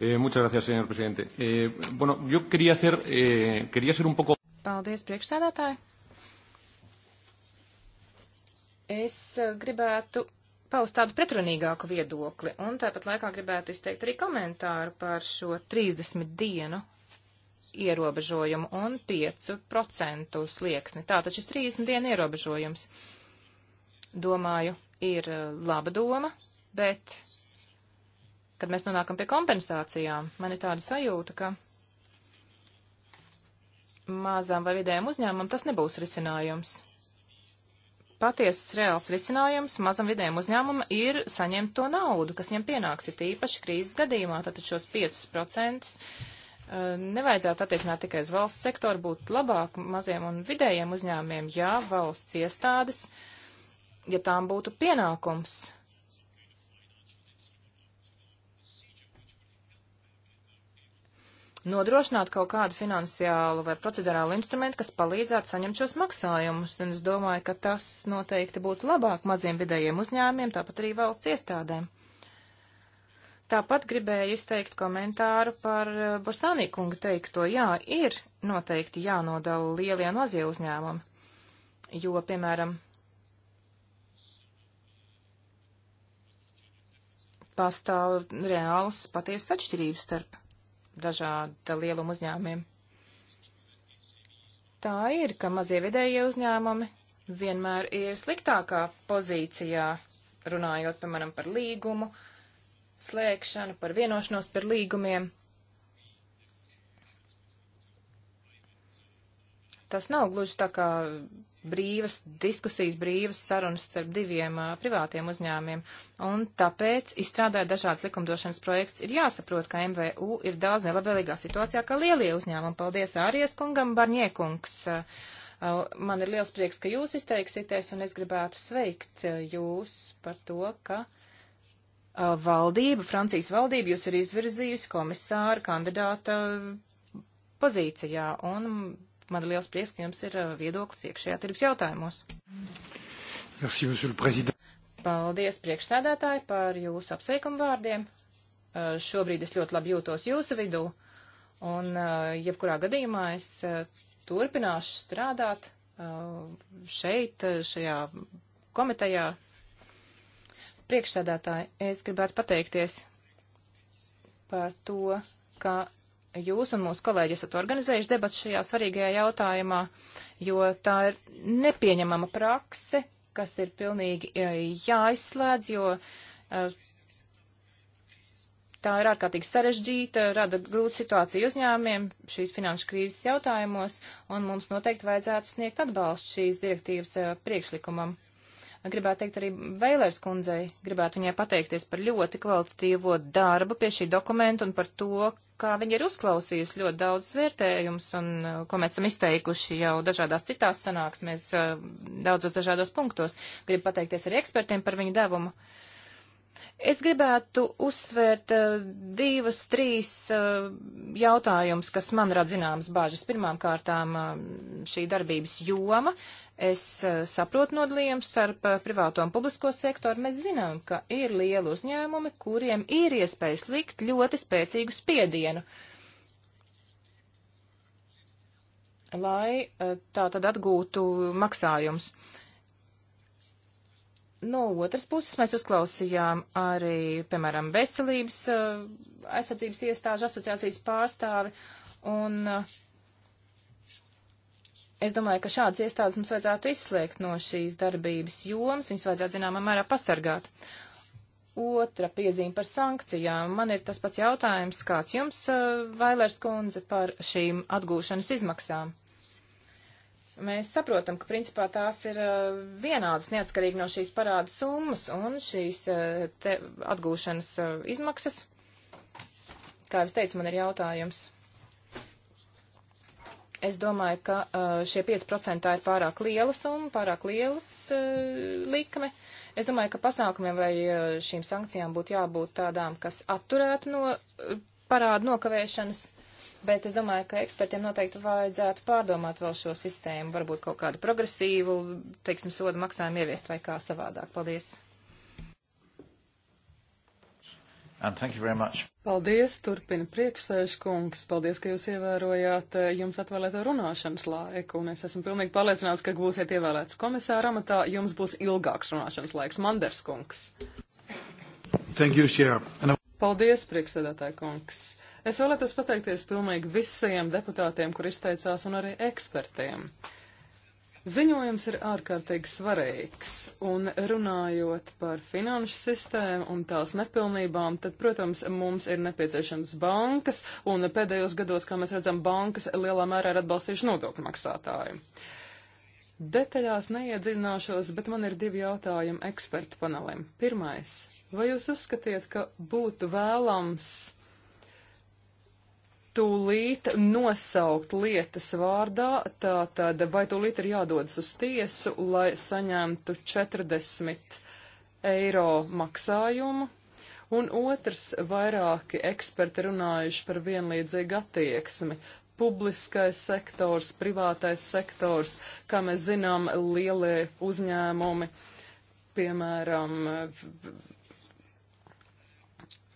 Eh, muchas gracias, señor presidente. Eh, bueno, yo quería hacer, eh, quería ser un poco. Paldies, priekšsēdētāji. Es eh, gribētu paust tādu pretrunīgāku viedokli, un tāpat laikā gribētu izteikt arī komentāru par šo 30 dienu ierobežojumu un 5% slieksni. Tātad šis 30 dienu ierobežojums, domāju, ir eh, laba doma, bet, kad mēs nonākam pie kompensācijām, man ir tāda sajūta, ka mazām vai vidējām uzņēmumam tas nebūs risinājums patiesas reāls risinājums mazam vidējiem uzņēmumam ir saņemt to naudu, kas viņam pienāks, ir tīpaši krīzes gadījumā, tātad šos 5% eh, nevajadzētu attiecināt tikai uz valsts sektoru, būtu labāk maziem un vidējiem uzņēmumiem, ja valsts iestādes, ja tām būtu pienākums nodrošināt kaut kādu finansiālu vai procedurālu instrumentu, kas palīdzētu saņemt šos maksājumus. Un es domāju, ka tas noteikti būtu labāk maziem vidējiem uzņēmiem, tāpat arī valsts iestādēm. Tāpat gribēju izteikt komentāru par eh, Borsānī kunga teikto. Jā, ir noteikti jānodala lielie nozie uzņēmumi, jo, piemēram, pastāv reāls patiesas atšķirības starp dažāda lieluma uzņēmumiem. Tā ir, ka mazie vidējie uzņēmumi vienmēr ir sliktākā pozīcijā, runājot, piemēram, par līgumu, slēgšanu, par vienošanos par līgumiem. Tas nav gluži tā kā brīvas diskusijas, brīvas sarunas starp diviem uh, privātiem uzņēmiem. Un tāpēc, izstrādājot dažādas likumdošanas projekts, ir jāsaprot, ka MVU ir daudz nelabvēlīgā situācijā kā lielie uzņēmumi. Paldies Āries kungam, Barņiekungs. Uh, man ir liels prieks, ka jūs izteiksieties, un es gribētu sveikt jūs par to, ka uh, valdība, Francijas valdība, jūs ir izvirzījusi komisāru kandidāta pozīcijā. Un Man liels prieks, ka jums ir uh, viedoklis iekšējā tirgus jautājumos. Merci, Paldies, priekšsēdētāji, par jūsu apsveikumu vārdiem. Uh, šobrīd es ļoti labi jūtos jūsu vidū, un uh, jebkurā gadījumā es turpināšu strādāt šeit, šajā komitejā. Priekšsēdētāji, es gribētu pateikties par to, ka jūs un mūsu kolēģi esat organizējuši debatu šajā svarīgajā jautājumā, jo tā ir nepieņemama prakse, kas ir pilnīgi e, jāizslēdz, jo e, tā ir ārkārtīgi sarežģīta, rada grūtu situāciju uzņēmumiem šīs finanšu krīzes jautājumos, un mums noteikti vajadzētu sniegt atbalstu šīs direktīvas e, priekšlikumam. Gribētu teikt arī Vēlērs kundzei, gribētu viņai pateikties par ļoti kvalitatīvo darbu pie šī dokumenta un par to, kā viņa ir uzklausījusi ļoti daudz vērtējums un uh, ko mēs esam izteikuši jau dažādās citās sanāksmēs, uh, daudzos dažādos punktos. Gribu pateikties arī ekspertiem par viņu devumu. Es gribētu uzsvērt uh, divas, trīs uh, jautājumus, kas man rada zināmas bāžas. Pirmām kārtām uh, šī darbības joma, Es eh, saprotu nodalījumu starp eh, privāto un publisko sektoru. Mēs zinām, ka ir lieli uzņēmumi, kuriem ir iespējas likt ļoti spēcīgu spiedienu, lai eh, tā tad atgūtu maksājums. No otras puses mēs uzklausījām arī, piemēram, veselības aizsardzības iestāžu asociācijas pārstāvi, un uh, Es domāju, ka šādas iestādes mums vajadzētu izslēgt no šīs darbības jomas, viņas vajadzētu zināmā mērā pasargāt. Otra piezīme par sankcijām. Man ir tas pats jautājums, kāds jums, Vailers kundze, par šīm atgūšanas izmaksām. Mēs saprotam, ka principā tās ir vienādas neatkarīgi no šīs parādu summas un šīs atgūšanas izmaksas. Kā jau es teicu, man ir jautājums Es domāju, ka eh, šie 5% ir pārāk liela summa, pārāk lielas eh, likme. Es domāju, ka pasākumiem vai eh, šīm sankcijām būtu jābūt tādām, kas atturētu no parādu nokavēšanas, bet es domāju, ka ekspertiem noteikti vajadzētu pārdomāt vēl šo sistēmu, varbūt kaut kādu progresīvu, teiksim, sodu maksājumu ieviest vai kā savādāk. Paldies! Paldies, turpina priekšsēžkungs. Paldies, ka jūs ievērojāt eh, jums atvēlēto runāšanas laiku. Un es esmu pilnīgi pārliecināts, ka būsiet ievēlēts komisāra amatā, jums būs ilgāks runāšanas laiks. Manders kungs. Thank you, Chair. And... Paldies, priekšsēdētāja kungs. Es vēlētos pateikties pilnīgi visiem deputātiem, kur izteicās, un arī ekspertiem. Ziņojums ir ārkārtīgi svarīgs, un runājot par finanšu sistēmu un tās nepilnībām, tad, protams, mums ir nepieciešams bankas, un pēdējos gados, kā mēs redzam, bankas lielā mērā ir atbalstījuši nodokļu maksātāju. Detaļās neiedziļināšos, bet man ir divi jautājumi ekspertu panelim. Pirmais. Vai jūs uzskatiet, ka būtu vēlams tūlīt nosaukt lietas vārdā, tātad vai tūlīt ir jādodas uz tiesu, lai saņemtu 40 eiro maksājumu. Un otrs, vairāki eksperti runājuši par vienlīdzīgu attieksmi. Publiskais sektors, privātais sektors, kā mēs zinām, lielie uzņēmumi, piemēram,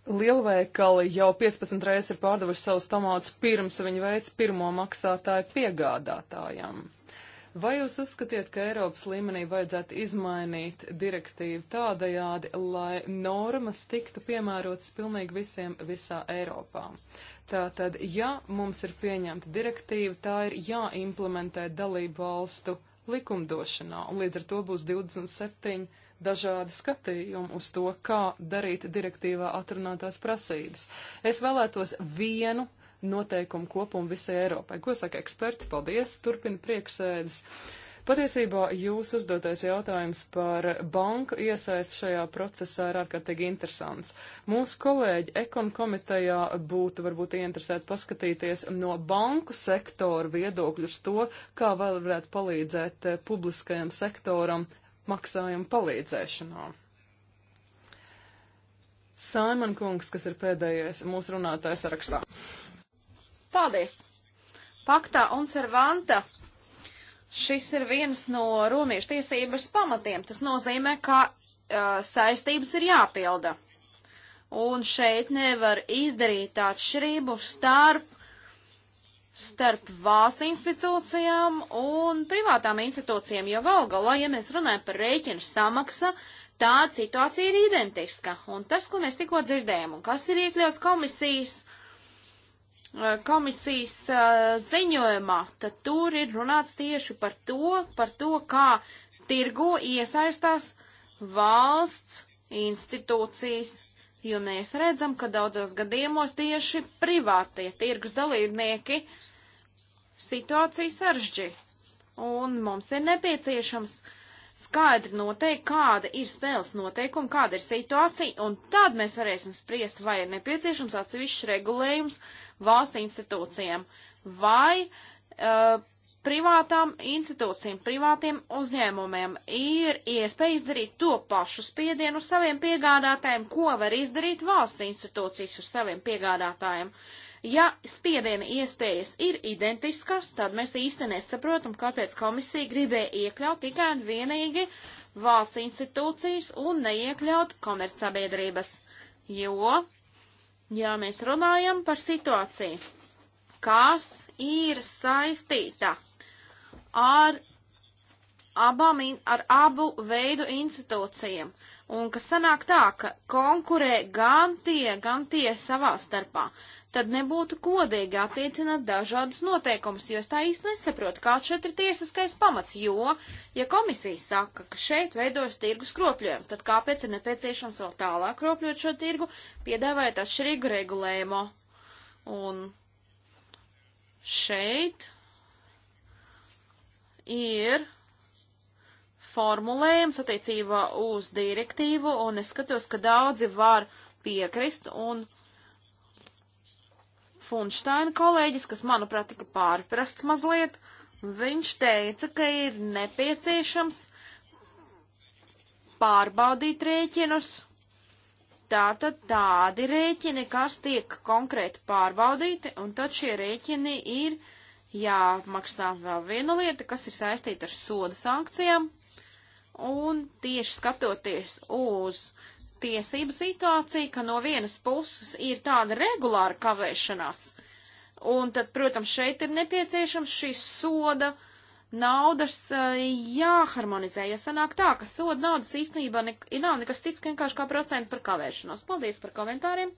lielveikali jau 15 reizes ir pārdevuši savus tomātus pirms viņi veic pirmo maksātāju piegādātājam. Vai jūs uzskatiet, ka Eiropas līmenī vajadzētu izmainīt direktīvu tādajādi, lai normas tiktu piemērotas pilnīgi visiem visā Eiropā? Tātad, ja mums ir pieņemta direktīva, tā ir jāimplementē dalību valstu likumdošanā, un līdz ar to būs 27 dažādi skatījumi uz to, kā darīt direktīvā atrunātās prasības. Es vēlētos vienu noteikumu kopumu visai Eiropai. Ko saka eksperti? Paldies! Turpina priekšsēdes. Patiesībā jūsu uzdotais jautājums par banku iesaistu šajā procesā ir ārkārtīgi interesants. Mūsu kolēģi ekon komitejā būtu varbūt ieinteresēti paskatīties no banku sektora viedokļu uz to, kā vēl varētu palīdzēt eh, publiskajam sektoram maksājumu palīdzēšanā. Saimon Kungs, kas ir pēdējais mūsu runātājs sarakstā. Paldies! Paktā un servanta. Šis ir viens no romiešu tiesības pamatiem. Tas nozīmē, ka uh, saistības ir jāpilda. Un šeit nevar izdarīt atšķirību starp starp valsts institūcijām un privātām institūcijām, jo gal galā, ja mēs runājam par rēķinu samaksa, tā situācija ir identiska. Un tas, ko mēs tikko dzirdējām, un kas ir iekļauts komisijas, eh, komisijas eh, ziņojumā, tad tur ir runāts tieši par to, par to, kā tirgu iesaistās valsts institūcijas jo mēs redzam, ka daudzos gadījumos tieši privātie tirgus dalībnieki uh, situācija saržģi, un mums ir nepieciešams skaidri noteikt, kāda ir spēles noteikuma, kāda ir situācija, un tad mēs varēsim spriest, vai ir nepieciešams atsevišķs regulējums valsts institūcijām vai uh, privātām institūcijām, privātiem uzņēmumiem ir iespēja izdarīt to pašu spiedienu uz saviem piegādātājiem, ko var izdarīt valsts institūcijas uz saviem piegādātājiem. Uh, Ja spiediena iespējas ir identiskas, tad mēs īsti nesaprotam, kāpēc komisija gribēja iekļaut tikai un vienīgi valsts institūcijas un neiekļaut komercsabiedrības. Jo, ja mēs runājam par situāciju, kas ir saistīta ar abām, ar abu veidu institūcijām. Un kas sanāk tā, ka konkurē gan tie, gan tie savā starpā tad nebūtu godīgi attiecināt dažādus noteikumus, jo es tā īsti nesaprotu, kāds šeit ir tiesiskais pamats, jo, ja komisija saka, ka šeit veidojas tirgus kropļojums, tad kāpēc ir nepieciešams vēl tālāk kropļot šo tirgu, piedāvājot atšķirīgu regulējumu? Un šeit ir formulējums attiecībā uz direktīvu, un es skatos, ka daudzi var piekrist, un Funštaina kolēģis, kas, manuprāt, tika pārprasts mazliet, viņš teica, ka ir nepieciešams pārbaudīt rēķinus. Tātad tādi rēķini, kas tiek konkrēti pārbaudīti, un tad šie rēķini ir jāmaksā vēl viena lieta, kas ir saistīta ar soda sankcijām. Un tieši skatoties uz uh, tiesību situācija, ka no vienas puses ir tāda regulāra kavēšanās, un tad, protams, šeit ir nepieciešams šī soda naudas eh, jāharmonizē, ja sanāk tā, ka soda naudas īstenībā ne, nav nekas cits, ka vienkārši kā procenti par kavēšanos. Paldies par komentāriem!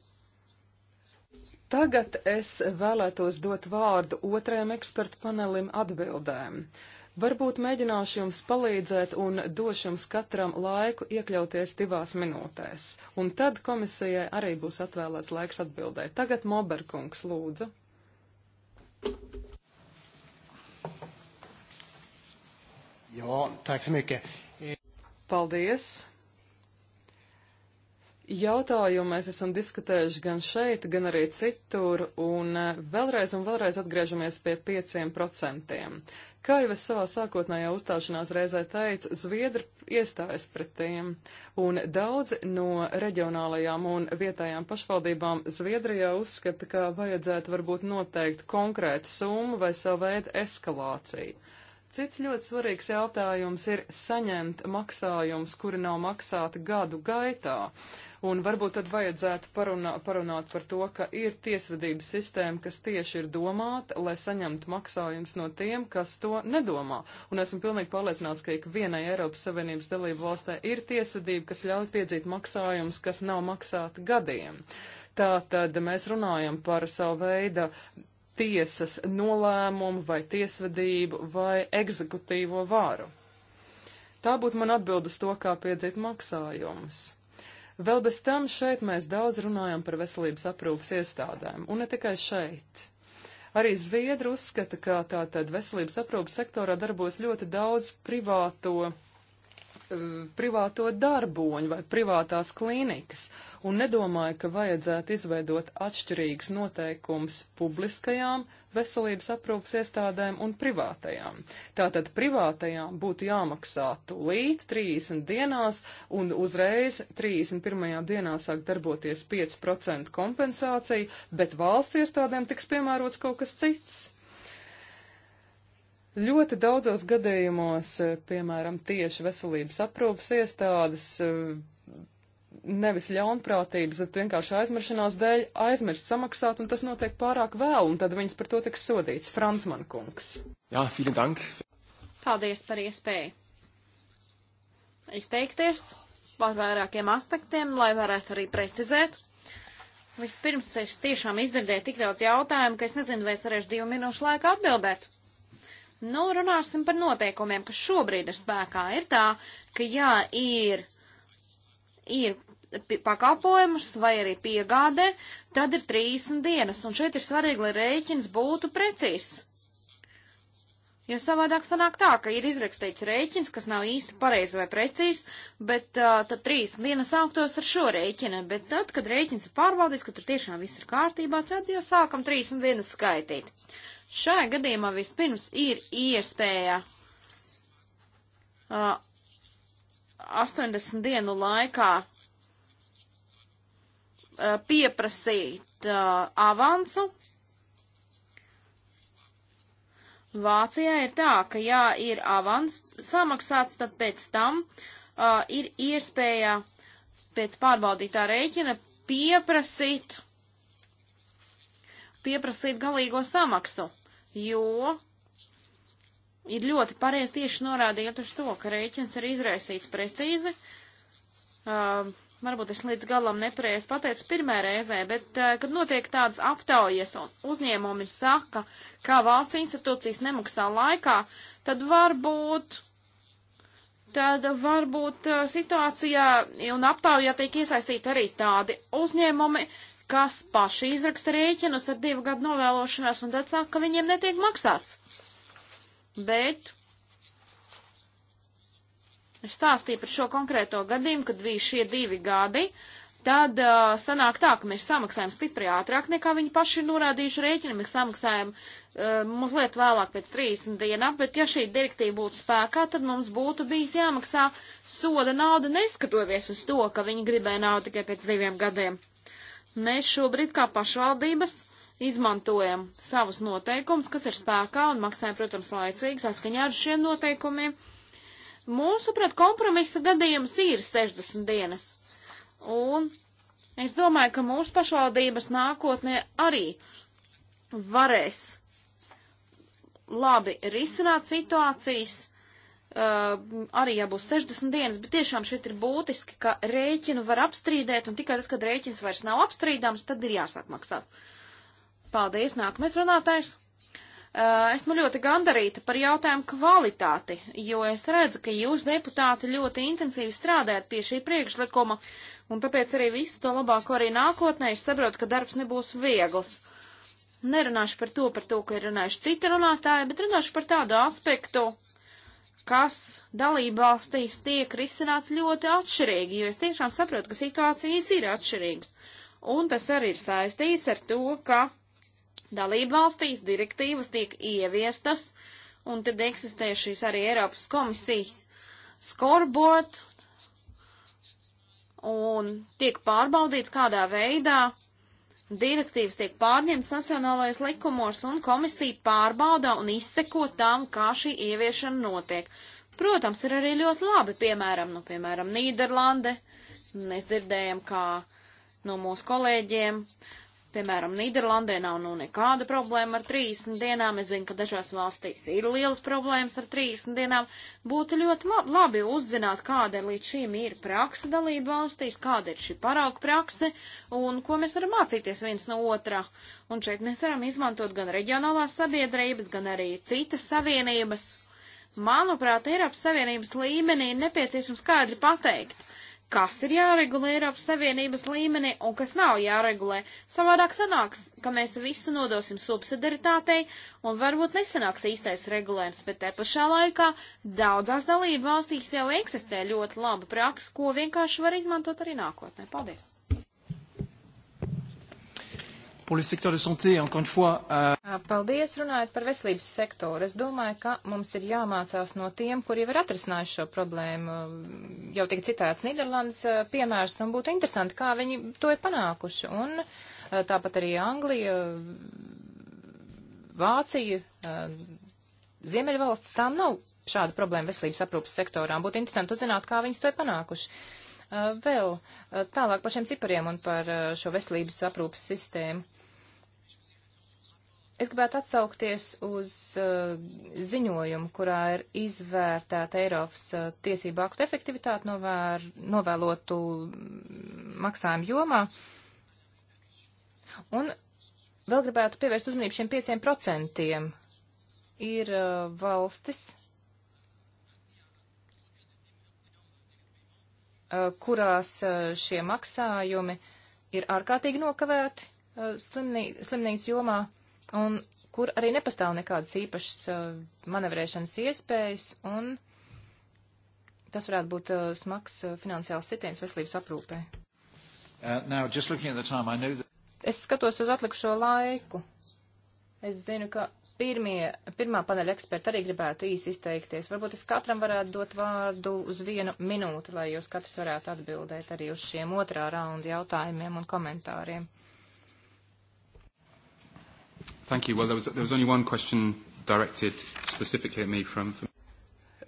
Tagad es vēlētos dot vārdu otrajam ekspertu panelim atbildēm. Uh, Varbūt mēģināšu jums palīdzēt un došu jums katram laiku iekļauties divās minūtēs. Un tad komisijai arī būs atvēlēts laiks atbildēt. Tagad Moberkungs lūdzu. Jā, tak så mycket. E- Paldies! Jautājumu mēs esam diskutējuši gan šeit, gan arī citur, un e, vēlreiz un vēlreiz atgriežamies pie 5%. Kā jau es savā sākotnējā uzstāšanās reizē teicu, Zviedri iestājas pret tiem, un daudzi no reģionālajām un vietējām pašvaldībām Zviedrijā uzskata, ka vajadzētu varbūt noteikt konkrētu summu vai savu veidu eskalāciju. Cits ļoti svarīgs jautājums ir saņemt maksājums, kuri nav maksāti gadu gaitā. Uh, Un varbūt tad vajadzētu parunā, parunāt par to, ka ir tiesvedības sistēma, kas tieši ir domāta, lai saņemtu maksājums no tiem, kas to nedomā. Un esmu pilnīgi pārliecināts, ka ikvienai Eiropas Savienības dalību valstē ir tiesvedība, kas ļauj piedzīt maksājumus, kas nav maksāti gadiem. Tātad mēs runājam par savu veidu tiesas nolēmumu vai tiesvedību vai egzekutīvo varu. Tā būtu man atbildes to, kā piedzīt maksājumus. Vēl bez tam šeit mēs daudz runājam par veselības aprūpas iestādēm, un ne tikai šeit. Arī Zviedri uzskata, ka tātad veselības aprūpas sektorā darbos ļoti daudz privāto Eh, privāto darboņu vai privātās klīnikas, un nedomāju, ka vajadzētu izveidot atšķirīgs noteikums publiskajām veselības aprūpas iestādēm un privātajām. Tātad privātajām būtu jāmaksā tūlīt 30 dienās, un uzreiz 31. dienā sāk darboties 5% kompensācija, bet valsts iestādēm tiks piemērots kaut kas cits. Ļoti daudzos gadījumos, eh, piemēram, tieši veselības aprūpas iestādes, eh, nevis ļaunprātības, bet vienkārši aizmiršanās dēļ aizmirst samaksāt, un tas notiek pārāk vēl, un tad viņas par to tiks sodīts. Fransman kungs. Jā, vielen dank. Paldies par iespēju izteikties par vairākiem aspektiem, lai varētu arī precizēt. Vispirms es tiešām izdzirdēju tik daudz jautājumu, ka es nezinu, vai es varēšu divu minūšu laiku atbildēt. Nu, runāsim par noteikumiem, kas šobrīd ir spēkā. Ir tā, ka jā, ir, ir pakalpojumus vai arī piegādē, tad ir 30 dienas, un šeit ir svarīgi, lai rēķins būtu precīzs. Jo savādāk sanāk tā, ka ir izrakstīts rēķins, kas nav īsti pareizi vai precīzs, bet uh, tad trīs dienas augtos ar šo rēķinu, bet tad, kad rēķins ir pārbaudīts, ka tur tiešām viss ir kārtībā, tad jau sākam trīs dienas skaitīt. Šajā gadījumā vispirms ir iespēja uh, 80 dienu laikā uh, pieprasīt uh, avansu. Vācijā ir tā, ka ja ir avans samaksāts, tad pēc tam uh, ir iespēja pēc pārbaudītā rēķina pieprasīt, pieprasīt galīgo samaksu jo ir ļoti pareizi tieši norādījāt uz to, ka rēķins ir izraisīts precīzi. Uh, varbūt es līdz galam nepareizi pateicu pirmā reizē, bet uh, kad notiek tādas aptaujas un uzņēmumi saka, kā valsts institūcijas nemaksā laikā, tad varbūt. Tad varbūt uh, situācijā un aptaujā tiek iesaistīti arī tādi uzņēmumi, kas paši izraksta rēķinus ar divu gadu novēlošanās un tad saka, ka viņiem netiek maksāts. Bet es stāstīju par šo konkrēto gadījumu, kad bija šie divi gadi, tad uh, sanāk tā, ka mēs samaksājam stipri ātrāk nekā viņi paši ir norādījuši rēķinu, mēs samaksājam uh, mazliet vēlāk pēc 30 dienām, bet ja šī direktīva būtu spēkā, tad mums būtu bijis jāmaksā soda nauda neskatoties uz to, ka viņi gribēja naudu tikai pēc diviem gadiem. Mēs šobrīd kā pašvaldības izmantojam savus noteikumus, kas ir spēkā un maksājam, protams, laicīgi saskaņā ar šiem noteikumiem. Mūsuprāt, kompromisa gadījums ir 60 dienas. Un es domāju, ka mūsu pašvaldības nākotnē arī varēs labi risināt situācijas, Uh, arī jābūt 60 dienas, bet tiešām šeit ir būtiski, ka rēķinu var apstrīdēt, un tikai tad, kad rēķins vairs nav apstrīdams, tad ir jāsāk maksāt. Paldies, nākamais runātājs. Uh, esmu ļoti gandarīta par jautājumu kvalitāti, jo es redzu, ka jūs deputāti ļoti intensīvi strādājat pie šī priekšlikuma, un tāpēc arī visu to labāko arī nākotnē. Es saprotu, ka darbs nebūs viegls. Nerunāšu par to, par to, ka ir runājuši citi runātāji, bet runāšu par tādu aspektu, kas dalībvalstīs tiek risināts ļoti atšķirīgi, jo es tiešām saprotu, ka situācijas ir atšķirīgas. Un tas arī ir saistīts ar to, ka dalībvalstīs direktīvas tiek ieviestas, un tad eksistē šīs arī Eiropas komisijas scoreboard, un tiek pārbaudīts, kādā veidā direktīvas tiek pārņemtas nacionālajos likumos un komisija pārbauda un izseko tam, kā šī ieviešana notiek. Protams, ir arī ļoti labi, piemēram, nu, piemēram, Nīderlande. Mēs dzirdējam, kā no mūsu kolēģiem uh, Piemēram, Nīderlandē nav nu nekāda problēma ar 30 dienām. Es zinu, ka dažās valstīs ir lielas problēmas ar 30 dienām. Būtu ļoti labi uzzināt, kāda līdz šim ir praksa dalība valstīs, kāda ir šī parauga prakse un ko mēs varam mācīties viens no otrā. Un šeit mēs varam izmantot gan reģionālās sabiedrības, gan arī citas savienības. Manuprāt, Eiropas Savienības līmenī ir nepieciešams skaidri pateikt, kas ir jāregulē Eiropas Savienības līmenī un kas nav jāregulē. Savādāk sanāks, ka mēs visu nodosim subsidaritātei un varbūt nesanāks īstais regulējums, bet te pašā laikā daudzās dalību valstīs jau eksistē ļoti laba praksa, ko vienkārši var izmantot arī nākotnē. Paldies! pour le secteur de santé, encore une fois. Uh... Paldies, runājot par veselības sektoru. Es domāju, ka mums ir jāmācās no tiem, kuri jau ir atrisinājuši šo problēmu. Jau tika citāts Nīderlandes eh, piemērs, un būtu interesanti, kā viņi to ir panākuši. Un eh, tāpat arī Anglija, Vācija, eh, Ziemeļvalsts, tām nav šāda problēma veselības aprūpas sektorām. Būtu interesanti uzzināt, kā viņas to ir panākuši. Vēl tālāk par šiem cipariem un par šo veselības aprūpas sistēmu. Es gribētu atsaukties uz uh, ziņojumu, kurā ir izvērtēta Eiropas uh, tiesību aktu efektivitāte novēr, novēlotu maksājumu jomā. Un vēl gribētu pievērst uzmanību šiem pieciem procentiem. Ir uh, valstis, uh, kurās uh, šie maksājumi ir ārkārtīgi nokavēti uh, slimnī, slimnīcas jomā un kur arī nepastāv nekādas īpašas uh, manevrēšanas iespējas, un tas varētu būt uh, smags uh, finansiāls sitiens veselības aprūpē. Uh, now, just looking at the time, I know that... Es skatos uz atlikušo laiku. Es zinu, ka pirmie, pirmā paneļa eksperta arī gribētu īsi izteikties. Varbūt es katram varētu dot vārdu uz vienu minūti, lai jūs katrs varētu atbildēt arī uz šiem otrā raunda jautājumiem un komentāriem. Thank you. Well, there was, there was only one question directed specifically at me from... from...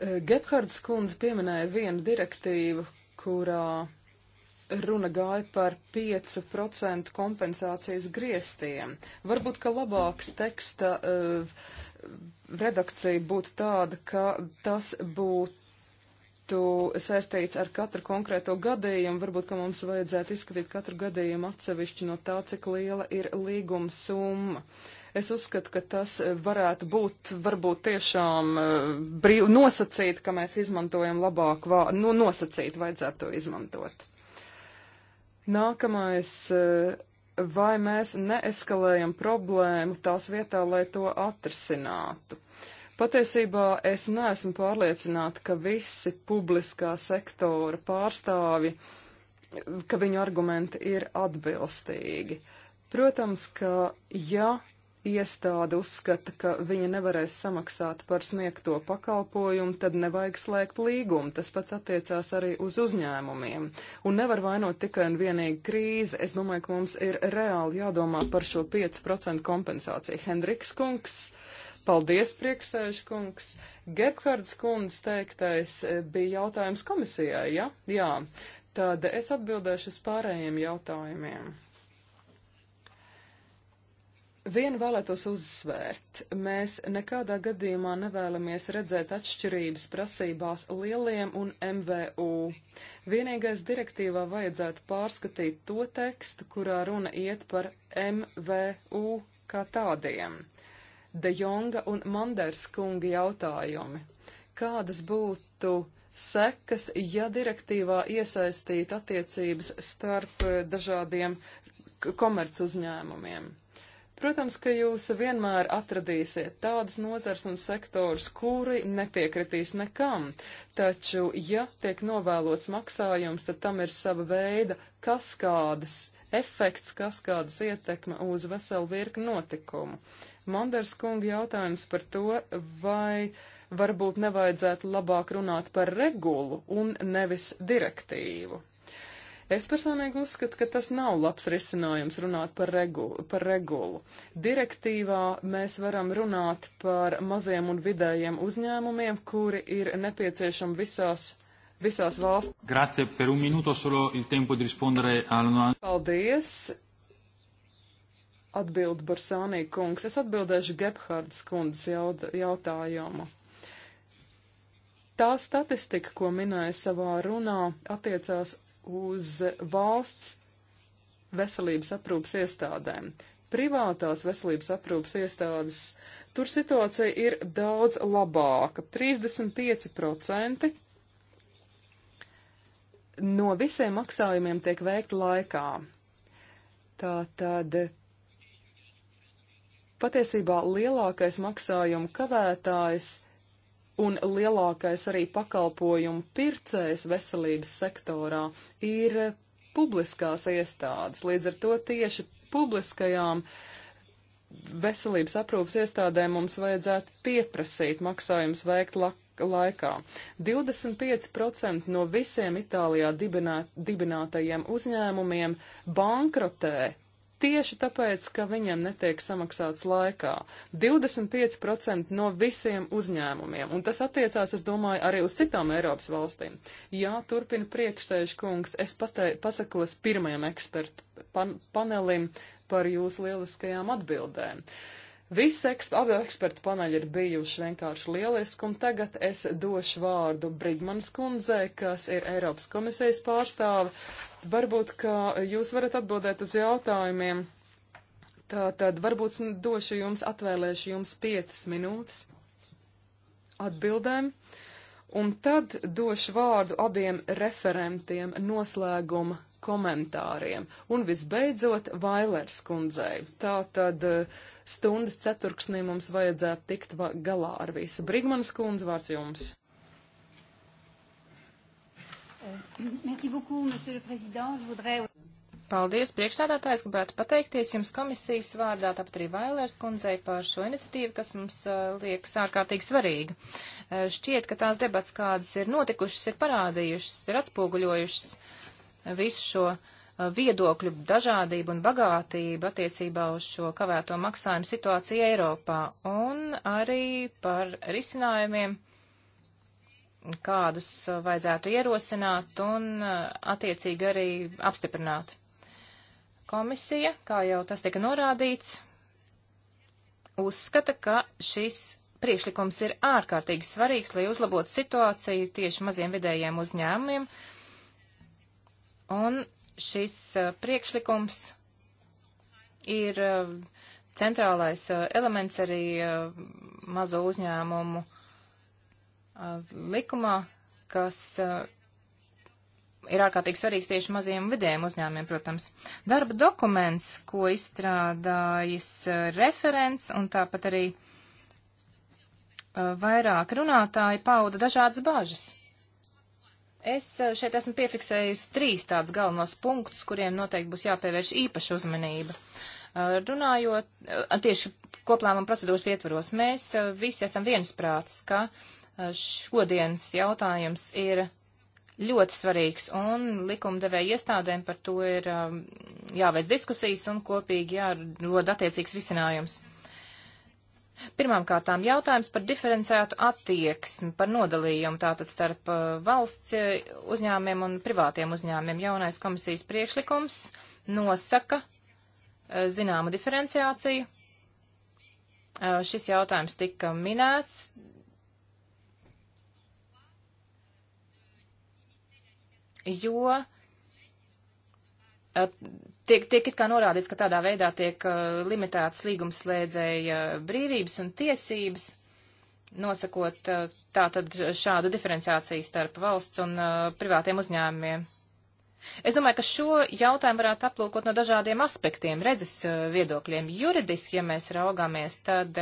Uh, Gebhards kundze pieminēja vienu direktīvu, kurā runa gāja par 5% kompensācijas griestiem. Varbūt, ka labāks teksta uh, redakcija būtu tāda, ka tas būtu saistīts ar katru konkrēto gadījumu. Varbūt, ka mums vajadzētu izskatīt katru gadījumu atsevišķi no tā, cik liela ir līguma summa. Uh, Es uzskatu, ka tas eh, varētu būt varbūt tiešām eh, brīv, nosacīt, ka mēs izmantojam labāk, vā, nu, nosacīt vajadzētu to izmantot. Nākamais, eh, vai mēs neeskalējam problēmu tās vietā, lai to atrisinātu? Patiesībā es neesmu pārliecināta, ka visi publiskā sektora pārstāvi, ka viņu argumenti ir atbilstīgi. Protams, ka ja iestāde uzskata, ka viņa nevarēs samaksāt par sniegto pakalpojumu, tad nevajag slēgt līgumu. Tas pats attiecās arī uz uzņēmumiem. Un nevar vainot tikai un vienīgi krīzi. Es domāju, ka mums ir reāli jādomā par šo 5% kompensāciju. Hendriks Kungs. Paldies, priekšsēžu kungs. Gebhards kundz teiktais e, bija jautājums komisijai, ja? Jā. Tad es atbildēšu uz pārējiem jautājumiem. Vienu vēlētos uzsvērt. Mēs nekādā gadījumā nevēlamies redzēt atšķirības prasībās lieliem un MVU. Vienīgais direktīvā vajadzētu pārskatīt to tekstu, kurā runa iet par MVU kā tādiem. De Jonga un Manders kungi jautājumi. Kādas būtu sekas, ja direktīvā iesaistītu attiecības starp eh, dažādiem komerc uzņēmumiem? Protams, ka jūs vienmēr atradīsiet tādas nozars un sektors, kuri nepiekritīs nekam, taču, ja tiek novēlots maksājums, tad tam ir sava veida kaskādas efekts, kaskādas ietekme uz veselu virkni notikumu. Manders kunga jautājums par to, vai varbūt nevajadzētu labāk runāt par regulu un nevis direktīvu. Es personīgi uzskatu, ka tas nav labs risinājums runāt par regulu. Par regulu. Direktīvā mēs varam runāt par maziem un vidējiem uzņēmumiem, kuri ir nepieciešami visās. Visās valsts. Grazie per un minuto solo il tempo di rispondere alla. Paldies. Atbild Barsānī kungs. Es atbildēšu Gebhardas kundas jautājumu. Tā statistika, ko minēja savā runā, attiecās uz valsts veselības aprūpas iestādēm. Privātās veselības aprūpas iestādes, tur situācija ir daudz labāka - 35% no visiem maksājumiem tiek veikti laikā. Tā tad patiesībā lielākais maksājuma kavētājs un lielākais arī pakalpojumu pircējs veselības sektorā ir publiskās iestādes. Līdz ar to tieši publiskajām veselības aprūpas iestādēm mums vajadzētu pieprasīt maksājums veikt laikā. 25% no visiem Itālijā dibinā, dibinātajiem uzņēmumiem bankrotē tieši tāpēc, ka viņam netiek samaksāts laikā. 25% no visiem uzņēmumiem, un tas attiecās, es domāju, arī uz citām Eiropas valstīm. Jā, turpina priekšsēžu kungs, es patei, pasakos pirmajam ekspertu pan panelim par jūsu lieliskajām atbildēm. Uh, Visi eksp abi ekspertu paneļi ir bijuši vienkārši lieliski, un tagad es došu vārdu Brigmanas kundzē, kas ir Eiropas komisijas pārstāve. Varbūt, ka jūs varat atbildēt uz jautājumiem. Tātad varbūt došu jums, atvēlēšu jums piecas minūtes atbildēm, un tad došu vārdu abiem referentiem noslēguma komentāriem, un visbeidzot Vailers kundzei. Tātad. Uh, stundas ceturksnī mums vajadzētu tikt galā ar visu. Brigmanas kundze, vārds jums. Paldies, priekšsādātājs, gribētu pateikties jums komisijas vārdā, tāpat arī Vailers kundzei par šo iniciatīvu, kas mums uh, liekas ārkārtīgi svarīga. Uh, šķiet, ka tās debats, kādas ir notikušas, ir parādījušas, ir atspoguļojušas visu šo uh, viedokļu dažādība un bagātība attiecībā uz šo kavēto maksājumu situāciju Eiropā un arī par risinājumiem, kādus vajadzētu ierosināt un eh, attiecīgi arī apstiprināt. Komisija, kā jau tas tika norādīts, uzskata, ka šis priekšlikums ir ārkārtīgi svarīgs, lai uzlabotu situāciju tieši maziem vidējiem uzņēmumiem un šis eh, priekšlikums ir eh, centrālais eh, elements arī mazo uzņēmumu likumā, kas ir ārkārtīgi svarīgs tieši maziem un vidējiem uzņēmiem, protams. Darba dokuments, ko izstrādājis referents un tāpat arī vairāk runātāji pauda dažādas bāžas. Es eh, šeit esmu piefiksējusi trīs tādus galvenos punktus, kuriem noteikti būs jāpievērš īpaša uzmanība. Eh, runājot eh, tieši koplēmuma procedūras ietvaros, mēs visi esam viensprāts, ka šodienas jautājums ir ļoti svarīgs, un likumdevēja iestādēm par to ir jāveic diskusijas un kopīgi jārod attiecīgs risinājums. Pirmkārtām jautājums par diferenciētu attieksmi, par nodalījumu tātad starp uh, valsts uh, uzņēmiem un privātiem uzņēmiem. Jaunais komisijas priekšlikums nosaka uh, zināmu diferenciāciju. Šis jautājums tika minēts. Jo tiek, tiek it kā norādīts, ka tādā veidā tiek uh, limitētas līgumslēdzēja brīvības un tiesības, nosakot uh, tā tad šādu diferenciāciju starp valsts un uh, privātiem uzņēmumiem. Es domāju, ka šo jautājumu varētu aplūkot no dažādiem aspektiem, redzes viedokļiem. Juridiski, ja mēs raugāmies, tad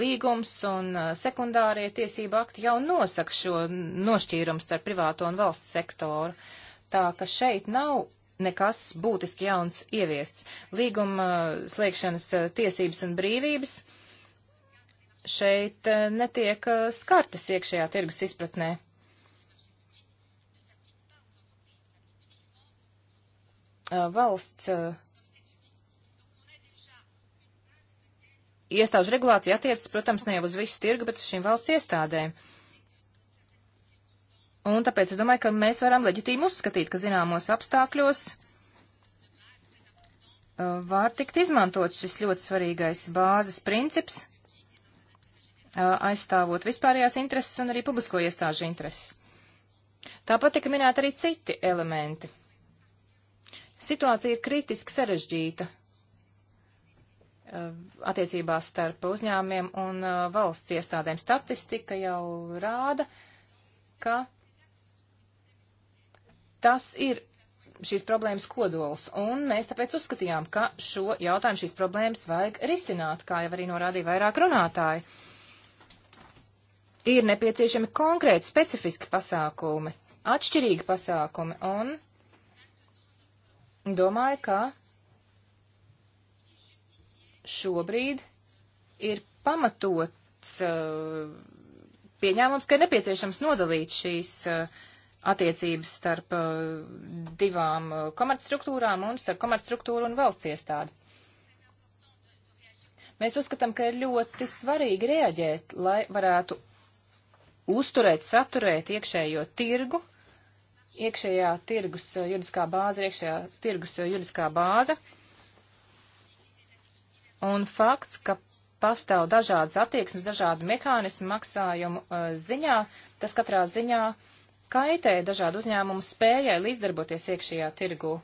līgums un sekundārie tiesība akti jau nosaka šo nošķīrumu starp privāto un valsts sektoru. Tā ka šeit nav nekas būtiski jauns ieviests. Līguma eh, slēgšanas eh, tiesības un brīvības šeit eh, netiek skartas iekšējā tirgus izpratnē. Valsts iestāžu regulācija attiecas, protams, ne jau uz visu tirgu, bet uz šīm valsts iestādēm. Uh, Un tāpēc es domāju, ka mēs varam leģitīmi uzskatīt, ka zināmos apstākļos uh, var tikt izmantot šis ļoti svarīgais bāzes princips, uh, aizstāvot vispārējās intereses un arī publisko iestāžu intereses. Tāpat tika minēta arī citi elementi. Situācija ir kritiski sarežģīta uh, attiecībās starp uzņēmumiem un valsts iestādēm. Statistika jau rāda, ka Tas ir šīs problēmas kodols, un mēs tāpēc uzskatījām, ka šo jautājumu šīs problēmas vajag risināt, kā jau arī norādīja vairāk runātāji. Ir nepieciešami konkrēti, specifiski pasākumi, atšķirīgi pasākumi, un domāju, ka šobrīd ir pamatots uh, pieņēmums, ka ir nepieciešams nodalīt šīs uh, attiecības starp uh, divām uh, komercstruktūrām un starp komercstruktūru un valsts iestādi. Mēs uzskatām, ka ir ļoti svarīgi reaģēt, lai varētu uzturēt, saturēt iekšējo tirgu, iekšējā tirgus uh, juridiskā bāze, iekšējā tirgus juridiskā bāze. Un fakts, ka pastāv dažādas attieksmes, dažādi mehānismi maksājumu ziņā, tas katrā ziņā uh, kaitē dažādu uzņēmumu spējai līdzdarboties iekšējā tirgu.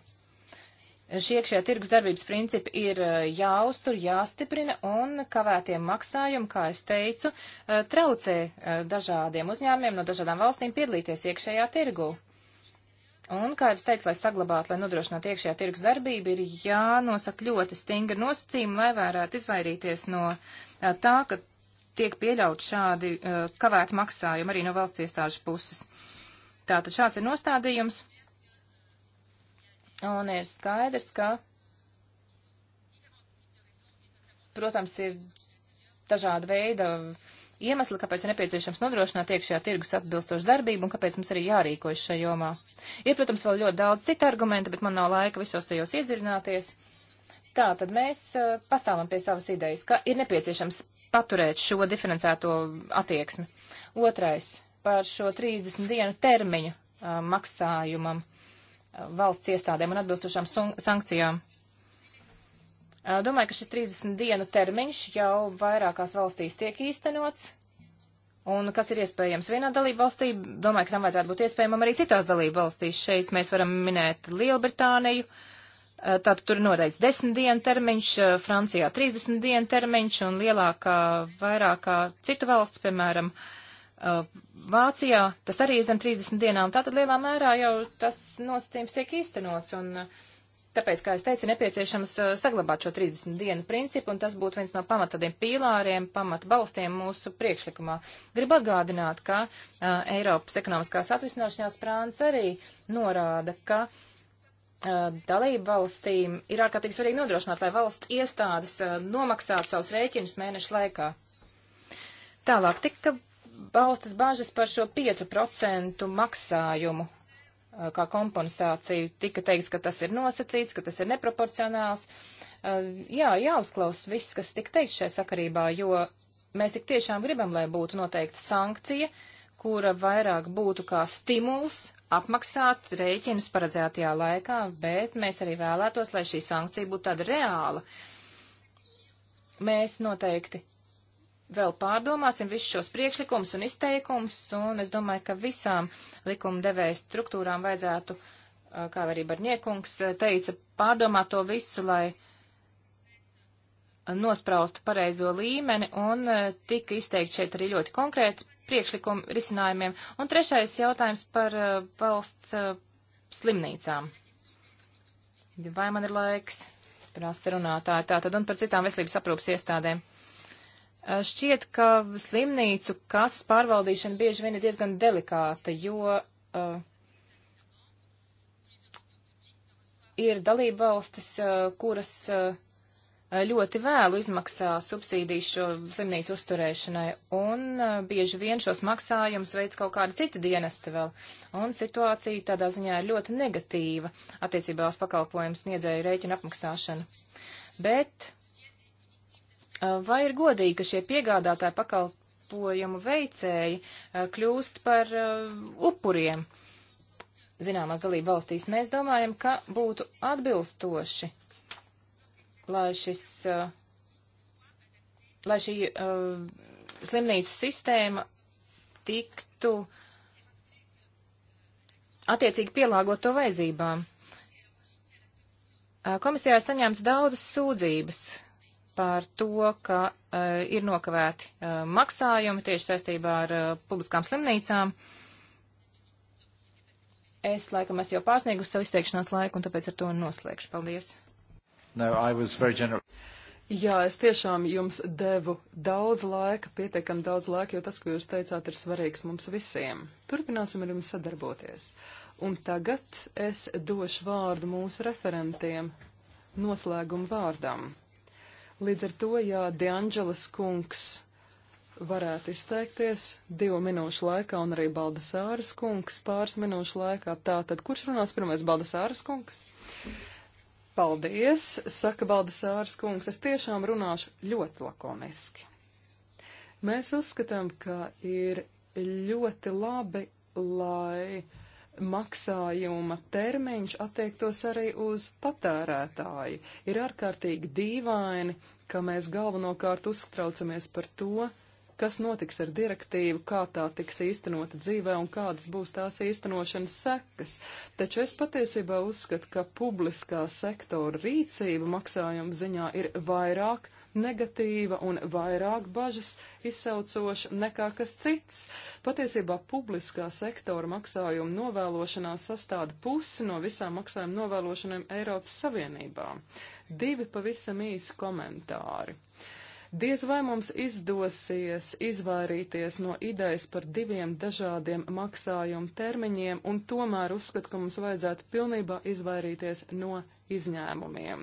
Šie iekšējā tirgus darbības principi ir e, jāuztur, jāstiprina un kavētie maksājumi, kā es teicu, e, traucē e, dažādiem uzņēmiem no dažādām valstīm piedalīties iekšējā tirgu. Un, kā jau teicu, lai saglabātu, lai nodrošinātu iekšējā tirgus darbību, ir jānosaka ļoti stingri nosacījumi, lai varētu izvairīties no tā, ka tiek pieļaut šādi uh, kavēt maksājumi arī no valsts iestāžu puses. Tātad šāds ir nostādījums. Un ir skaidrs, ka, protams, ir dažāda veida iemesli, kāpēc ir nepieciešams nodrošināt iekšējā tirgus atbilstošu darbību un kāpēc mums arī jārīkojas šajā jomā. Ir, protams, vēl ļoti daudz citu argumentu, bet man nav laika visos tajos iedziļināties. Tā tad mēs uh, pastāvam pie savas idejas, ka ir nepieciešams paturēt šo diferencēto attieksmi. Otrais par šo 30 dienu termiņu a, uh, maksājumam a, uh, valsts iestādēm un atbilstošām sankcijām. A, uh, domāju, ka šis 30 dienu termiņš jau vairākās valstīs tiek īstenots. Un kas ir iespējams vienā dalību valstī, domāju, ka tam vajadzētu būt iespējamam arī citās dalību valstīs. Šeit mēs varam minēt Lielbritāniju, tātad tur noteikts 10 dienu termiņš, Francijā 30 dienu termiņš un lielākā vairākā citu valstu, piemēram, uh, Uh, Vācijā tas arī ir zem 30 dienām, tātad lielā mērā jau tas nosacījums tiek īstenots, un uh, tāpēc, kā es teicu, ir nepieciešams uh, saglabāt šo 30 dienu principu, un tas būtu viens no pamatādiem pīlāriem, pamata balstiem mūsu priekšlikumā. Gribu atgādināt, ka uh, Eiropas ekonomiskās atvisināšanās prāns arī norāda, ka uh, dalību valstīm ir ārkārtīgi svarīgi nodrošināt, lai valsts iestādes uh, nomaksātu savus rēķinus mēnešu laikā. Tālāk tika baustas bāžas par šo 5% maksājumu kā kompensāciju. Tika teiks, ka tas ir nosacīts, ka tas ir neproporcionāls. Jā, jāuzklaus viss, kas tik teikt šajā sakarībā, jo mēs tik tiešām gribam, lai būtu noteikta sankcija, kura vairāk būtu kā stimuls apmaksāt rēķinus paredzētajā laikā, bet mēs arī vēlētos, lai šī sankcija būtu tāda reāla. Mēs noteikti vēl pārdomāsim visus šos priekšlikumus un izteikumus, un es domāju, ka visām likuma devēja struktūrām vajadzētu, kā arī Barņiekungs teica, pārdomāt to visu, lai nospraustu pareizo līmeni, un tika izteikti šeit arī ļoti konkrēti priekšlikumi risinājumiem. Un trešais jautājums par valsts slimnīcām. Vai man ir laiks? Prasa runātāja tātad un par citām veselības aprūpas iestādēm. Šķiet, ka slimnīcu kases pārvaldīšana bieži vien ir diezgan delikāta, jo uh, ir dalība valstis, uh, kuras uh, ļoti vēlu izmaksā subsīdiju šo slimnīcu uzturēšanai, un uh, bieži vien šos maksājumus veids kaut kāda cita dienesta vēl, un situācija tādā ziņā ir ļoti negatīva attiecībā uz pakalpojumu sniedzēju rēķinu apmaksāšanu. Bet Uh, vai ir godīgi, ka šie piegādātāji pakalpojumu veicēji uh, kļūst par uh, upuriem? Zināmās dalība valstīs mēs domājam, ka būtu atbilstoši, lai šis, lai šī slimnīcu sistēma tiktu attiecīgi pielāgot to vajadzībām. Komisijā ir saņemts daudzas sūdzības par to, ka uh, ir nokavēti uh, maksājumi tieši saistībā ar uh, publiskām slimnīcām. Es laikam esmu jau pārsniegusi savu izteikšanās laiku, un tāpēc ar to noslēgšu. Paldies! No, Jā, es tiešām jums devu daudz laika, pietiekam daudz laika, jo tas, ko jūs teicāt, ir svarīgs mums visiem. Turpināsim ar jums sadarboties. Un tagad es došu vārdu mūsu referentiem noslēgumu vārdam. Līdz ar to, ja Deanģelis kungs varētu izteikties divu minūšu laikā un arī Baldasāras kungs pāris minūšu laikā, tātad kurš runās pirmais Baldasāras kungs? Paldies, saka Baldasāras kungs, es tiešām runāšu ļoti lakoniski. Mēs uzskatām, ka ir ļoti labi, lai maksājuma termiņš attiektos arī uz patērētāju. Ir ārkārtīgi dīvaini, ka mēs galvenokārt uztraucamies par to, kas notiks ar direktīvu, kā tā tiks īstenota dzīvē un kādas būs tās īstenošanas sekas. Taču es patiesībā uzskatu, ka publiskā sektora rīcība maksājuma ziņā ir vairāk negatīva un vairāk bažas izsaucoša nekā kas cits. Patiesībā publiskā sektora maksājuma novēlošanās sastāda pusi no visām maksājuma novēlošanām Eiropas Savienībā. Divi pavisam īsi komentāri. Uh, Diez vai mums izdosies izvairīties no idejas par diviem dažādiem maksājumu termiņiem, un tomēr uzskatu, ka mums vajadzētu pilnībā izvairīties no izņēmumiem.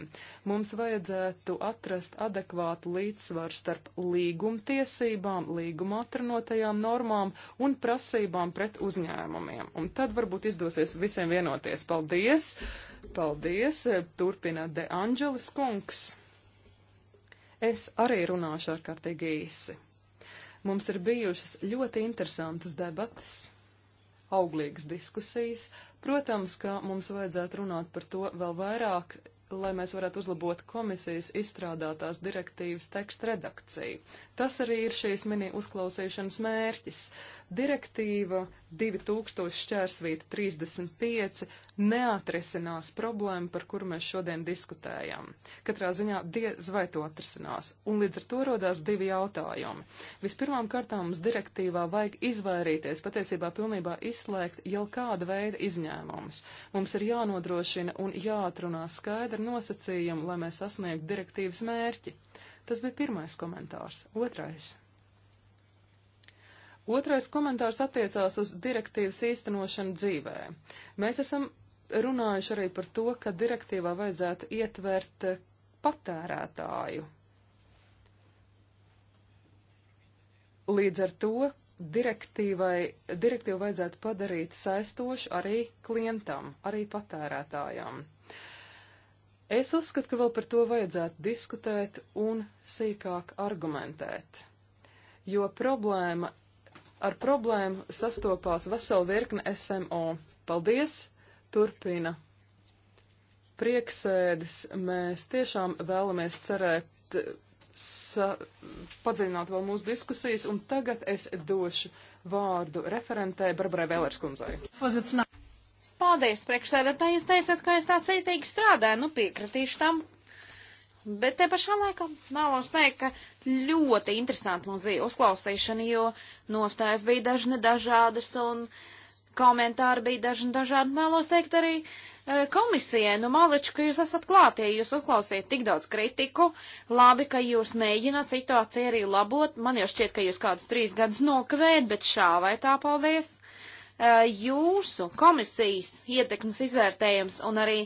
Mums vajadzētu atrast adekvātu līdzsvaru starp līgumtiesībām, līguma atrunātajām normām un prasībām pret uzņēmumiem. Un tad varbūt izdosies visiem vienoties. Paldies! Paldies! Turpina De Angelis kungs. Es arī runāšu ārkārtīgi īsi. Mums ir bijušas ļoti interesantas debatas, auglīgas diskusijas. Protams, ka mums vajadzētu runāt par to vēl vairāk, lai mēs varētu uzlabot komisijas izstrādātās direktīvas tekstu redakciju. Tas arī ir šīs mini uzklausīšanas mērķis. Direktīva 2000 šķērsvīta 35 neatrisinās problēmu, par kuru mēs šodien diskutējam. Katrā ziņā diez vai to atrisinās. Un līdz ar to rodās divi jautājumi. Vispirmām kārtām mums direktīvā vajag izvairīties, patiesībā pilnībā izslēgt jau kāda veida izņēmumus. Mums ir jānodrošina un jāatrunā skaidra nosacījuma, lai mēs sasniegtu direktīvas mērķi. Tas bija pirmais komentārs. Otrais. Otrais komentārs attiecās uz direktīvas īstenošanu dzīvē. Mēs esam runājuši arī par to, ka direktīvā vajadzētu ietvert eh, patērētāju. Līdz ar to direktīvai, direktīvu vajadzētu padarīt saistošu arī klientam, arī patērētājam. Es uzskatu, ka vēl par to vajadzētu diskutēt un sīkāk argumentēt, jo problēma, ar problēmu sastopās vesela virkne SMO. Paldies! Turpina prieksēdis. Mēs tiešām vēlamies cerēt sa, padziļināt vēl mūsu diskusijas, un tagad es došu vārdu referentē Barbarai Vēlērs kundzai. Paldies, priekšsēdētāji, jūs teicat, ka es tā cītīgi strādāju, nu piekritīšu tam. Bet te pašā laikā vēlos teikt, ka ļoti interesanti mums bija uzklausīšana, jo nostājas bija dažni dažādas un komentāri bija dažni dažādi. Vēlos teikt arī e, komisijai, nu maliču, ka jūs esat klātie, jūs uzklausījat tik daudz kritiku, labi, ka jūs mēģināt situāciju arī labot. Man jau šķiet, ka jūs kādus trīs gadus nokavējat, bet šā vai tā paldies. Eh, jūsu komisijas ietekmes izvērtējums un arī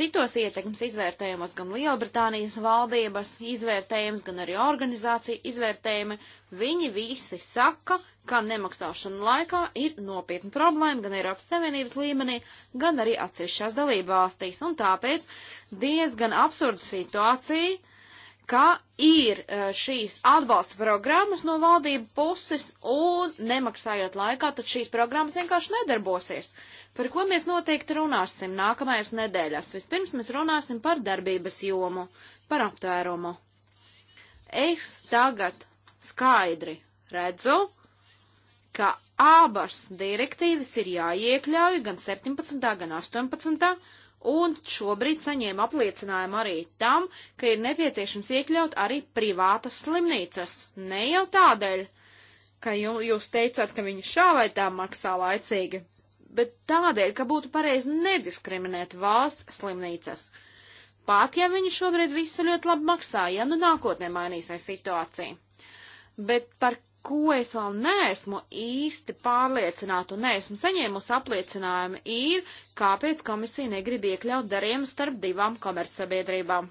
citos ietekmes izvērtējumos, gan Lielbritānijas valdības izvērtējums, gan arī organizācija izvērtējumi, viņi visi saka, ka nemaksāšana laikā ir nopietna problēma gan Eiropas Savienības līmenī, gan arī atsevišķās dalība valstīs, un tāpēc diezgan absurda situācija ka ir e, šīs atbalsta programmas no valdību puses un nemaksājot laikā, tad šīs programmas vienkārši nedarbosies. Par ko mēs noteikti runāsim nākamajās nedēļās? Vispirms mēs runāsim par darbības jomu, par aptvērumu. Es tagad skaidri redzu, ka abas direktīvas ir jāiekļauj gan 17. gan 18 un šobrīd saņēma apliecinājumu arī tam, ka ir nepieciešams iekļaut arī privātas slimnīcas. Ne jau tādēļ, ka jūs teicāt, ka viņi šā vai tā maksā laicīgi, bet tādēļ, ka būtu pareizi nediskriminēt valsts slimnīcas. Pat ja viņi šobrīd visu ļoti labi maksā, ja nu nākotnē mainīsies situācija. Bet par ko es vēl neesmu īsti pārliecināta un neesmu saņēmusi apliecinājumu, ir, kāpēc komisija negrib iekļaut darījumu starp divām komercsabiedrībām.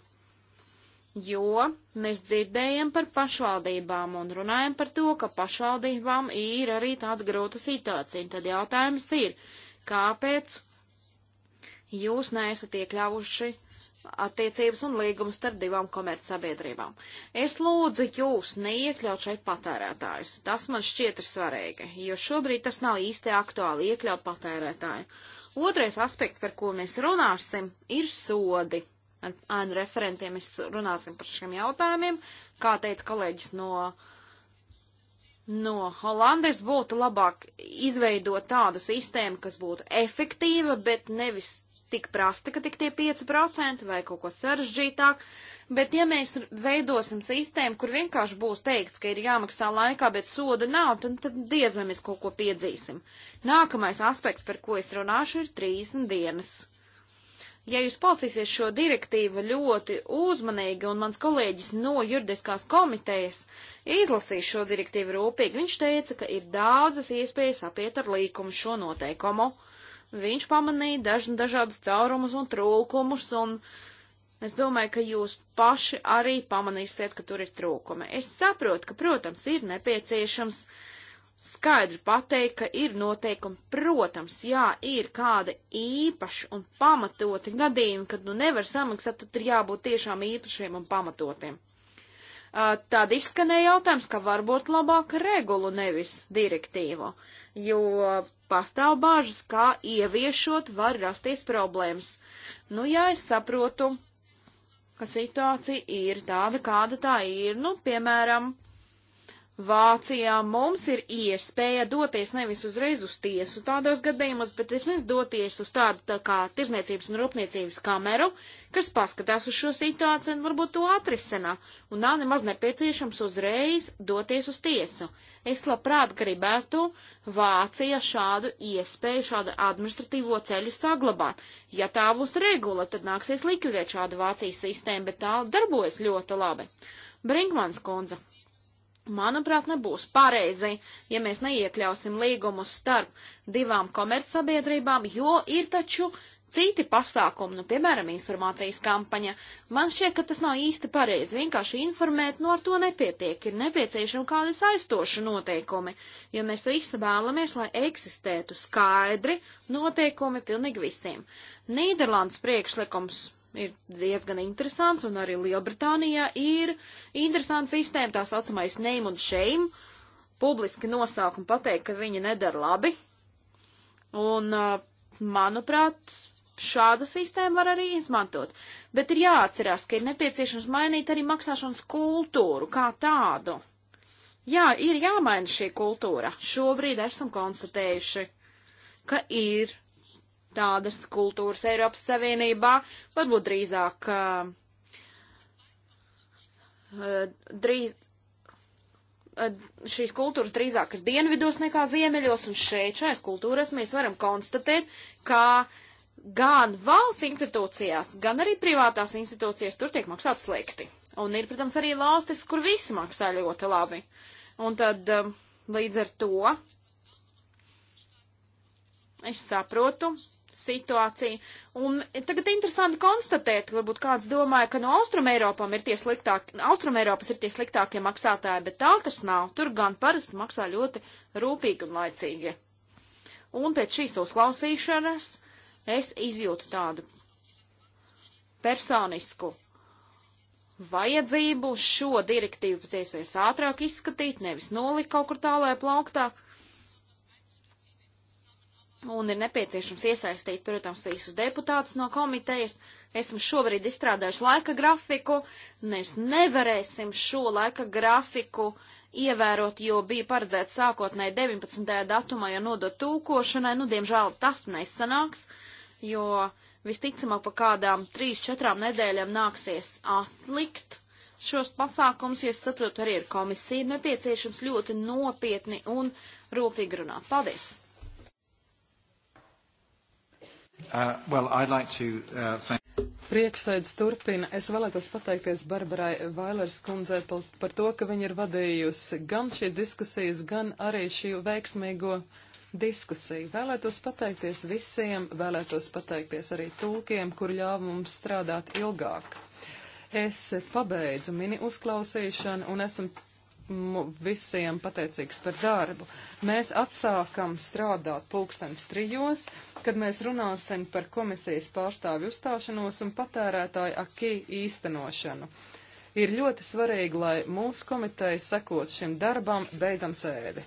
Jo mēs dzirdējam par pašvaldībām un runājam par to, ka pašvaldībām ir arī tāda grūta situācija. Tad jautājums ir, kāpēc jūs neesat iekļaujuši attiecības un līgumus starp divām komercsabiedrībām. Es lūdzu jūs neiekļaut šeit patērētājus. Tas man šķiet ir svarīgi, jo šobrīd tas nav īsti aktuāli iekļaut patērētāju. Otrais aspekts, par ko mēs runāsim, ir sodi. Ar ANU referentiem mēs runāsim par šiem jautājumiem. Kā teica kolēģis no, no Holandes, būtu labāk izveidot tādu sistēmu, kas būtu efektīva, bet nevis tik prasta, ka tik tie 5% vai kaut ko sarežģītāk, bet ja mēs veidosim sistēmu, kur vienkārši būs teikts, ka ir jāmaksā laikā, bet soda nav, tad, tad diez vai mēs kaut ko piedzīsim. Nākamais aspekts, par ko es runāšu, ir 30 dienas. Ja jūs palsīsiet šo direktīvu ļoti uzmanīgi, un mans kolēģis no juridiskās komitejas izlasīs šo direktīvu rūpīgi, viņš teica, ka ir daudzas iespējas apiet ar līkumu šo noteikumu. Uh, viņš pamanīja daž, dažādas caurumus un trūkumus, un es domāju, ka jūs paši arī pamanīsiet, ka tur ir trūkumi. Es saprotu, ka, protams, ir nepieciešams skaidri pateikt, ka ir noteikumi. Protams, jā, ir kādi īpaši un pamatoti gadījumi, kad nu nevar samaksāt, tad ir jābūt tiešām īpašiem un pamatotiem. Tad izskanēja jautājums, ka varbūt labāk regulu nevis direktīvu. Uh, jo pastāv bāžas, kā ieviešot var rasties problēmas. Nu, jā, es saprotu, ka situācija ir tāda, kāda tā ir. Nu, piemēram, Vācijā mums ir iespēja doties nevis uzreiz uz tiesu tādos gadījumos, bet vismaz doties uz tādu tā kā tirzniecības un rūpniecības kameru, kas paskatās uz šo situāciju un varbūt to atrisinā, un nav nemaz nepieciešams uzreiz doties uz tiesu. Es labprāt gribētu Vācijā šādu iespēju, šādu administratīvo ceļu saglabāt. Ja tā būs regula, tad nāksies likvidēt šādu Vācijas sistēmu, bet tā darbojas ļoti labi. Brinkmans kundze. Manuprāt, nebūs pareizi, ja mēs neiekļausim līgumus starp divām komercsabiedrībām, jo ir taču citi pasākumi, nu, piemēram, informācijas kampaņa. Man šķiet, ka tas nav īsti pareizi. Vienkārši informēt, nu, ar to nepietiek. Ir nepieciešami kādi saistoši noteikumi, jo mēs visi vēlamies, lai eksistētu skaidri noteikumi pilnīgi visiem. Nīderlandes priekšlikums ir diezgan interesants, un arī Lielbritānijā ir interesanta sistēma, tā saucamais name un shame, publiski nosaukt un pateikt, ka viņi nedara labi. Un, uh, manuprāt, šādu sistēmu var arī izmantot. Bet ir jāatcerās, ka ir nepieciešams mainīt arī maksāšanas kultūru kā tādu. Jā, ir jāmaina šī kultūra. Šobrīd esam konstatējuši, ka ir tādas kultūras Eiropas Savienībā, varbūt drīzāk, drīz, šīs kultūras drīzāk ir dienvidos nekā ziemeļos, un šeit šajās kultūras mēs varam konstatēt, ka gan valsts institūcijās, gan arī privātās institūcijās tur tiek maksāts slikti. Un ir, protams, arī valstis, kur visi maksā ļoti labi. Un tad līdz ar to es saprotu, situāciju. Un tagad interesanti konstatēt, ka varbūt kāds domāja, ka no Austrum, ir tie sliktāk, Austrum Eiropas ir tie sliktākie maksātāji, bet tā tas nav. Tur gan parasti maksā ļoti rūpīgi un laicīgi. Un pēc šīs uzklausīšanas es izjūtu tādu personisku vajadzību šo direktīvu pēc iespējas ātrāk izskatīt, nevis nolikt kaut kur tālē plauktāk un ir nepieciešams iesaistīt, protams, visus deputātus no komitejas. Esam šobrīd izstrādājuši laika grafiku, mēs nevarēsim šo laika grafiku ievērot, jo bija paredzēts sākotnēji 19. datumā, ja nodot tūkošanai, nu, diemžēl tas nesanāks, jo visticamāk pa kādām 3-4 nedēļām nāksies atlikt šos pasākums, jo es saprotu, arī ir komisija nepieciešams ļoti nopietni un rūpīgi runāt. Paldies! Uh, well, like to, uh, thank... Priekšsēdz turpina. Es vēlētos pateikties Barbarai Vailers kundzei par, par to, ka viņa ir vadījusi gan šī diskusijas, gan arī šī veiksmīgo diskusiju. Vēlētos pateikties visiem, vēlētos pateikties arī tūkiem, kur ļāva mums strādāt ilgāk. Es pabeidzu mini uzklausīšanu un esmu visiem pateicīgs par darbu. Mēs atsākam strādāt pulkstens trijos, kad mēs runāsim par komisijas pārstāvju uzstāšanos un patērētāju akī īstenošanu. Ir ļoti svarīgi, lai mūsu komiteja sekot šim darbam, beidzam sēdi.